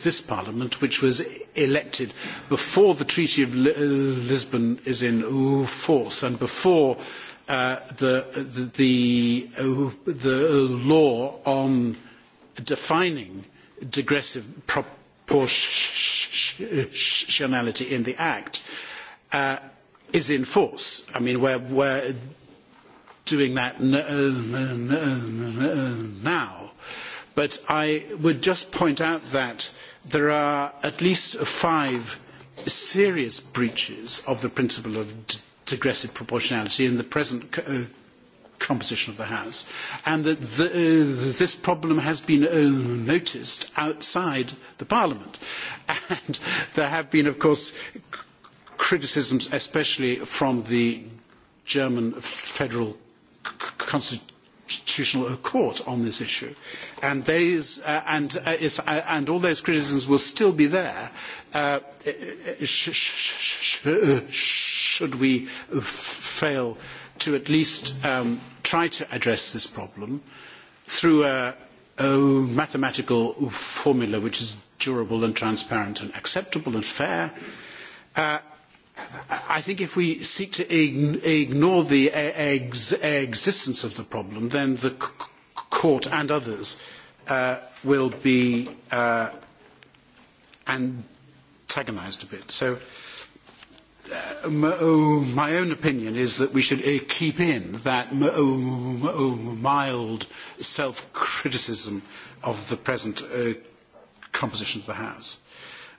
this Parliament, which was elected before the Treaty of Lisbon is in force and before the, the, the law on defining digressive proportionality in the Act is in force. I mean, we're, we're doing that now. But I would just point out that there are at least five serious breaches of the principle of aggressive proportionality in the present composition of the House, and that this problem has been noticed outside the Parliament. And there have been, of course, criticisms, especially from the German Federal Constitution constitutional court on this issue. And, those, uh, and, uh, it's, uh, and all those criticisms will still be there uh, sh- sh- should we fail to at least um, try to address this problem through a, a mathematical formula which is durable and transparent and acceptable and fair. Uh, I think if we seek to ignore the existence of the problem, then the court and others will be antagonised a bit. So my own opinion is that we should keep in that mild self-criticism of the present composition of the House.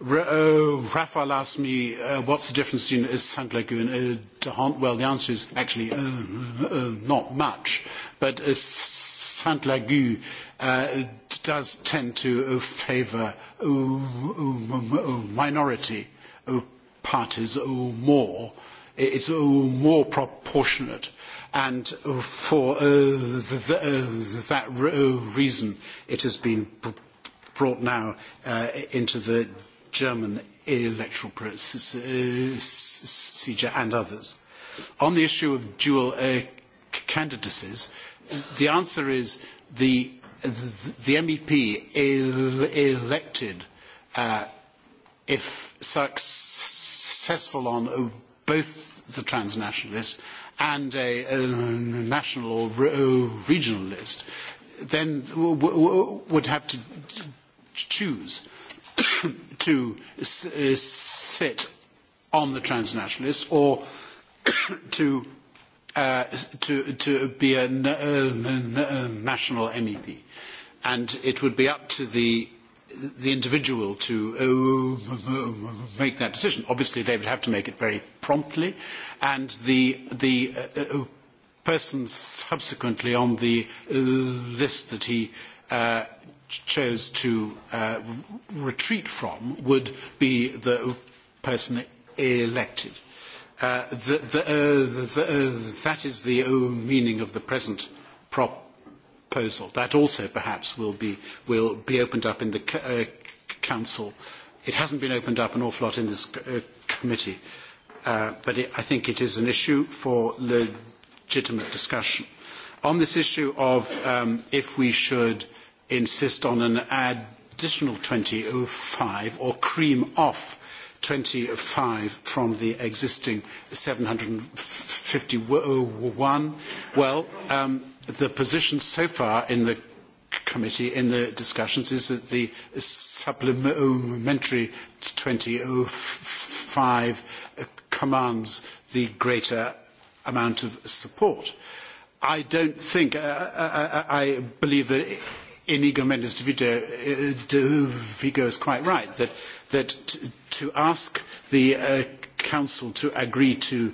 Raphael asked me, what's the difference between Saint Lagoon and Dahant? Well, the answer is actually not much. But St. Lagoon does tend to favour minority parties more. It's more proportionate. And for that reason, it has been brought now into the German electoral procedure and others. On the issue of dual candidacies, the answer is the, MEP elected, if successful on both the transnationalist and a national or regional list, then would have to choose to sit on the transnational list or to be a national MEP. And it would be up to the the individual to make that decision. Obviously, they would have to make it very promptly, and the the person subsequently on the list that he chose to retreat from would be the person elected. that is the meaning of the present proposal. That also perhaps will be, will be opened up in the Council. It hasn't been opened up an awful lot in this committee, but I think it is an issue for legitimate discussion. On this issue of if we should insist on an additional twenty five or cream off twenty five from the existing seven hundred and fifty one. Well, the position so far in the committee in the discussions is that the supplementary twenty five commands the greater amount of support. I don't think, I believe that Inigo Mendes de Vigo is quite right that, to ask the Council to agree to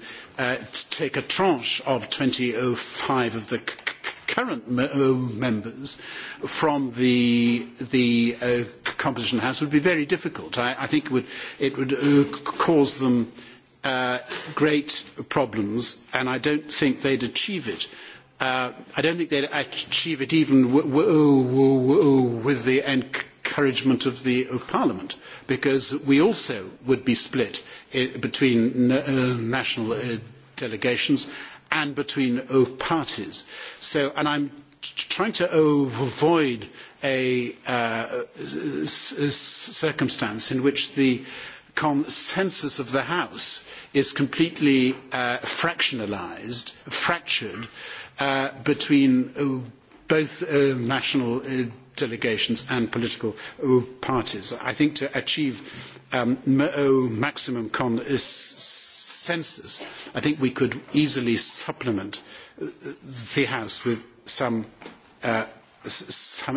take a tranche of twenty five of the current members from the, composition house would be very difficult. I, think it would, cause them great problems, and I don't think they'd achieve it I don't think they'd achieve it even with the encouragement of the Parliament, because we also would be split between national delegations and between parties. So, and I'm trying to avoid a circumstance in which the consensus of the House is completely fractionalised, fractured, between both national delegations and political parties. I think to achieve maximum consensus, I think we could easily supplement the House with some,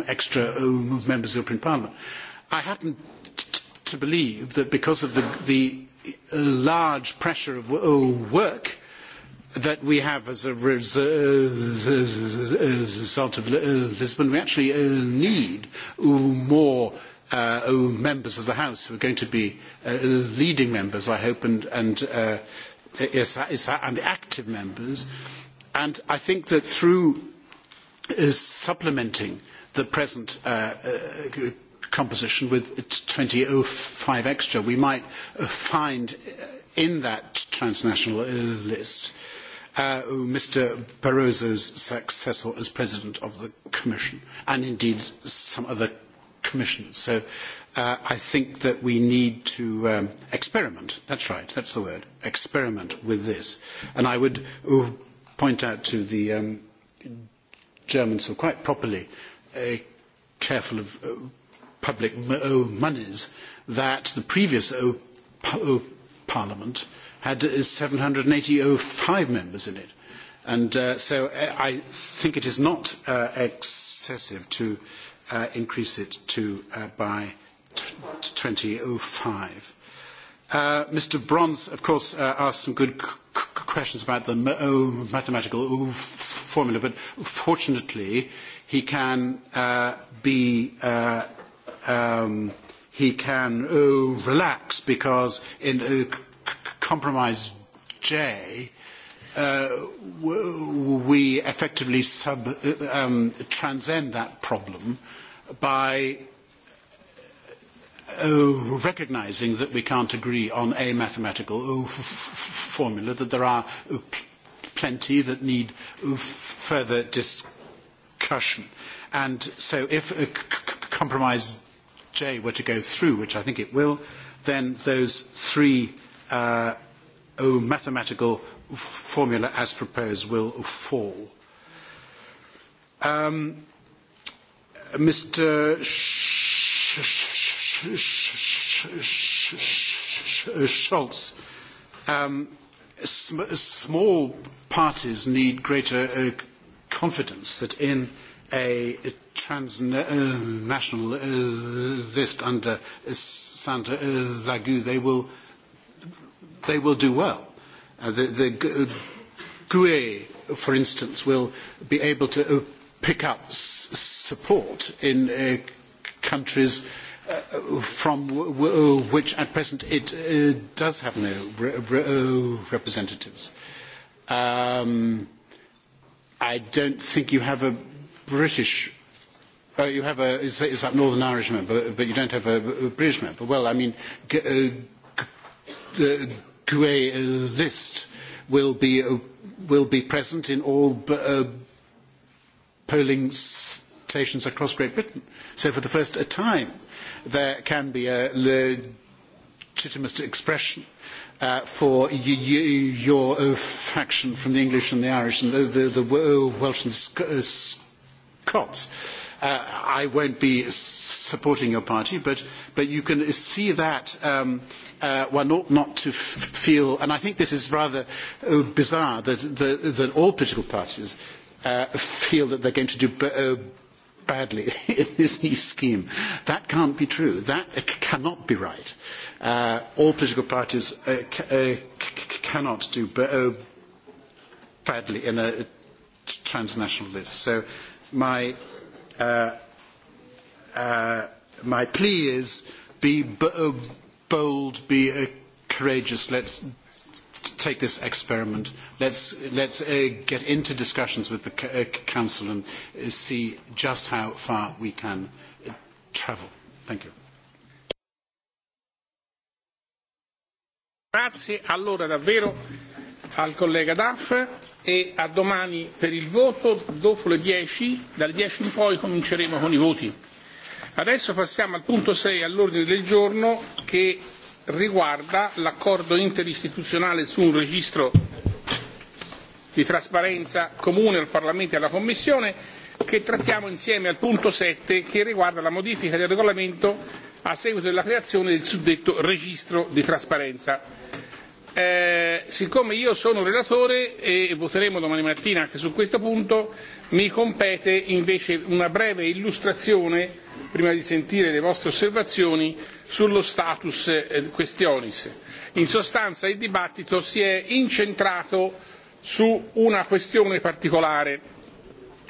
extra members of European Parliament. I happen to believe that because of the large pressure of work, that we have as a result of Lisbon. We actually need more members of the House who are going to be leading members, I hope, and, active members. I think that through supplementing the present composition with twenty five extra, we might find in that transnational list Mr. Barroso's successor as President of the Commission, and indeed some other commissions. So I think that we need to experiment. That's right, that's the word. Experiment with this. And I would point out to the Germans who are quite properly careful of public monies that the previous Parliament had seven hundred and eighty five members in it. And so I think it is not excessive to increase it to by twenty five. Mr. Brons, of course, asked some good questions about the mathematical formula, but fortunately, he can be he can relax because in compromise J, we effectively transcend that problem by recognising that we can't agree on a mathematical formula, that there are plenty that need further discussion. And so if a compromise J were to go through, which I think it will, then those three mathematical formula as proposed will fall. Mr. Scholz, small parties need greater confidence that in a transnational list under Santa Lagu they will they will do well. the the GUE, for instance, will be able to pick up s support in uh countries uh from which at present it uh does have no re representatives. Um I don't think you have a British. uh you have a is, is that Northern Irish member, but you don't have a, British member. Well, I mean, g the grey list will be present in all polling stations across Great Britain. So for the first time, there can be a legitimate expression for your faction from the English and the Irish and the, Welsh and Scots. I won't be supporting your party, but, but you can see that um, one ought not to feel, and I think this is rather bizarre, that, that, all political parties feel that they're going to do badly in this new scheme. That can't be true. That cannot be right. all political parties cannot do badly in a transnational list. So my my plea is be bold, be courageous. Let's take this experiment. Let's, let's uh, get into discussions with the Council and see just how far we can
travel. Thank you. Grazie, allora davvero al collega Duff e a domani per il voto, dopo le 10, dalle 10 in poi cominceremo con i voti. Adesso passiamo al punto 6 all'ordine del giorno che riguarda l'accordo interistituzionale su un registro di trasparenza comune al Parlamento e alla Commissione che trattiamo insieme al punto 7 che riguarda la modifica del regolamento a seguito della creazione del suddetto registro di trasparenza. Eh, siccome io sono relatore e voteremo domani mattina anche su questo punto, mi compete invece una breve illustrazione, prima di sentire le vostre osservazioni, sullo status questionis. In sostanza il dibattito si è incentrato su una questione particolare,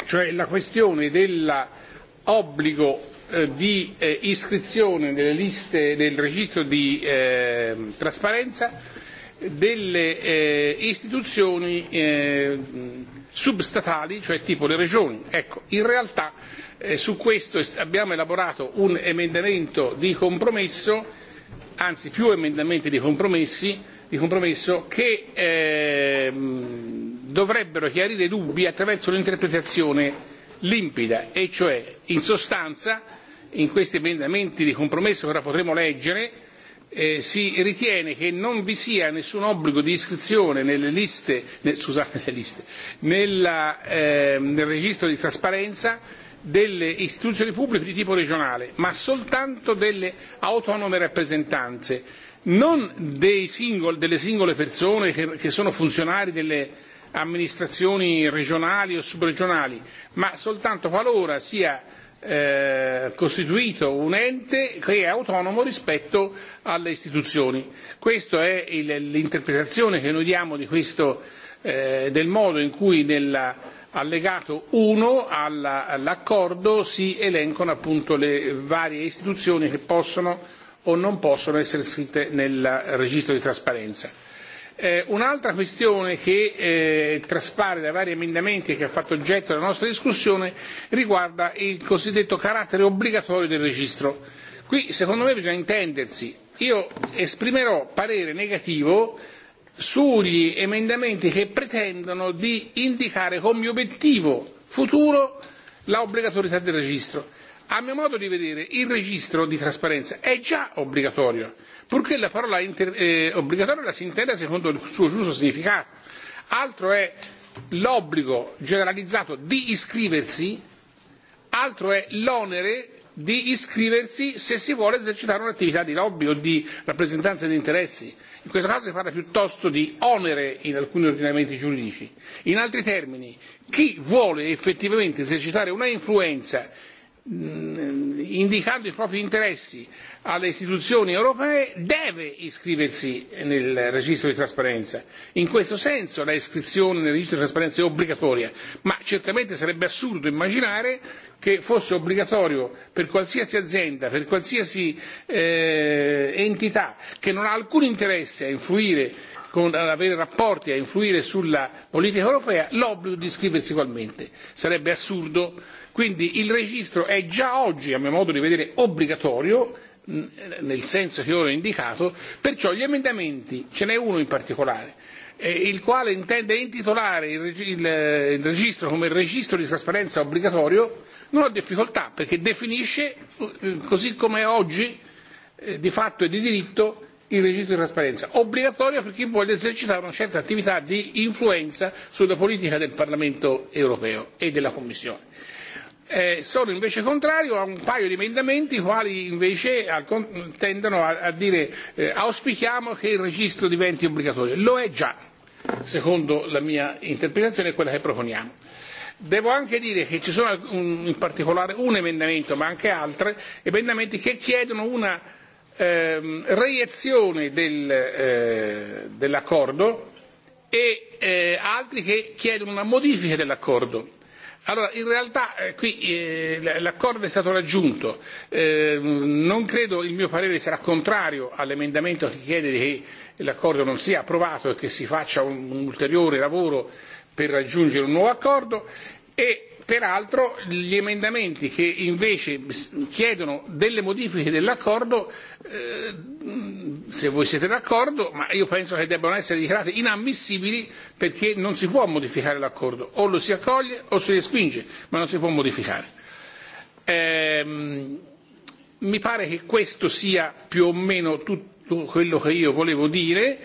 cioè la questione dell'obbligo di iscrizione nelle liste del registro di trasparenza delle eh, istituzioni eh, substatali, cioè tipo le regioni. Ecco, in realtà eh, su questo abbiamo elaborato un emendamento di compromesso, anzi più emendamenti di, compromessi, di compromesso, che eh, dovrebbero chiarire i dubbi attraverso un'interpretazione limpida, e cioè in sostanza in questi emendamenti di compromesso che ora potremo leggere, si ritiene che non vi sia nessun obbligo di iscrizione nelle liste, scusate, liste, nella, nel registro di trasparenza delle istituzioni pubbliche di tipo regionale, ma soltanto delle autonome rappresentanze, non dei delle singole persone che, che sono funzionari delle amministrazioni regionali o subregionali, ma soltanto qualora sia costituito un ente che è autonomo rispetto alle istituzioni. Questa è l'interpretazione che noi diamo di questo, del modo in cui nell'allegato 1 all'accordo si elencano appunto le varie istituzioni che possono o non possono essere iscritte nel registro di trasparenza un'altra questione che traspare dai vari emendamenti che ha fatto oggetto della nostra discussione riguarda il cosiddetto carattere obbligatorio del registro. Qui secondo me bisogna intendersi. Io esprimerò parere negativo sugli emendamenti che pretendono di indicare come obiettivo futuro l'obbligatorietà del registro a mio modo di vedere il registro di trasparenza è già obbligatorio, purché la parola obbligatorio la si intenda secondo il suo giusto significato. Altro è l'obbligo generalizzato di iscriversi, altro è l'onere di iscriversi se si vuole esercitare un'attività di lobby o di rappresentanza di interessi. In questo caso si parla piuttosto di onere in alcuni ordinamenti giuridici. In altri termini, chi vuole effettivamente esercitare una influenza indicando i propri interessi alle istituzioni europee deve iscriversi nel registro di trasparenza. In questo senso la iscrizione nel registro di trasparenza è obbligatoria, ma certamente sarebbe assurdo immaginare che fosse obbligatorio per qualsiasi azienda, per qualsiasi entità che non ha alcun interesse a influire con, ad avere rapporti, a influire sulla politica europea, l'obbligo di iscriversi ugualmente. Sarebbe assurdo Quindi il registro è già oggi, a mio modo di vedere, obbligatorio nel senso che ora ho indicato, perciò gli emendamenti, ce n'è uno in particolare, il quale intende intitolare il, registro come registro di trasparenza obbligatorio, non ho difficoltà perché definisce, così come è oggi, di fatto e di diritto, il registro di trasparenza, obbligatorio per chi vuole esercitare una certa attività di influenza sulla politica del Parlamento europeo e della Commissione Eh, sono invece contrario a un paio di emendamenti quali invece al, tendono a, a dire eh, auspichiamo che il registro diventi obbligatorio. Lo è già, secondo la mia interpretazione e quella che proponiamo. Devo anche dire che ci sono un, in particolare un emendamento, ma anche altri emendamenti che chiedono una ehm, reiezione del, eh, dell'accordo e eh, altri che chiedono una modifica dell'accordo Allora, in realtà qui eh, l'accordo è stato raggiunto, eh, non credo il mio parere sarà contrario all'emendamento che chiede che l'accordo non sia approvato e che si faccia un, un ulteriore lavoro per raggiungere un nuovo accordo e peraltro gli emendamenti che invece chiedono delle modifiche dell'accordo, se voi siete d'accordo, ma io penso che debbano essere dichiarate inammissibili perché non si può modificare l'accordo, o lo si accoglie o si respinge, ma non si può modificare. mi pare che questo sia più o meno tutto quello che io volevo dire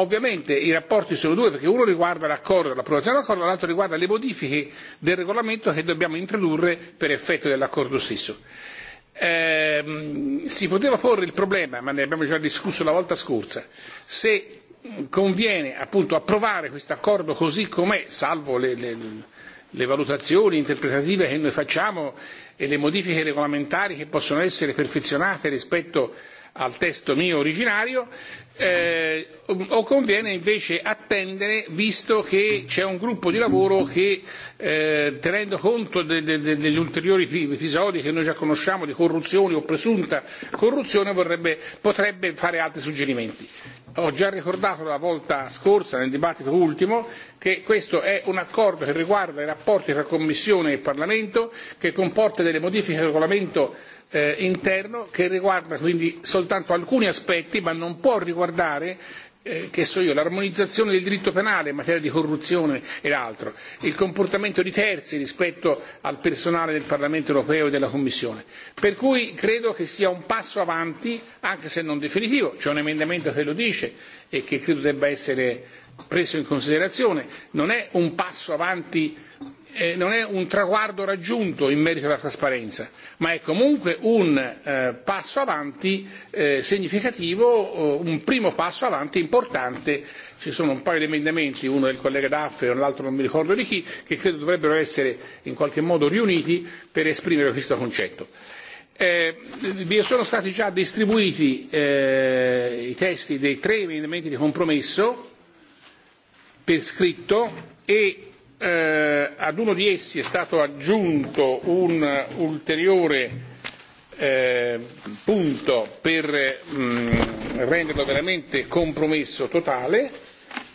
ovviamente i rapporti sono due perché uno riguarda l'accordo, l'approvazione dell'accordo, l'altro riguarda le modifiche del regolamento che dobbiamo introdurre per effetto dell'accordo stesso. si poteva porre il problema, ma ne abbiamo già discusso la volta scorsa, se conviene appunto approvare questo accordo così com'è, salvo le, le, le valutazioni interpretative che noi facciamo e le modifiche regolamentari che possono essere perfezionate rispetto al testo mio originario eh, o conviene invece attendere visto che c'è un gruppo di lavoro che eh, tenendo conto de, de, de, degli ulteriori episodi che noi già conosciamo di corruzione o presunta corruzione vorrebbe, potrebbe fare altri suggerimenti. Ho già ricordato la volta scorsa nel dibattito ultimo che questo è un accordo che riguarda i rapporti tra Commissione e Parlamento che comporta delle modifiche al regolamento eh, interno che riguarda quindi soltanto alcuni aspetti ma non può riguardare eh, che so io, l'armonizzazione del diritto penale in materia di corruzione e altro, il comportamento di terzi rispetto al personale del Parlamento europeo e della Commissione. Per cui credo che sia un passo avanti, anche se non definitivo, c'è un emendamento che lo dice e che credo debba essere preso in considerazione, non è un passo avanti eh, non è un traguardo raggiunto in merito alla trasparenza, ma è comunque un eh, passo avanti eh, significativo, un primo passo avanti importante. Ci sono un paio di emendamenti, uno del collega Daff e l'altro non mi ricordo di chi, che credo dovrebbero essere in qualche modo riuniti per esprimere questo concetto. Eh, vi sono stati già distribuiti eh, i testi dei tre emendamenti di compromesso per scritto e ad uno di essi è stato aggiunto un ulteriore punto per renderlo veramente compromesso totale,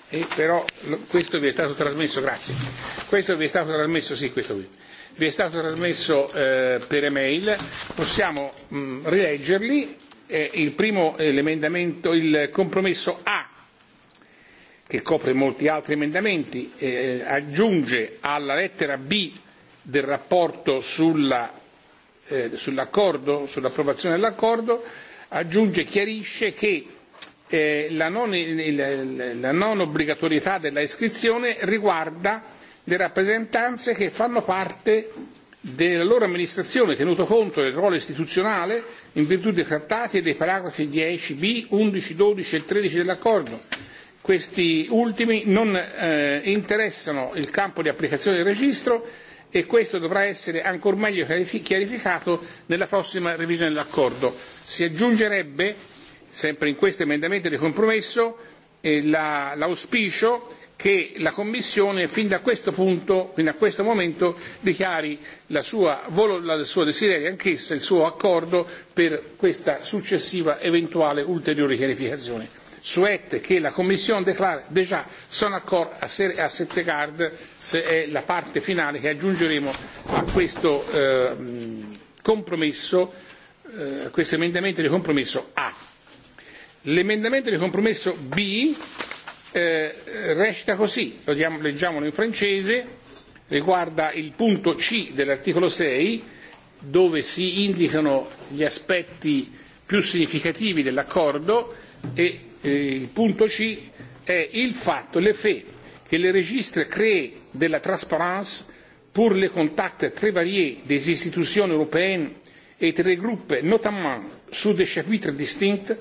e però questo vi è stato trasmesso, grazie, questo vi è stato trasmesso, sì questo qui, vi è stato trasmesso eh, per email, possiamo mh, rileggerli, eh, il primo l'emendamento, il compromesso A che copre molti altri emendamenti, eh, aggiunge alla lettera B del rapporto sulla, eh, sull'accordo, sull'approvazione dell'accordo, aggiunge e chiarisce che eh, la, non, la non obbligatorietà della iscrizione riguarda le rappresentanze che fanno parte della loro amministrazione, tenuto conto del ruolo istituzionale in virtù dei trattati e dei paragrafi 10b, 11, 12 e 13 dell'accordo Questi ultimi non interessano il campo di applicazione del registro e questo dovrà essere ancor meglio chiarificato nella prossima revisione dell'accordo. Si aggiungerebbe, sempre in questo emendamento di compromesso, l'auspicio che la Commissione fin da questo punto, fin da questo momento, dichiari la sua, il suo desiderio anch'essa, il suo accordo per questa successiva eventuale ulteriore chiarificazione souhaite que la Commission déclare déjà son accord à cet égard, c'est la parte finale che aggiungeremo a questo compromesso, a questo emendamento di compromesso A. L'emendamento di compromesso B resta così, lo leggiamolo in francese, riguarda il punto C dell'articolo 6, dove si indicano gli aspetti più significativi dell'accordo e il punto C è il fatto, le fait, che le registre crée de la transparence pour les contacts très variés des institutions européennes et regroupent notamment sous des chapitres distincts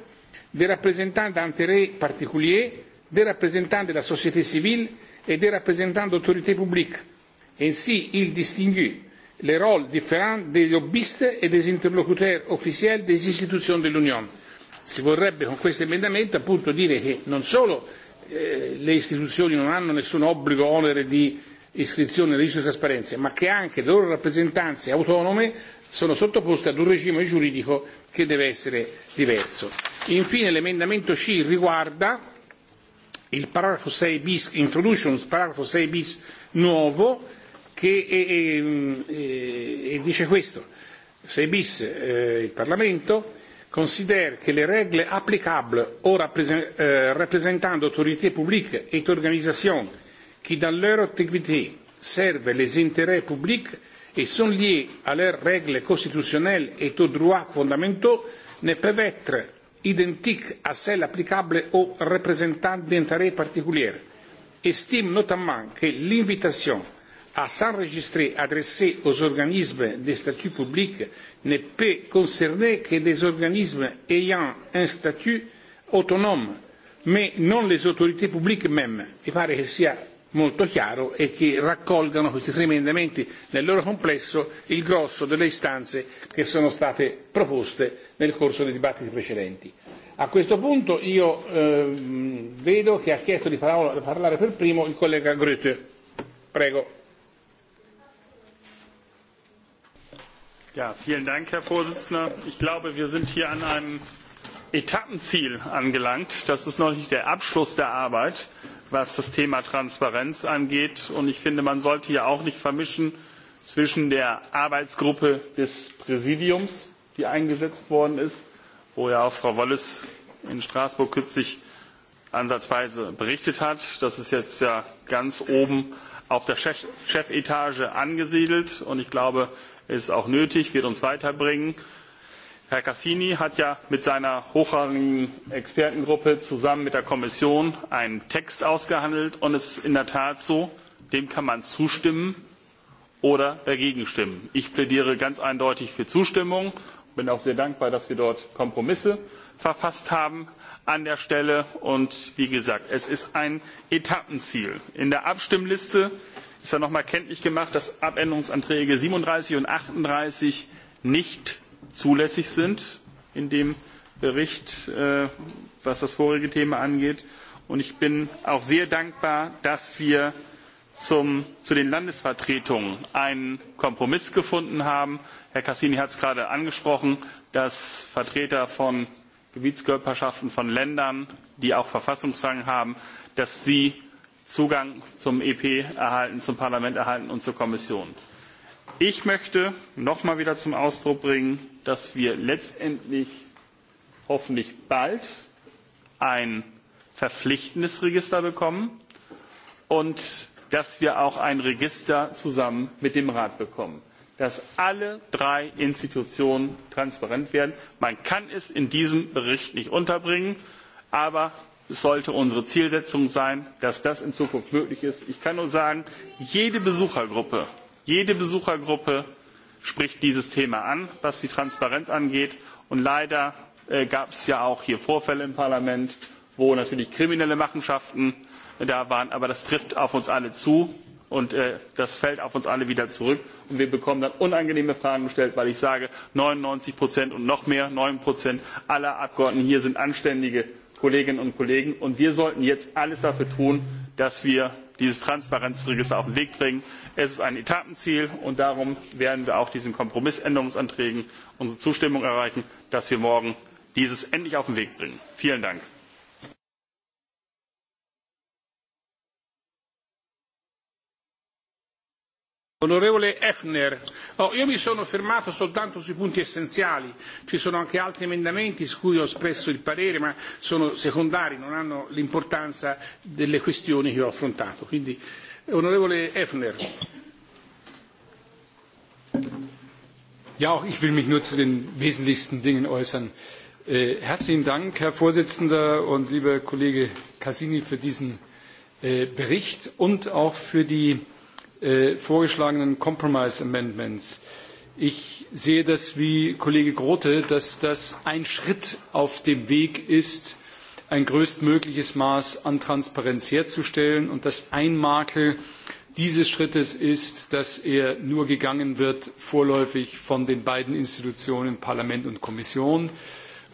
des représentants d'intérêts particuliers, des représentants de la société civile et des représentants d'autorités publiques. Ainsi, il distingue les rôles différents des lobbyistes et des interlocuteurs officiels des institutions de l'Union Si vorrebbe con questo emendamento appunto dire che non solo le istituzioni non hanno nessun obbligo o onere di iscrizione nel registro di trasparenza, ma che anche le loro rappresentanze autonome sono sottoposte ad un regime giuridico che deve essere diverso. Infine l'emendamento C riguarda il paragrafo 6 bis, introduce un paragrafo 6 bis nuovo che e, dice questo. 6 bis eh, il Parlamento considère que les règles applicables aux représentants d'autorités publiques et d'organisations qui, dans leur activité, servent les intérêts publics et sont liées à leurs règles constitutionnelles et aux droits fondamentaux ne peuvent être identiques à celles applicables aux représentants d'intérêts particuliers. Estime notamment que l'invitation à s'enregistrer adressée aux organismes de statut public ne peut concerner que des organismes ayant un statut autonome, mais non le autorità pubbliche même. Mi pare che sia molto chiaro e che raccolgano questi tre emendamenti nel loro complesso il grosso delle istanze che sono state proposte nel corso dei dibattiti precedenti. A questo punto io vedo che ha chiesto di parlare per primo il collega Goethe. Prego.
herr präsident! ich glaube wir sind hier an einem etappenziel angelangt. das ist noch nicht der abschluss der arbeit was das thema transparenz angeht und ich finde man sollte hier auch nicht vermischen zwischen der arbeitsgruppe des präsidiums die eingesetzt worden ist wo ja auch frau wallis in straßburg kürzlich ansatzweise berichtet hat das ist jetzt ja ganz oben auf der chefetage angesiedelt und ich glaube ist auch nötig, wird uns weiterbringen. Herr Cassini hat ja mit seiner hochrangigen Expertengruppe zusammen mit der Kommission einen Text ausgehandelt und es ist in der Tat so, dem kann man zustimmen oder dagegen stimmen. Ich plädiere ganz eindeutig für Zustimmung, bin auch sehr dankbar, dass wir dort Kompromisse verfasst haben an der Stelle. Und wie gesagt, es ist ein Etappenziel. In der Abstimmliste ist noch einmal kenntlich gemacht, dass Abänderungsanträge 37 und 38 nicht zulässig sind in dem Bericht, was das vorige Thema angeht. Und ich bin auch sehr dankbar, dass wir zu den Landesvertretungen einen Kompromiss gefunden haben. Herr Cassini hat es gerade angesprochen, dass Vertreter von Gebietskörperschaften von Ländern, die auch Verfassungsrang haben, dass sie Zugang zum EP erhalten, zum Parlament erhalten und zur Kommission. Ich möchte noch einmal wieder zum Ausdruck bringen, dass wir letztendlich hoffentlich bald ein verpflichtendes Register bekommen und dass wir auch ein Register zusammen mit dem Rat bekommen, dass alle drei Institutionen transparent werden. Man kann es in diesem Bericht nicht unterbringen, aber es sollte unsere zielsetzung sein dass das in zukunft möglich ist. ich kann nur sagen jede besuchergruppe jede Besuchergruppe spricht dieses Thema an, was die Transparenz angeht. Und leider gab es ja auch hier Vorfälle im Parlament, wo natürlich kriminelle Machenschaften da waren. Aber das trifft auf uns alle zu und das fällt auf uns alle wieder zurück. Und wir bekommen dann unangenehme Fragen gestellt, weil ich sage, 99 und noch mehr, 9 aller Abgeordneten hier sind anständige Kolleginnen und Kollegen. Und wir sollten jetzt alles dafür tun, dass wir dieses Transparenzregister auf den Weg bringen. Es ist ein Etappenziel und darum werden wir auch diesen Kompromissänderungsanträgen unsere Zustimmung erreichen, dass wir morgen dieses endlich auf den Weg bringen. Vielen Dank.
Onorevole io mi sono fermato soltanto sui punti essenziali, ci sono anche altri emendamenti su cui ho espresso il parere, ma sono secondari, non hanno l'importanza delle questioni che ho affrontato. Quindi, onorevole
Ja, auch ich will mich nur zu den wesentlichsten Dingen äußern. herzlichen Dank, Herr Vorsitzender und lieber Kollege Cassini, für diesen Bericht und auch für die vorgeschlagenen Compromise Amendments. Ich sehe das wie Kollege Grote, dass das ein Schritt auf dem Weg ist, ein größtmögliches Maß an Transparenz herzustellen und dass ein Makel dieses Schrittes ist, dass er nur gegangen wird vorläufig von den beiden Institutionen Parlament und Kommission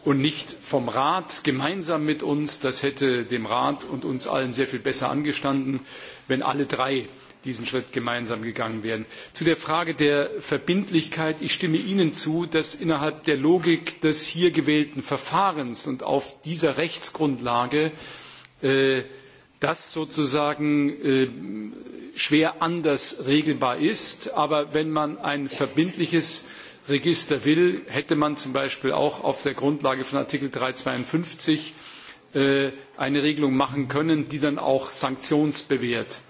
und nicht vom Rat gemeinsam mit uns. Das hätte dem Rat und uns allen sehr viel besser angestanden, wenn alle drei diesen Schritt gemeinsam gegangen werden. Zu der Frage der Verbindlichkeit. Ich stimme Ihnen zu, dass innerhalb der Logik des hier gewählten Verfahrens und auf dieser Rechtsgrundlage das sozusagen schwer anders regelbar ist. Aber wenn man ein verbindliches Register will, hätte man zum Beispiel auch auf der Grundlage von Artikel 352 eine Regelung machen können, die dann auch sanktionsbewährt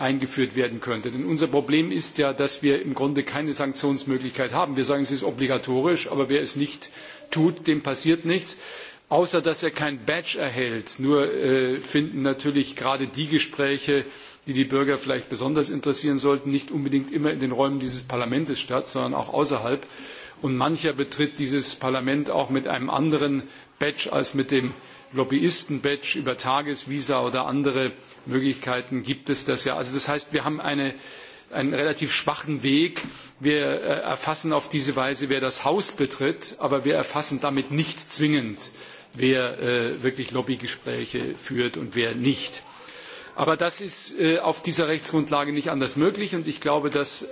eingeführt werden könnte. Denn unser Problem ist ja, dass wir im Grunde keine Sanktionsmöglichkeit haben. Wir sagen, es ist obligatorisch, aber wer es nicht tut, dem passiert nichts. Außer dass er kein Badge erhält. Nur finden natürlich gerade die Gespräche, die die Bürger vielleicht besonders interessieren sollten, nicht unbedingt immer in den Räumen dieses Parlaments statt, sondern auch außerhalb. Und mancher betritt dieses Parlament auch mit einem anderen Badge als mit dem Lobbyisten-Badge über Tagesvisa oder andere Möglichkeiten gibt es das ja. Also das heißt, wir haben eine einen relativ schwachen Weg. Wir erfassen auf diese Weise, wer das Haus betritt, aber wir erfassen damit nicht zwingend, wer wirklich Lobbygespräche führt und wer nicht. Aber das ist auf dieser Rechtsgrundlage nicht anders möglich und ich glaube, dass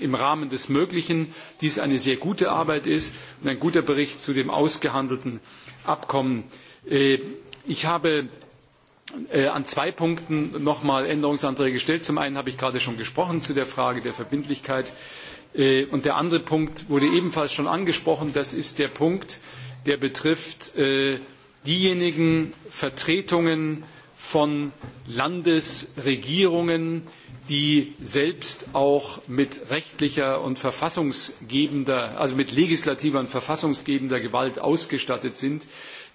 im Rahmen des Möglichen dies eine sehr gute Arbeit ist und ein guter Bericht zu dem ausgehandelten Abkommen. Ich habe an zwei Punkten noch einmal Änderungsanträge gestellt. Zum einen habe ich gerade schon gesprochen zu der Frage der Verbindlichkeit. Und der andere Punkt wurde ebenfalls schon angesprochen. Das ist der Punkt, der betrifft diejenigen Vertretungen von Landesregierungen, die selbst auch mit rechtlicher und verfassungsgebender, also mit legislativer und verfassungsgebender Gewalt ausgestattet sind.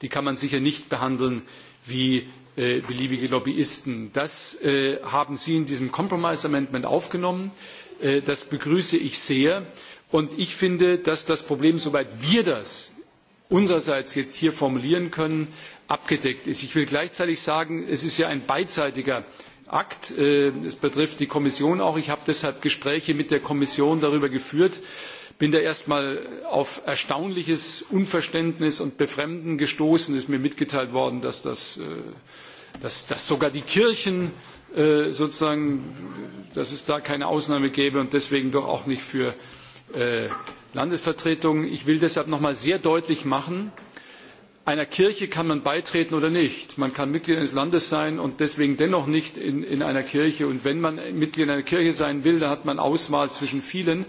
Die kann man sicher nicht behandeln wie beliebige Lobbyisten. Das haben Sie in diesem Compromise Amendment aufgenommen. Das begrüße ich sehr. Und ich finde, dass das Problem, soweit wir das unsererseits jetzt hier formulieren können, abgedeckt ist. Ich will gleichzeitig sagen, es ist ja ein beidseitiger Akt. Es betrifft die Kommission auch. Ich habe deshalb Gespräche mit der Kommission darüber geführt bin da erst mal auf erstaunliches Unverständnis und Befremden gestoßen. Es ist mir mitgeteilt worden, dass, das, dass, dass sogar die Kirchen sozusagen, dass es da keine Ausnahme gäbe und deswegen doch auch nicht für Landesvertretungen. Ich will deshalb noch mal sehr deutlich machen, einer Kirche kann man beitreten oder nicht. Man kann Mitglied eines Landes sein und deswegen dennoch nicht in, einer Kirche. Und wenn man Mitglied einer Kirche sein will, dann hat man Auswahl zwischen vielen.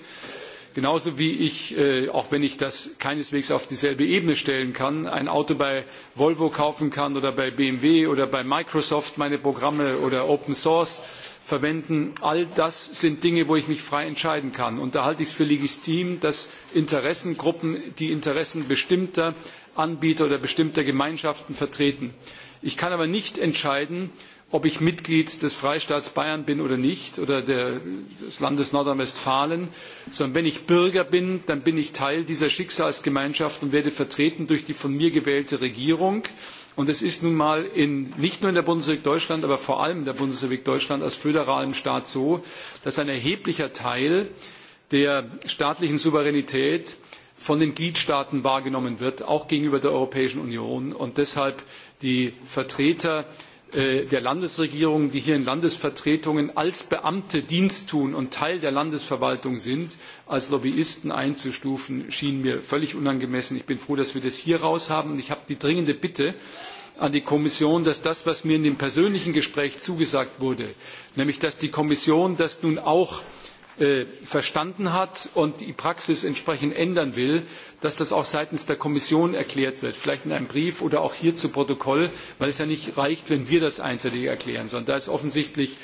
Genauso wie ich, auch wenn ich das keineswegs auf dieselbe Ebene stellen kann, ein Auto bei Volvo kaufen kann oder bei BMW oder bei Microsoft meine Programme oder Open Source verwenden. All das sind Dinge, wo ich mich frei entscheiden kann. Und da halte ich es für legitim, dass Interessengruppen die Interessen bestimmter Anbieter oder bestimmter Gemeinschaften vertreten. Ich kann aber nicht entscheiden, ob ich Mitglied des Freistaats Bayern bin oder nicht oder des Landes Nordrhein-Westfalen, sondern wenn ich Bürger bin, dann bin ich Teil dieser Schicksalsgemeinschaft und werde vertreten durch die von mir gewählte Regierung. Und es ist nun mal nicht nur in der Bundesrepublik Deutschland, aber vor allem in der Bundesrepublik Deutschland als föderalem Staat so, dass ein erheblicher Teil der staatlichen Souveränität von den Gliedstaaten wahrgenommen wird, auch gegenüber der Europäischen Union. Und deshalb die Vertreter der Landesregierungen, die hier in Landesvertretungen als Beamte Dienst tun und Teil der Landesverwaltung sind, als Lobbyisten einzustufen, schien mir völlig unangemessen. Ich bin froh, dass wir das hier raus haben. Und ich habe die dringende Bitte an die Kommission, dass das, was mir in dem persönlichen Gespräch zugesagt wurde, nämlich dass die Kommission das nun auch verstanden hat und die Praxis entsprechend ändern will, dass das auch seitens der Kommission erklärt wird, vielleicht in einem Brief oder auch hier zu Protokoll, weil es ja nicht reicht, wenn wir das einseitig erklären, sondern da ist offensichtlich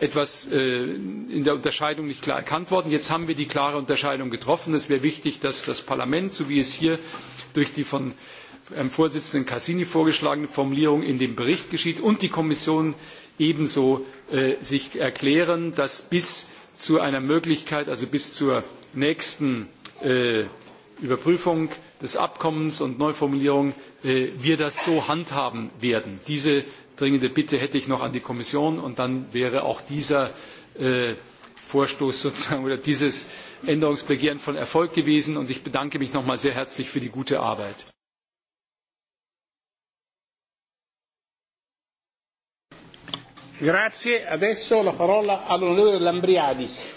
etwas in der Unterscheidung nicht klar erkannt worden. Jetzt haben wir die klare Unterscheidung getroffen. Es wäre wichtig, dass das Parlament, so wie es hier durch die von Herrn Vorsitzenden Cassini vorgeschlagene Formulierung in dem Bericht geschieht und die Kommission ebenso sich erklären, dass bis zu einer Möglichkeit, also bis zur nächsten Überprüfung des Abkommens und Neuformulierung wir das so handhaben werden. Diese dringende Bitte hätte ich noch an die Kommission und dann wäre auch dieser Vorstoß sozusagen oder dieses Änderungsbegehren von Erfolg gewesen und ich bedanke mich nochmal sehr herzlich für die gute Arbeit.
Grazie, adesso la parola all'onorevole Lambriadis.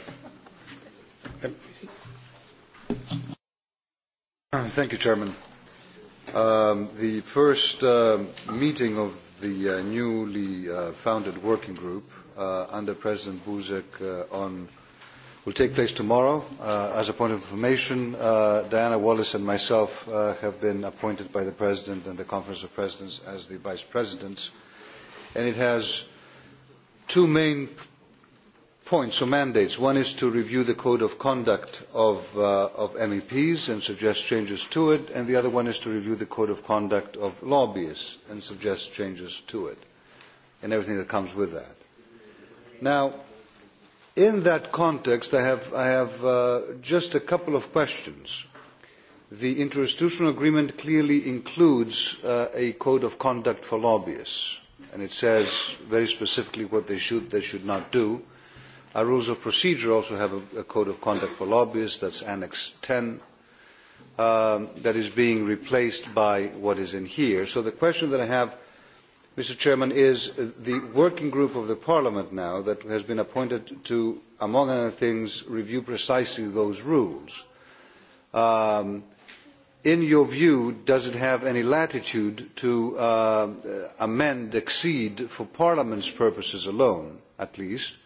Thank you, Chairman. Um, the first uh, meeting of the uh, newly uh, founded working group uh, under President Buzek uh, on will take place tomorrow. Uh, as a point of information, uh, Diana Wallace and myself uh, have been appointed by the President and the Conference of Presidents as the Vice Presidents, and it has two main points or mandates. One is to review the code of conduct of, MEPs and suggest changes to it, and the other one is to review the code of conduct of lobbyists and suggest changes to it, and everything that comes with that. Now, in that context, I have, I have just a couple of questions. The interinstitutional agreement clearly includes a code of conduct for lobbyists, and it says very specifically what they should, they should not do Our rules of procedure also have a, a code of conduct for lobbyists, that's Annex 10, um, that is being replaced by what is in here. So the question that I have, Mr. Chairman, is the working group of the Parliament now that has been appointed to, among other things, review precisely those rules. Um, in your view, does it have any latitude to uh, amend, exceed, for Parliament's purposes alone, at least,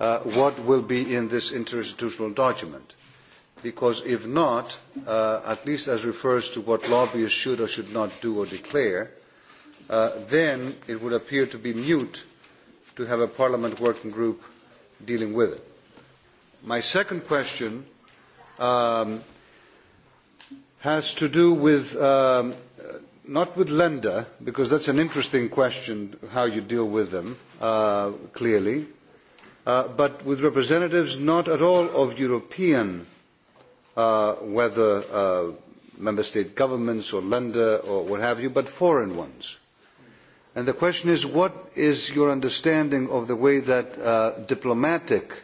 what will be in this interinstitutional document. Because if not, at least as refers to what lobbyists should or should not do or declare, then it would appear to be mute to have a parliament working group dealing with it. My second question has to do with not with lender, because that's an interesting question, how you deal with them, clearly but with representatives not at all of European, whether member state governments or lender or what have you, but foreign ones. And the question is, what is your understanding of the way that diplomatic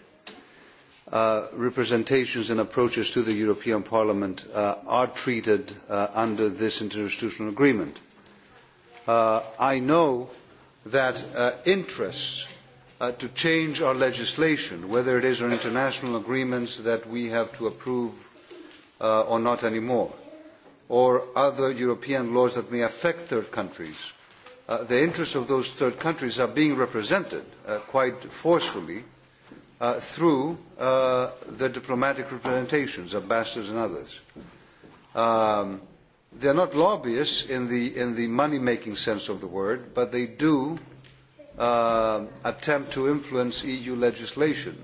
representations and approaches to the European Parliament are treated under this interinstitutional agreement? I know that interests to change our legislation, whether it is on international agreements that we have to approve or not anymore, or other European laws that may affect third countries. the interests of those third countries are being represented quite forcefully through the diplomatic representations, ambassadors and others. They are not lobbyists in the, money-making sense of the word, but they do attempt to influence EU legislation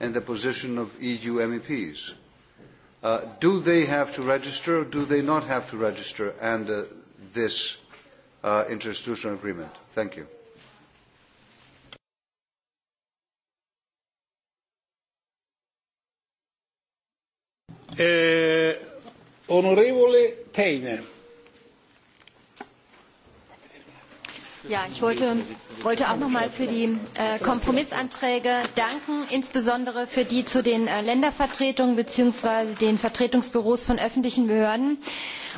and the position of EU MEPs. do they have to register or do they not have to register under this interinstitutional agreement? Thank you. onorevole Teiner.
Ja, ich wollte, wollte auch nochmal für die äh, Kompromissanträge danken, insbesondere für die zu den äh, Ländervertretungen bzw. den Vertretungsbüros von öffentlichen Behörden.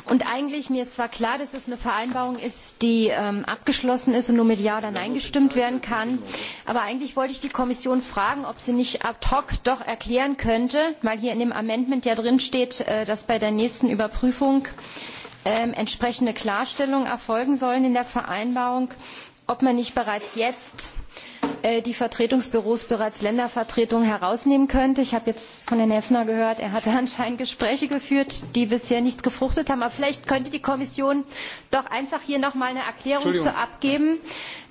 Und eigentlich, mir ist zwar klar, dass es eine Vereinbarung ist, die ähm, abgeschlossen ist und nur mit Ja oder Nein gestimmt werden kann, aber eigentlich wollte ich die Kommission fragen, ob sie nicht ad hoc doch erklären könnte, weil hier in dem Amendment ja drin steht, äh, dass bei der nächsten Überprüfung äh, entsprechende Klarstellungen erfolgen sollen in der Vereinbarung, ob man nicht bereits jetzt die Vertretungsbüros bereits Ländervertretungen herausnehmen könnte. Ich habe jetzt von Herrn Heffner gehört, er hatte anscheinend Gespräche geführt, die bisher nicht gefruchtet haben. Aber vielleicht könnte die Kommission doch einfach hier noch mal eine Erklärung zu abgeben,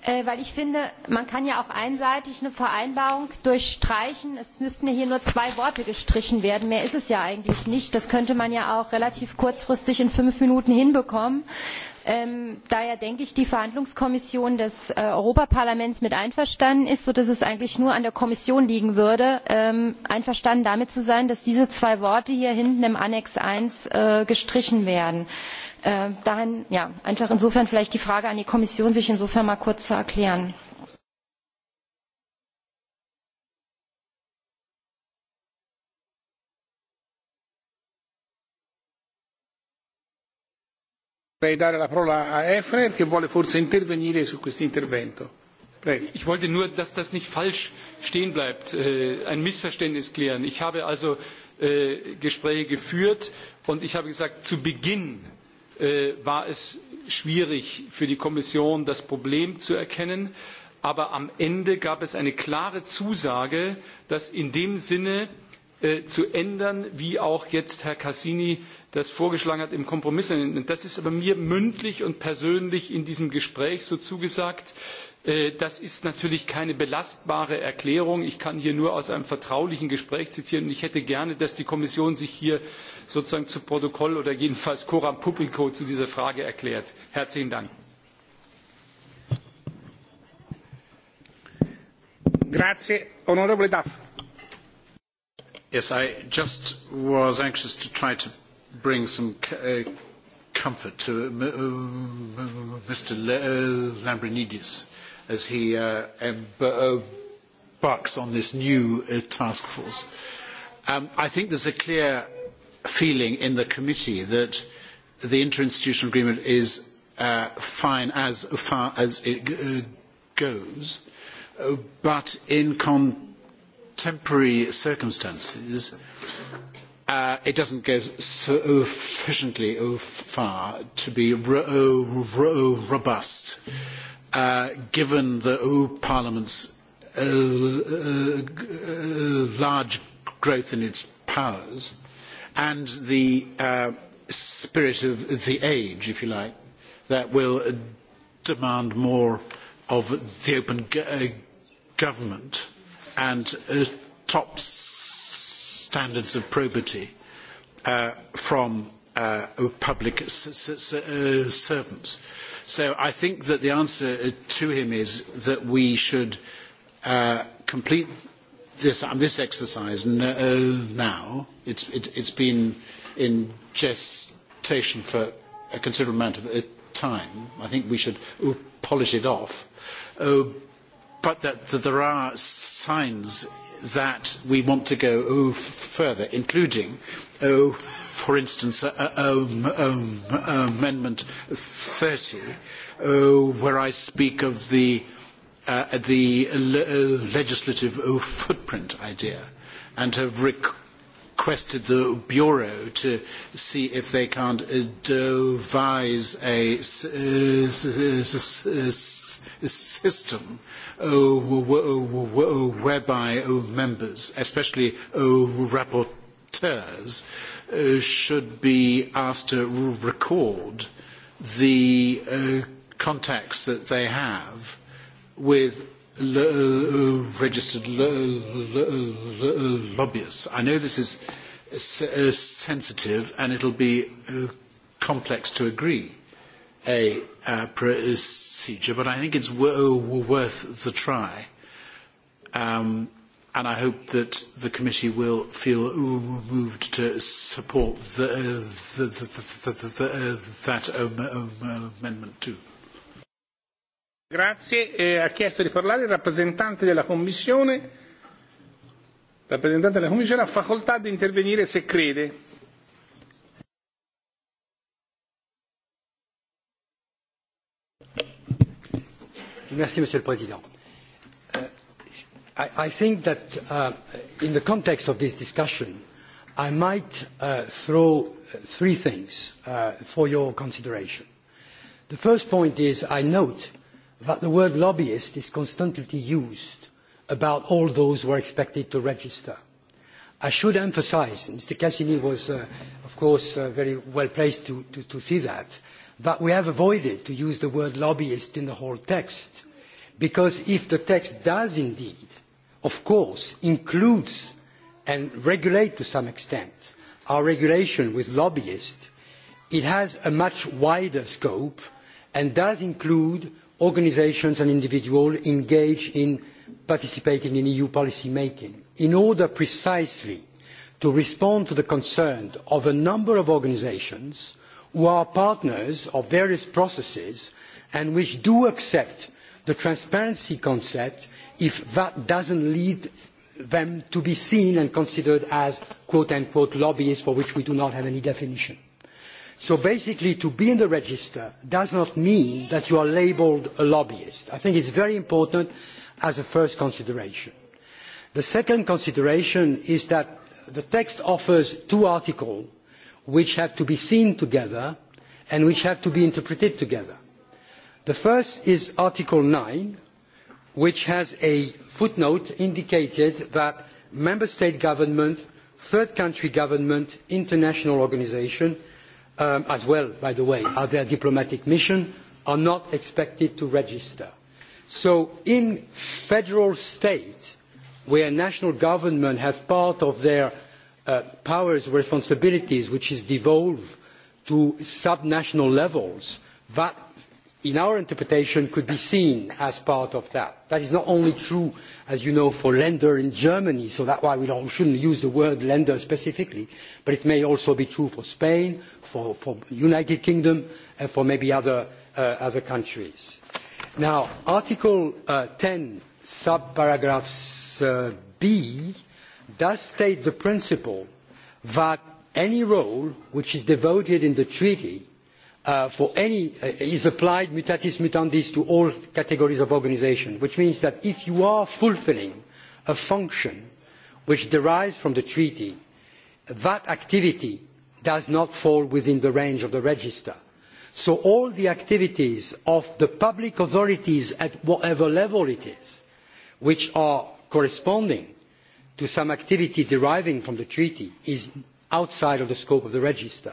weil ich finde, man kann ja auch einseitig eine Vereinbarung durchstreichen. Es müssten ja hier nur zwei Worte gestrichen werden. Mehr ist es ja eigentlich nicht. Das könnte man ja auch relativ kurzfristig in fünf Minuten hinbekommen daher denke ich, die Verhandlungskommission des Europäischen Parlaments mit einverstanden ist, sodass es eigentlich nur an der Kommission liegen würde, einverstanden damit zu sein, dass diese zwei Worte hier hinten im Annex I gestrichen werden. einfach insofern vielleicht die Frage an die Kommission, sich insofern mal kurz zu erklären.
Vorrei dare la parola a Efner che vuole forse intervenire su questo intervento.
Ich wollte nur, dass das nicht falsch stehen bleibt, ein Missverständnis klären. Ich habe also Gespräche geführt und ich habe gesagt, zu Beginn war es schwierig für die Kommission, das Problem zu erkennen. Aber am Ende gab es eine klare Zusage, das in dem Sinne zu ändern, wie auch jetzt Herr Cassini das vorgeschlagen hat, im Kompromiss. Das ist aber mir mündlich und persönlich in diesem Gespräch so zugesagt. Das ist natürlich keine belastbare Erklärung. Ich kann hier nur aus einem vertraulichen Gespräch zitieren. und Ich hätte gerne, dass die Kommission sich hier sozusagen zu Protokoll oder jedenfalls coram publico zu dieser Frage erklärt. Herzlichen Dank.
Yes, I just was anxious to try to bring some comfort to Mr. Lambrinidis as he embarks on this new task force. I think there's a clear feeling in the committee that the interinstitutional agreement is fine as far as it goes, but in contemporary circumstances, it doesn't go sufficiently far to be robust, given the Parliament's large growth in its powers and the spirit of the age, if you like, that will demand more of the open government and top standards of probity from public servants. So I think that the answer to him is that we should complete this, exercise now. It's, it, has been in gestation for a considerable amount of time. I think we should polish it off. but that, there are signs that we want to go further, including, for instance, Amendment thirty, where I speak of the, legislative footprint idea and have rec- requested the Bureau to see if they can't devise a system whereby members, especially rapporteurs, should be asked to record the contacts that they have with registered lobbyists. I know this is sensitive and it will be complex to agree a procedure, but I think it's worth the try. and I hope that the committee will feel moved to support the that amendment too.
Grazie. Eh, ha chiesto di parlare il rappresentante della Commissione. Il rappresentante della Commissione ha facoltà di intervenire se crede.
Merci, Monsieur le Président. I, I think that uh, in the context of this discussion, I might uh, throw three things uh, for your consideration. The first point is I note that the word lobbyist is constantly used about all those who are expected to register. I should emphasise, and Mr. Cassini was, of course, very well placed to, see that, that we have avoided to use the word lobbyist in the whole text, because if the text does indeed, of course, includes and regulate to some extent our regulation with lobbyists, it has a much wider scope and does include organisations and individuals engaged in participating in EU policy making in order precisely to respond to the concerns of a number of organisations who are partners of various processes and which do accept the transparency concept if that does not lead them to be seen and considered as lobbyists for which we do not have any definition. So basically, to be in the register does not mean that you are labelled a lobbyist. I think it is very important as a first consideration. The second consideration is that the text offers two articles which have to be seen together and which have to be interpreted together. The first is Article nine, which has a footnote indicated that member state government, third country government, international organisations as well, by the way, are their diplomatic mission, are not expected to register. So in federal states where national governments have part of their powers, responsibilities, which is devolved to sub-national levels, that in our interpretation, could be seen as part of that. That is not only true, as you know, for lender in Germany, so that is why we should not use the word lender specifically, but it may also be true for Spain, for the United Kingdom, and for maybe other, countries. Now, Article ten, subparagraph B, does state the principle that any role which is devoted in the treaty for any is applied mutatis mutandis to all categories of organisation, which means that if you are fulfilling a function which derives from the treaty, that activity does not fall within the range of the register. So all the activities of the public authorities at whatever level it is, which are corresponding to some activity deriving from the treaty, is outside of the scope of the register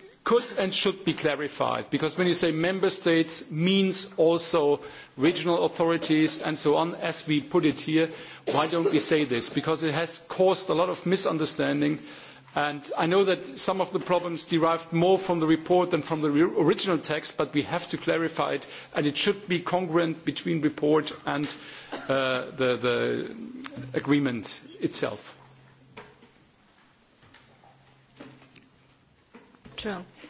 could and should be clarified because when you say member states means also regional authorities and so on as we put it here why don't we say this because it has caused a lot of misunderstanding and i know that some of the problems derived more from the report than from the original text but we have to clarify it and it should be congruent between report and the agreement itself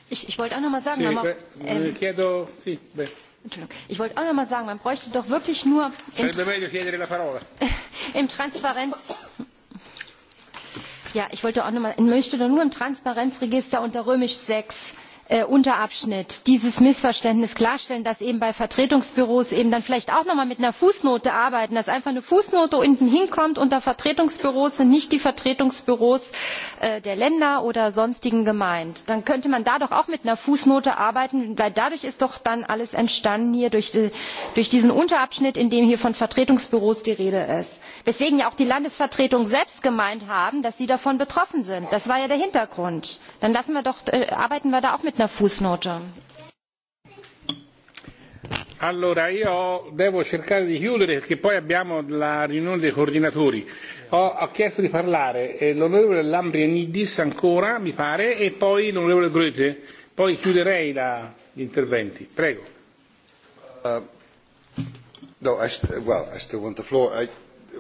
Ich, ich wollte auch noch sagen, ähm, chiedo, Ich wollte auch sagen, man bräuchte doch wirklich nur im, im Transparenz. Ja, ich wollte auch möchte doch nur im Transparenzregister unter Römisch 6 unterabschnitt dieses missverständnis klarstellen dass eben bei vertretungsbüros eben dann vielleicht auch noch mal mit einer fußnote arbeiten dass einfach eine fußnote unten hinkommt unter vertretungsbüros sind nicht die vertretungsbüros der länder oder sonstigen gemeint. dann könnte man da doch auch mit einer fußnote arbeiten denn dadurch ist doch dann alles entstanden hier durch diesen unterabschnitt in dem hier von vertretungsbüros die rede ist weswegen ja auch die landesvertretungen selbst gemeint haben dass sie davon betroffen sind. das war ja der hintergrund. dann arbeiten wir da auch una footnote.
Allora io devo cercare di chiudere perché poi abbiamo la riunione dei coordinatori. Ho, ho chiesto di parlare eh, l'onorevole Lambrianidis ancora, mi pare, e poi l'onorevole Grote. Poi chiuderei la, gli interventi.
Prego. Uh, no, I st- well, I still want the floor. I,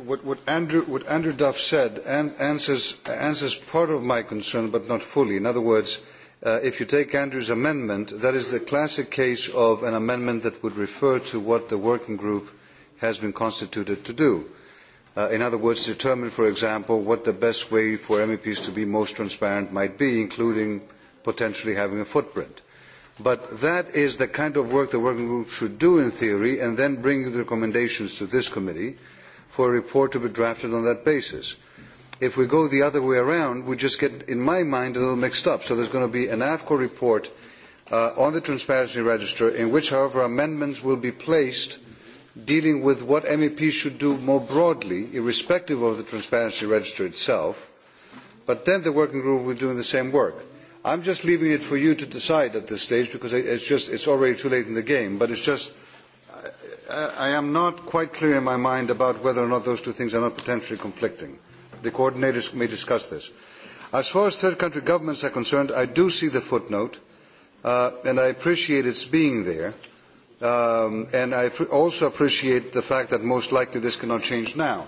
what, what, Andrew, what Andrew Duff said an- answers, answers part of my concern, but not fully. In other words, if you take Andrew's amendment, that is the classic case of an amendment that would refer to what the working group has been constituted to do. in other words, determine, for example, what the best way for MEPs to be most transparent might be, including potentially having a footprint. But that is the kind of work the working group should do in theory and then bring the recommendations to this committee for a report to be drafted on that basis If we go the other way around, we just get, in my mind, a little mixed up. So there's going to be an AFCO report on the Transparency Register in which, however, amendments will be placed dealing with what MEPs should do more broadly, irrespective of the Transparency Register itself. But then the working group will be doing the same work. I am just leaving it for you to decide at this stage because it's just it's already too late in the game. But it's just I, I am not quite clear in my mind about whether or not those two things are not potentially conflicting. The coordinators may discuss this. As far as third country governments are concerned, I do see the footnote, and I appreciate its being there. and I also appreciate the fact that most likely this cannot change now.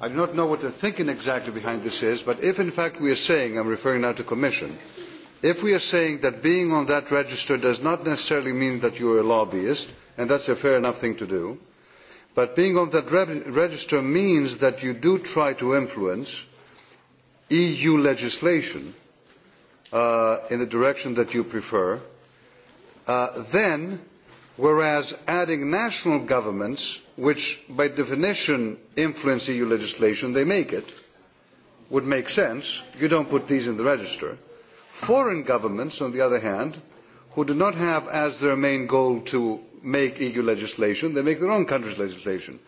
I do not know what the thinking exactly behind this is, but if in fact we are saying, I am referring now to the Commission, if we are saying that being on that register does not necessarily mean that you are a lobbyist, and that is a fair enough thing to do, But being on that register means that you do try to influence EU legislation in the direction that you prefer. then, whereas adding national governments, which by definition influence EU legislation, they make it, would make sense. You don't put these in the register. Foreign governments, on the other hand, who do not have as their main goal to make EU legislation, they make their own country's legislation.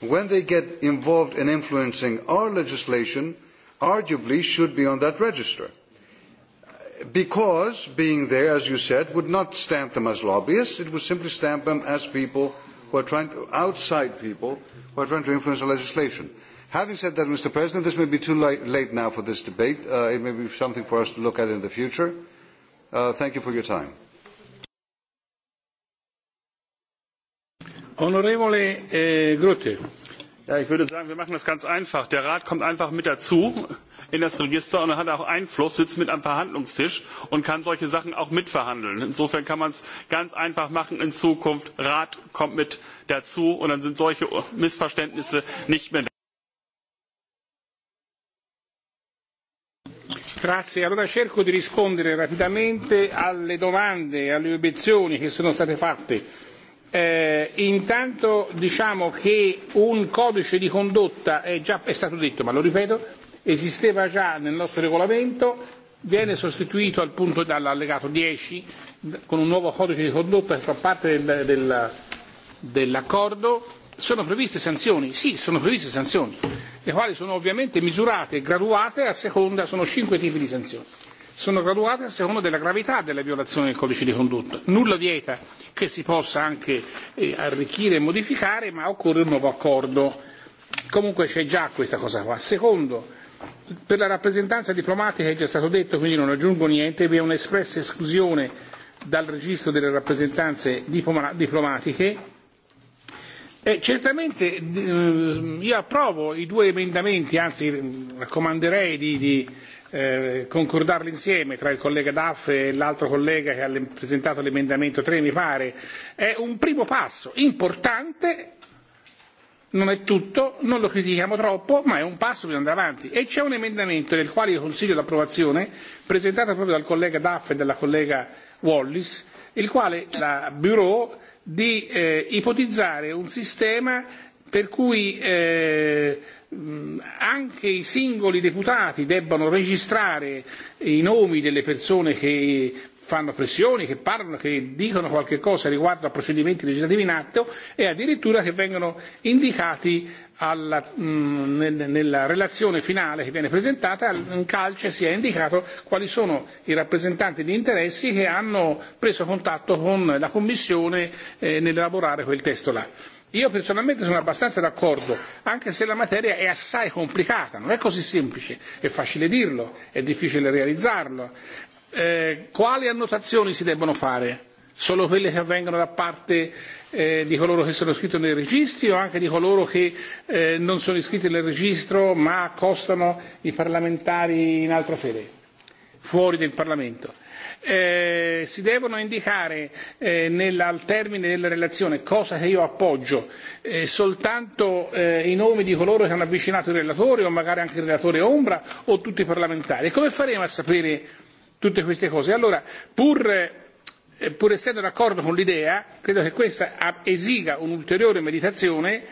When they get involved in influencing our legislation, arguably should be on that register. Because being there, as you said, would not stamp them as lobbyists, it would simply stamp them as people who are trying to, outside people who are trying to influence the legislation. Having said that, Mr. President, this may be too late, now for this debate. it may be something for us to look at in the future. thank you for your time.
ich würde sagen, wir machen das ganz einfach. Der Rat kommt einfach mit dazu in das Register und hat auch Einfluss, sitzt mit am Verhandlungstisch und kann solche Sachen auch mitverhandeln. Insofern kann man es ganz einfach machen in Zukunft. Rat kommt mit dazu und dann sind solche Missverständnisse nicht mehr.
Grazie, allora cerco di rispondere rapidamente alle domande e alle obiezioni che sono state fatte Eh, intanto diciamo che un codice di condotta è già è stato detto, ma lo ripeto, esisteva già nel nostro regolamento, viene sostituito al punto dall'allegato 10 con un nuovo codice di condotta che fa parte del, del, dell'accordo. Sono previste sanzioni? Sì, sono previste sanzioni, le quali sono ovviamente misurate e graduate a seconda, sono cinque tipi di sanzioni sono graduate a seconda della gravità delle violazioni del codice di condotta. Nulla vieta che si possa anche arricchire e modificare, ma occorre un nuovo accordo. Comunque c'è già questa cosa qua. Secondo, per la rappresentanza diplomatica è già stato detto, quindi non aggiungo niente, vi è un'espressa esclusione dal registro delle rappresentanze diplomatiche Eh, certamente io approvo i due emendamenti, anzi raccomanderei di, di concordarli insieme tra il collega Duff e l'altro collega che ha presentato l'emendamento tre, mi pare, è un primo passo importante, non è tutto, non lo critichiamo troppo, ma è un passo per andare avanti. E c'è un emendamento nel quale io consiglio l'approvazione, presentato proprio dal collega Duff e dalla collega Wallis, il quale la Bureau di ipotizzare un sistema per cui eh, anche i singoli deputati debbano registrare i nomi delle persone che fanno pressioni, che parlano, che dicono qualche cosa riguardo a procedimenti legislativi in atto e addirittura che vengano indicati alla, mh, nella relazione finale che viene presentata in calce sia indicato quali sono i rappresentanti di interessi che hanno preso contatto con la Commissione eh, nell'elaborare quel testo là Io personalmente sono abbastanza d'accordo, anche se la materia è assai complicata, non è così semplice, è facile dirlo, è difficile realizzarlo. Eh, quali annotazioni si debbono fare? Solo quelle che avvengono da parte eh, di coloro che sono iscritti nei registri o anche di coloro che eh, non sono iscritti nel registro ma costano i parlamentari in altra sede, fuori del Parlamento? si devono indicare eh, nel, al termine della relazione, cosa che io appoggio, eh, soltanto eh, i nomi di coloro che hanno avvicinato il relatore o magari anche il relatore ombra o tutti i parlamentari. Come faremo a sapere tutte queste cose? Allora, pur pur essendo d'accordo con l'idea, credo che questa esiga un'ulteriore meditazione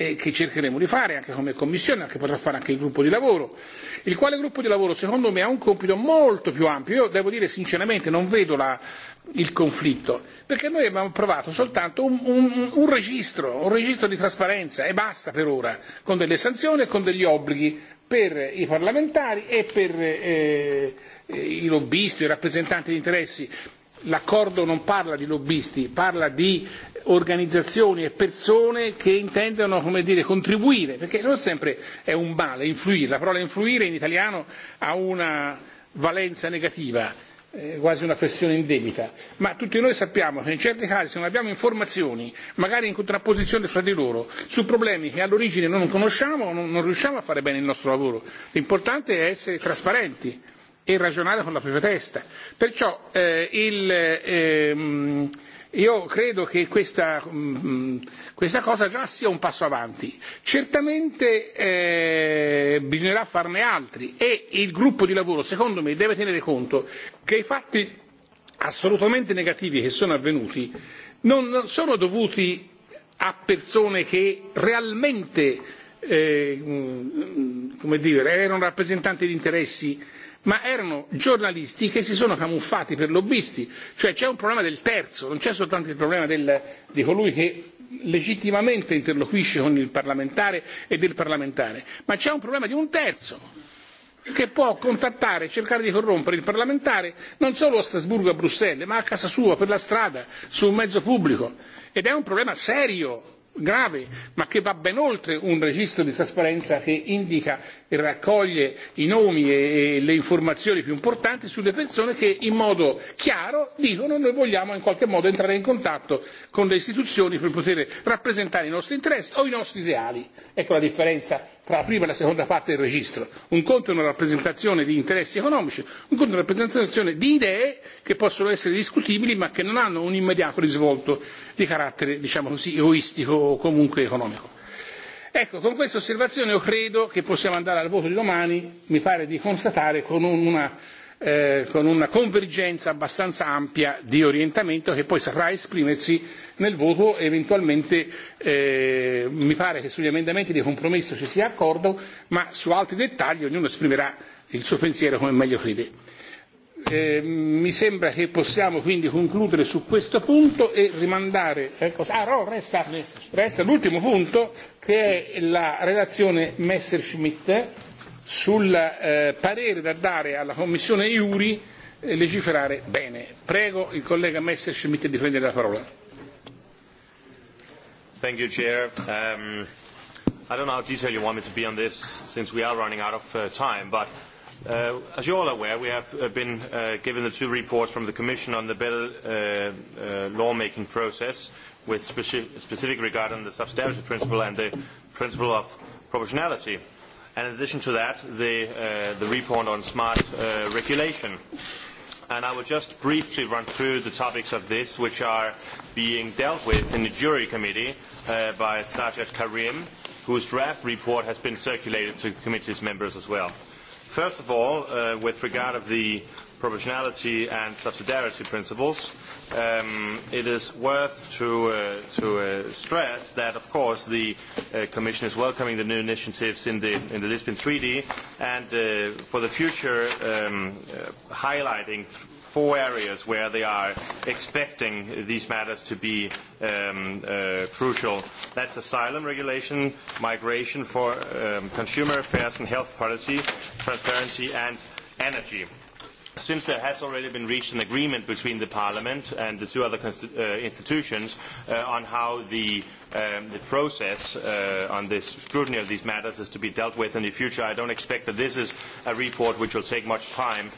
eh, che cercheremo di fare anche come Commissione, che potrà fare anche il gruppo di lavoro, il quale gruppo di lavoro secondo me ha un compito molto più ampio. Io devo dire sinceramente non vedo la, il conflitto, perché noi abbiamo approvato soltanto un, un, un registro, un registro di trasparenza e basta per ora, con delle sanzioni e con degli obblighi per i parlamentari e per eh, i lobbisti, i rappresentanti di interessi l'accordo non parla di lobbisti, parla di organizzazioni e persone che intendono come dire, contribuire, perché non sempre è un male influire, la parola influire in italiano ha una valenza negativa, quasi una pressione indebita, ma tutti noi sappiamo che in certi casi se non abbiamo informazioni, magari in contrapposizione fra di loro, su problemi che all'origine non conosciamo non, non riusciamo a fare bene il nostro lavoro, l'importante è essere trasparenti e ragionare con la propria testa. Perciò eh, il, ehm, io credo che questa, mh, questa cosa già sia un passo avanti. Certamente eh, bisognerà farne altri e il gruppo di lavoro, secondo me, deve tenere conto che i fatti assolutamente negativi che sono avvenuti non, sono dovuti a persone che realmente eh, come dire, erano rappresentanti di interessi ma erano giornalisti che si sono camuffati per lobbisti, cioè c'è un problema del terzo, non c'è soltanto il problema del, di colui che legittimamente interloquisce con il parlamentare e del parlamentare, ma c'è un problema di un terzo che può contattare e cercare di corrompere il parlamentare non solo a Strasburgo e a Bruxelles, ma a casa sua, per la strada, su un mezzo pubblico. Ed è un problema serio grave, ma che va ben oltre un registro di trasparenza che indica e raccoglie i nomi e le informazioni più importanti sulle persone che in modo chiaro dicono noi vogliamo in qualche modo entrare in contatto con le istituzioni per poter rappresentare i nostri interessi o i nostri ideali. Ecco la differenza tra la prima e la seconda parte del registro. Un conto è una rappresentazione di interessi economici, un conto è una rappresentazione di idee che possono essere discutibili ma che non hanno un immediato risvolto di carattere, diciamo così, egoistico o comunque economico. Ecco, con questa osservazione io credo che possiamo andare al voto di domani, mi pare di constatare, con una con una convergenza abbastanza ampia di orientamento che poi saprà esprimersi nel voto eventualmente mi pare che sugli emendamenti di compromesso ci sia accordo, ma su altri dettagli ognuno esprimerà il suo pensiero come meglio crede mi sembra che possiamo quindi concludere su questo punto e rimandare ah no, resta, resta l'ultimo punto che è la relazione Messerschmitt sul eh, parere da dare alla Commissione Iuri legiferare bene. Prego il collega Messerschmidt di prendere la parola.
Thank you, Chair. Um, I don't know how detailed you want me to be on this since we are running out of uh, time, but uh, as you all aware, we have uh, been uh, given the two reports from the Commission on the Bell uh, uh, lawmaking process with speci specific regard on the subsidiarity principle and the principle of proportionality. Uh, and in addition to that, the, the report on smart regulation. And I will just briefly run through the topics of this, which are being dealt with in the jury committee by Sajid Karim, whose draft report has been circulated to the committee's members as well. First of all, with regard to the proportionality and subsidiarity principles, it is worth to, stress that, of course, the Commission is welcoming the new initiatives in the, Lisbon Treaty and for the future highlighting four areas where they are expecting these matters to be crucial. That is asylum regulation, migration for consumer affairs and health policy, transparency and energy since there has already been reached an agreement between the Parliament and the two other institutions on how the, process on the scrutiny of these matters is to be dealt with in the future, I don't expect that this is a report which will take much time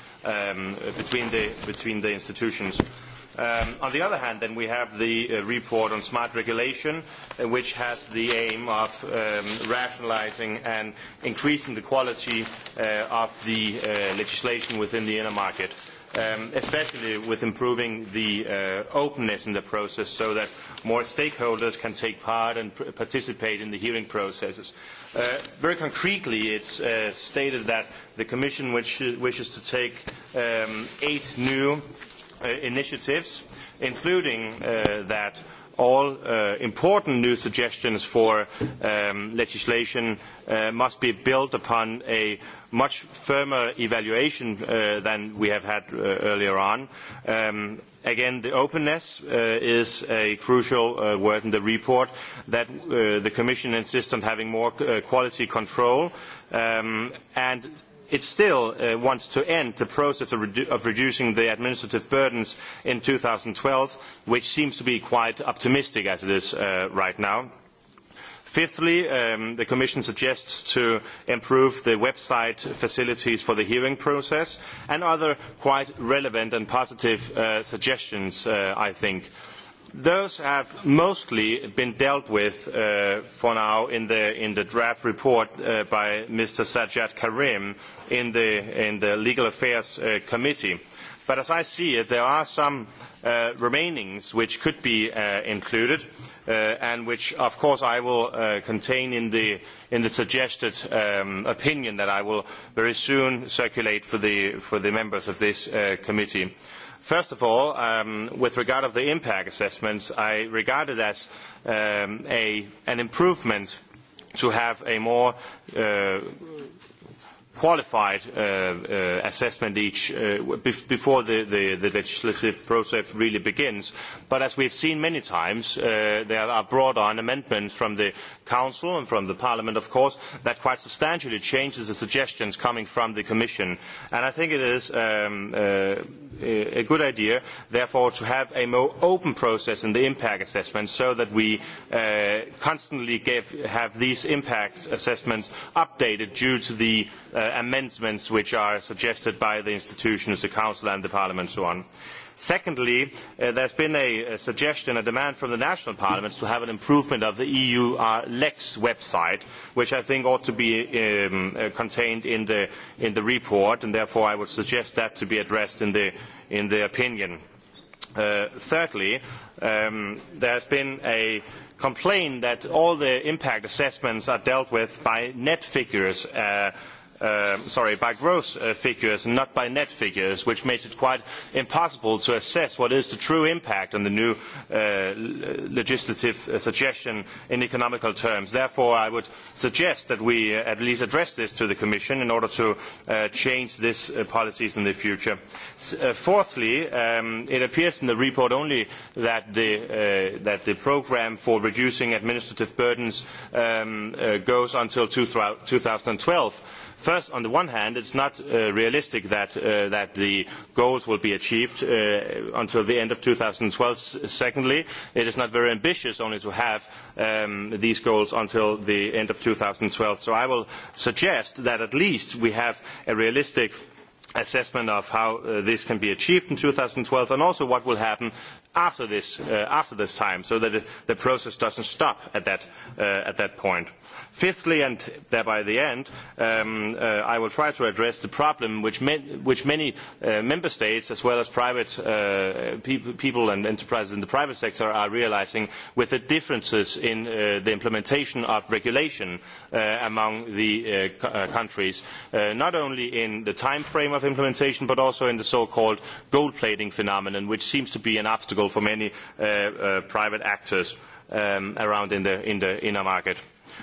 between, the, institutions on the other hand, then we have the report on smart regulation, which has the aim of rationalising and increasing the quality of the legislation within the inner market, especially with improving the openness in the process so that more stakeholders can take part and participate in the hearing processes. Very concretely, it is stated that the Commission wishes to take eight new initiatives, including that all important new suggestions for legislation must be built upon a much firmer evaluation than we have had earlier on. Again, the openness is a crucial word in the report that the Commission insists on having more quality control and it still wants to end the process of, reducing the administrative burdens in twelve, which seems to be quite optimistic as it is right now. Fifthly, the Commission suggests to improve the website facilities for the hearing process and other quite relevant and positive suggestions, I think Those have mostly been dealt with for now in the draft report by Mr. Sajjad Karim in the Legal Affairs Committee. But as I see it, there are some remainings which could be included and which, of course, I will contain in the suggested opinion that I will very soon circulate for the members of this committee First of all, with regard to the impact assessments, I regard it as an improvement to have a more qualified assessment each before the, legislative process really begins. But as we have seen many times, there are brought on amendments from the Council and from Parliament, of course, that quite substantially changes the suggestions coming from the Commission. And I think it is a good idea, therefore, to have a more open process in the impact assessment so that we constantly have these impact assessments updated due to the amendments which are suggested by the institutions, the Council and Parliament and so on secondly there has been a suggestion a demand from the national parliaments to have an improvement of the eu lex website which i think ought to be contained in the report and therefore i would suggest that to be addressed in the opinion. thirdly there has been a complaint that all the impact assessments are dealt with by net figures sorry, by gross figures and not by net figures, which makes it quite impossible to assess what is the true impact on the new legislative suggestion in economic terms. Therefore, I would suggest that we at least address this to the Commission in order to change these policies in the future. Fourthly, it appears in the report only that the programme for reducing administrative burdens goes until twelve first on the one hand it is not realistic that the goals will be achieved until the end of two thousand and twelve secondly it is not very ambitious only to have these goals until the end of two thousand and twelve so i will suggest that at least we have a realistic assessment of how this can be achieved in two thousand and twelve and also what will happen after this time so that the process does not stop at that point. Fifthly, and thereby the end, I will try to address the problem which many member states, as well as private people and enterprises in the private sector, are realising with the differences in the implementation of regulation among the countries, not only in the time frame of implementation, but also in the so-called gold plating phenomenon, which seems to be an obstacle for many private actors around in the inner market.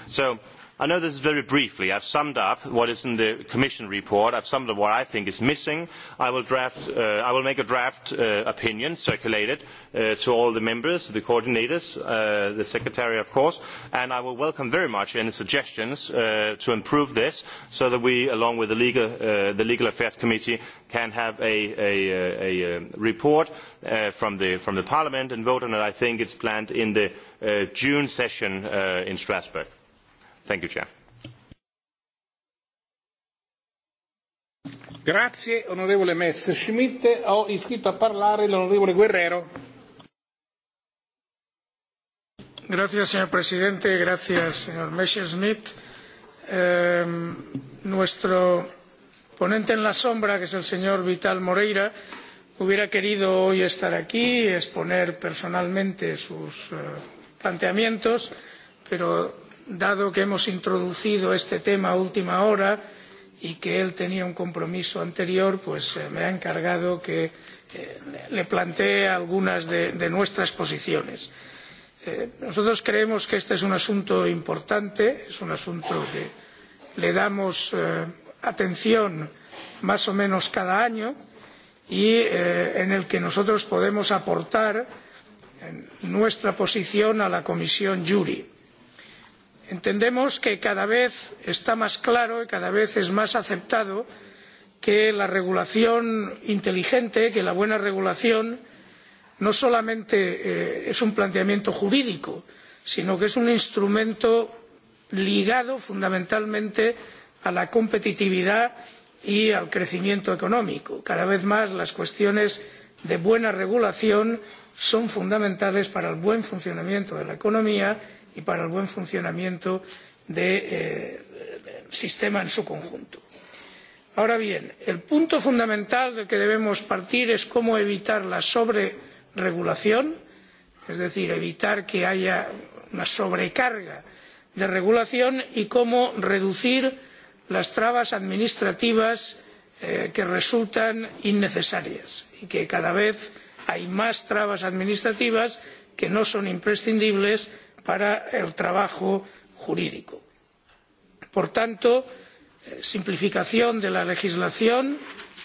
So I know this is very briefly. I have summed up what is in the Commission report. I have summed up what I think is missing. I will, make a draft opinion, circulate it to all the members, the coordinators, the Secretary, of course, and I will welcome very much any suggestions to improve this so that we, along with the Legal, Affairs Committee, can have a, report from, the, Parliament and vote on it. I think it is planned in the June session in Strasbourg. Thank you, Chair.
Grazie onorevole Messerschmidt. Ho iscritto a parlare l'onorevole Guerrero.
Gracias, señor presidente. Gracias, señor Messerschmidt. nuestro ponente en la sombra, que es el señor Vital Moreira, hubiera querido hoy estar aquí y exponer personalmente sus planteamientos, pero dado que hemos introducido este tema a última hora y que él tenía un compromiso anterior pues me ha encargado que le plantee algunas de nuestras posiciones. nosotros creemos que este es un asunto importante es un asunto que le damos atención más o menos cada año y en el que nosotros podemos aportar nuestra posición a la comisión juri entendemos que cada vez está más claro y cada vez es más aceptado que la regulación inteligente que la buena regulación no solamente es un planteamiento jurídico sino que es un instrumento ligado fundamentalmente a la competitividad y al crecimiento económico. cada vez más las cuestiones de buena regulación son fundamentales para el buen funcionamiento de la economía y y para el buen funcionamiento del sistema en su conjunto. Ahora bien, el punto fundamental del que debemos partir es cómo evitar la sobreregulación, es decir, evitar que haya una sobrecarga de regulación y cómo reducir las trabas administrativas que resultan innecesarias y que cada vez hay más trabas administrativas que no son imprescindibles para el trabajo jurídico. por tanto simplificación de la legislación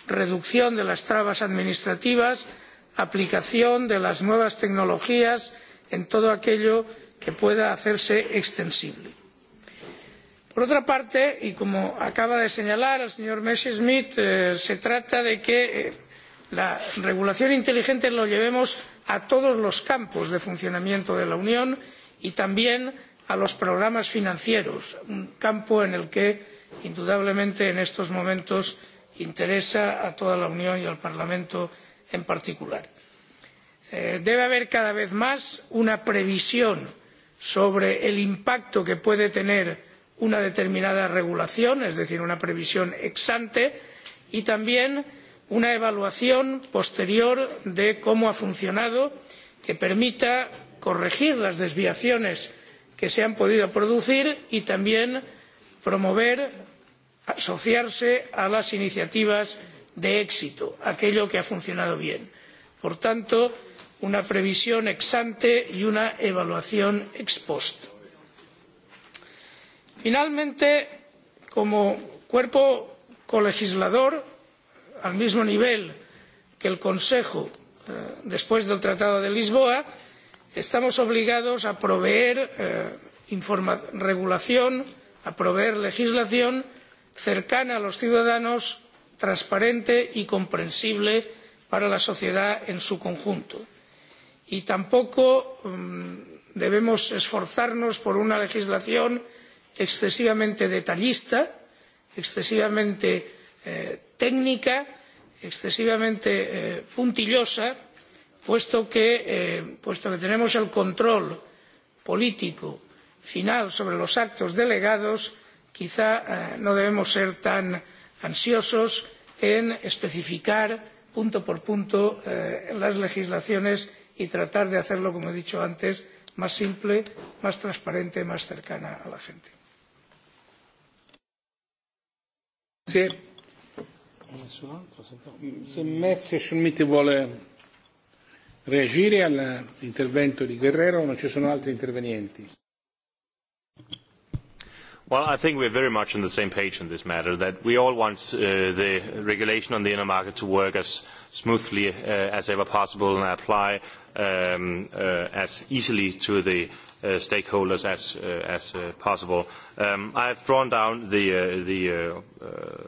reducción de las trabas administrativas aplicación de las nuevas tecnologías en todo aquello que pueda hacerse extensible. por otra parte y como acaba de señalar el señor messerschmidt se trata de que la regulación inteligente la llevemos a todos los campos de funcionamiento de la unión y también a los programas financieros un campo en el que indudablemente en estos momentos interesa a toda la unión y al parlamento en particular. debe haber cada vez más una previsión sobre el impacto que puede tener una determinada regulación es decir una previsión ex ante y también una evaluación posterior de cómo ha funcionado que permita corregir las desviaciones que se han podido producir y también promover asociarse a las iniciativas de éxito aquello que ha funcionado bien. por tanto una previsión ex ante y una evaluación ex post. finalmente como cuerpo colegislador al mismo nivel que el consejo después del tratado de lisboa estamos obligados a proveer regulación a proveer legislación cercana a los ciudadanos transparente y comprensible para la sociedad en su conjunto y tampoco debemos esforzarnos por una legislación excesivamente detallista excesivamente técnica excesivamente puntillosa puesto que tenemos el control político final sobre los actos delegados quizá no debemos ser tan ansiosos en especificar punto por punto las legislaciones y tratar de hacerlo como he dicho antes más simple más transparente más cercana a la gente
reagire all'intervento di Guerrero? Non ci sono altri intervenienti.
Well, I think we are very much on the same page on this matter, that we all want the regulation on the inner market to work as smoothly as ever possible and apply as easily to the stakeholders as as possible. I have drawn down the the uh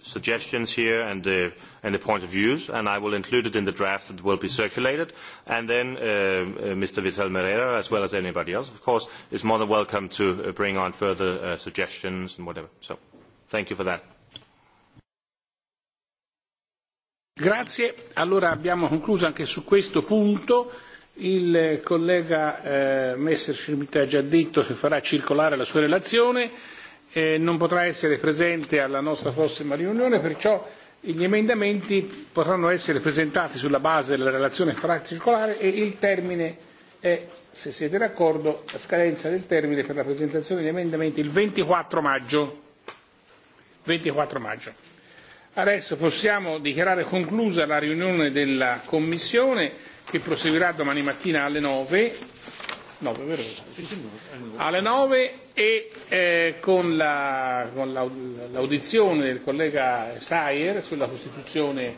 suggestions here and uh, and the of views, and I will include it in the draft that will be circulated. And then Mr. Vital Moreira, as well as anybody else, of course, is more than welcome to bring on further suggestions and whatever. So thank you for that.
Grazie. Allora abbiamo concluso anche su questo punto. Il collega eh, Messerschmidt ha già detto che farà circolare la sua relazione. Eh, non potrà essere presente alla nostra prossima riunione, perciò Gli emendamenti potranno essere presentati sulla base della relazione particolare e il termine è, se siete d'accordo, la scadenza del termine per la presentazione degli emendamenti il 24 maggio. 24 maggio. Adesso possiamo dichiarare conclusa la riunione della Commissione che proseguirà domani mattina alle 9. 9 vero? Alle 9 e con, l'audizione del collega Sayer sulla Costituzione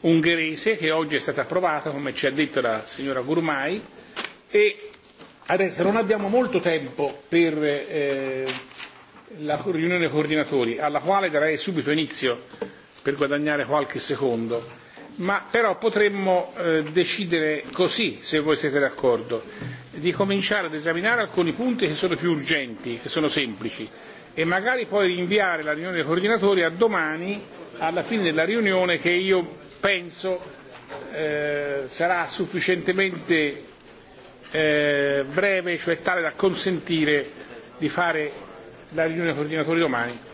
ungherese che oggi è stata approvata, come ci ha detto la signora Gurmai, e adesso non abbiamo molto tempo per la riunione coordinatori, alla quale darei subito inizio per guadagnare qualche secondo, ma però potremmo decidere così, se voi siete d'accordo di cominciare ad esaminare alcuni punti che sono più urgenti, che sono semplici, e magari poi rinviare la riunione dei coordinatori a domani, alla fine della riunione, che io penso eh, sarà sufficientemente eh, breve, cioè tale da consentire di fare la riunione dei coordinatori domani.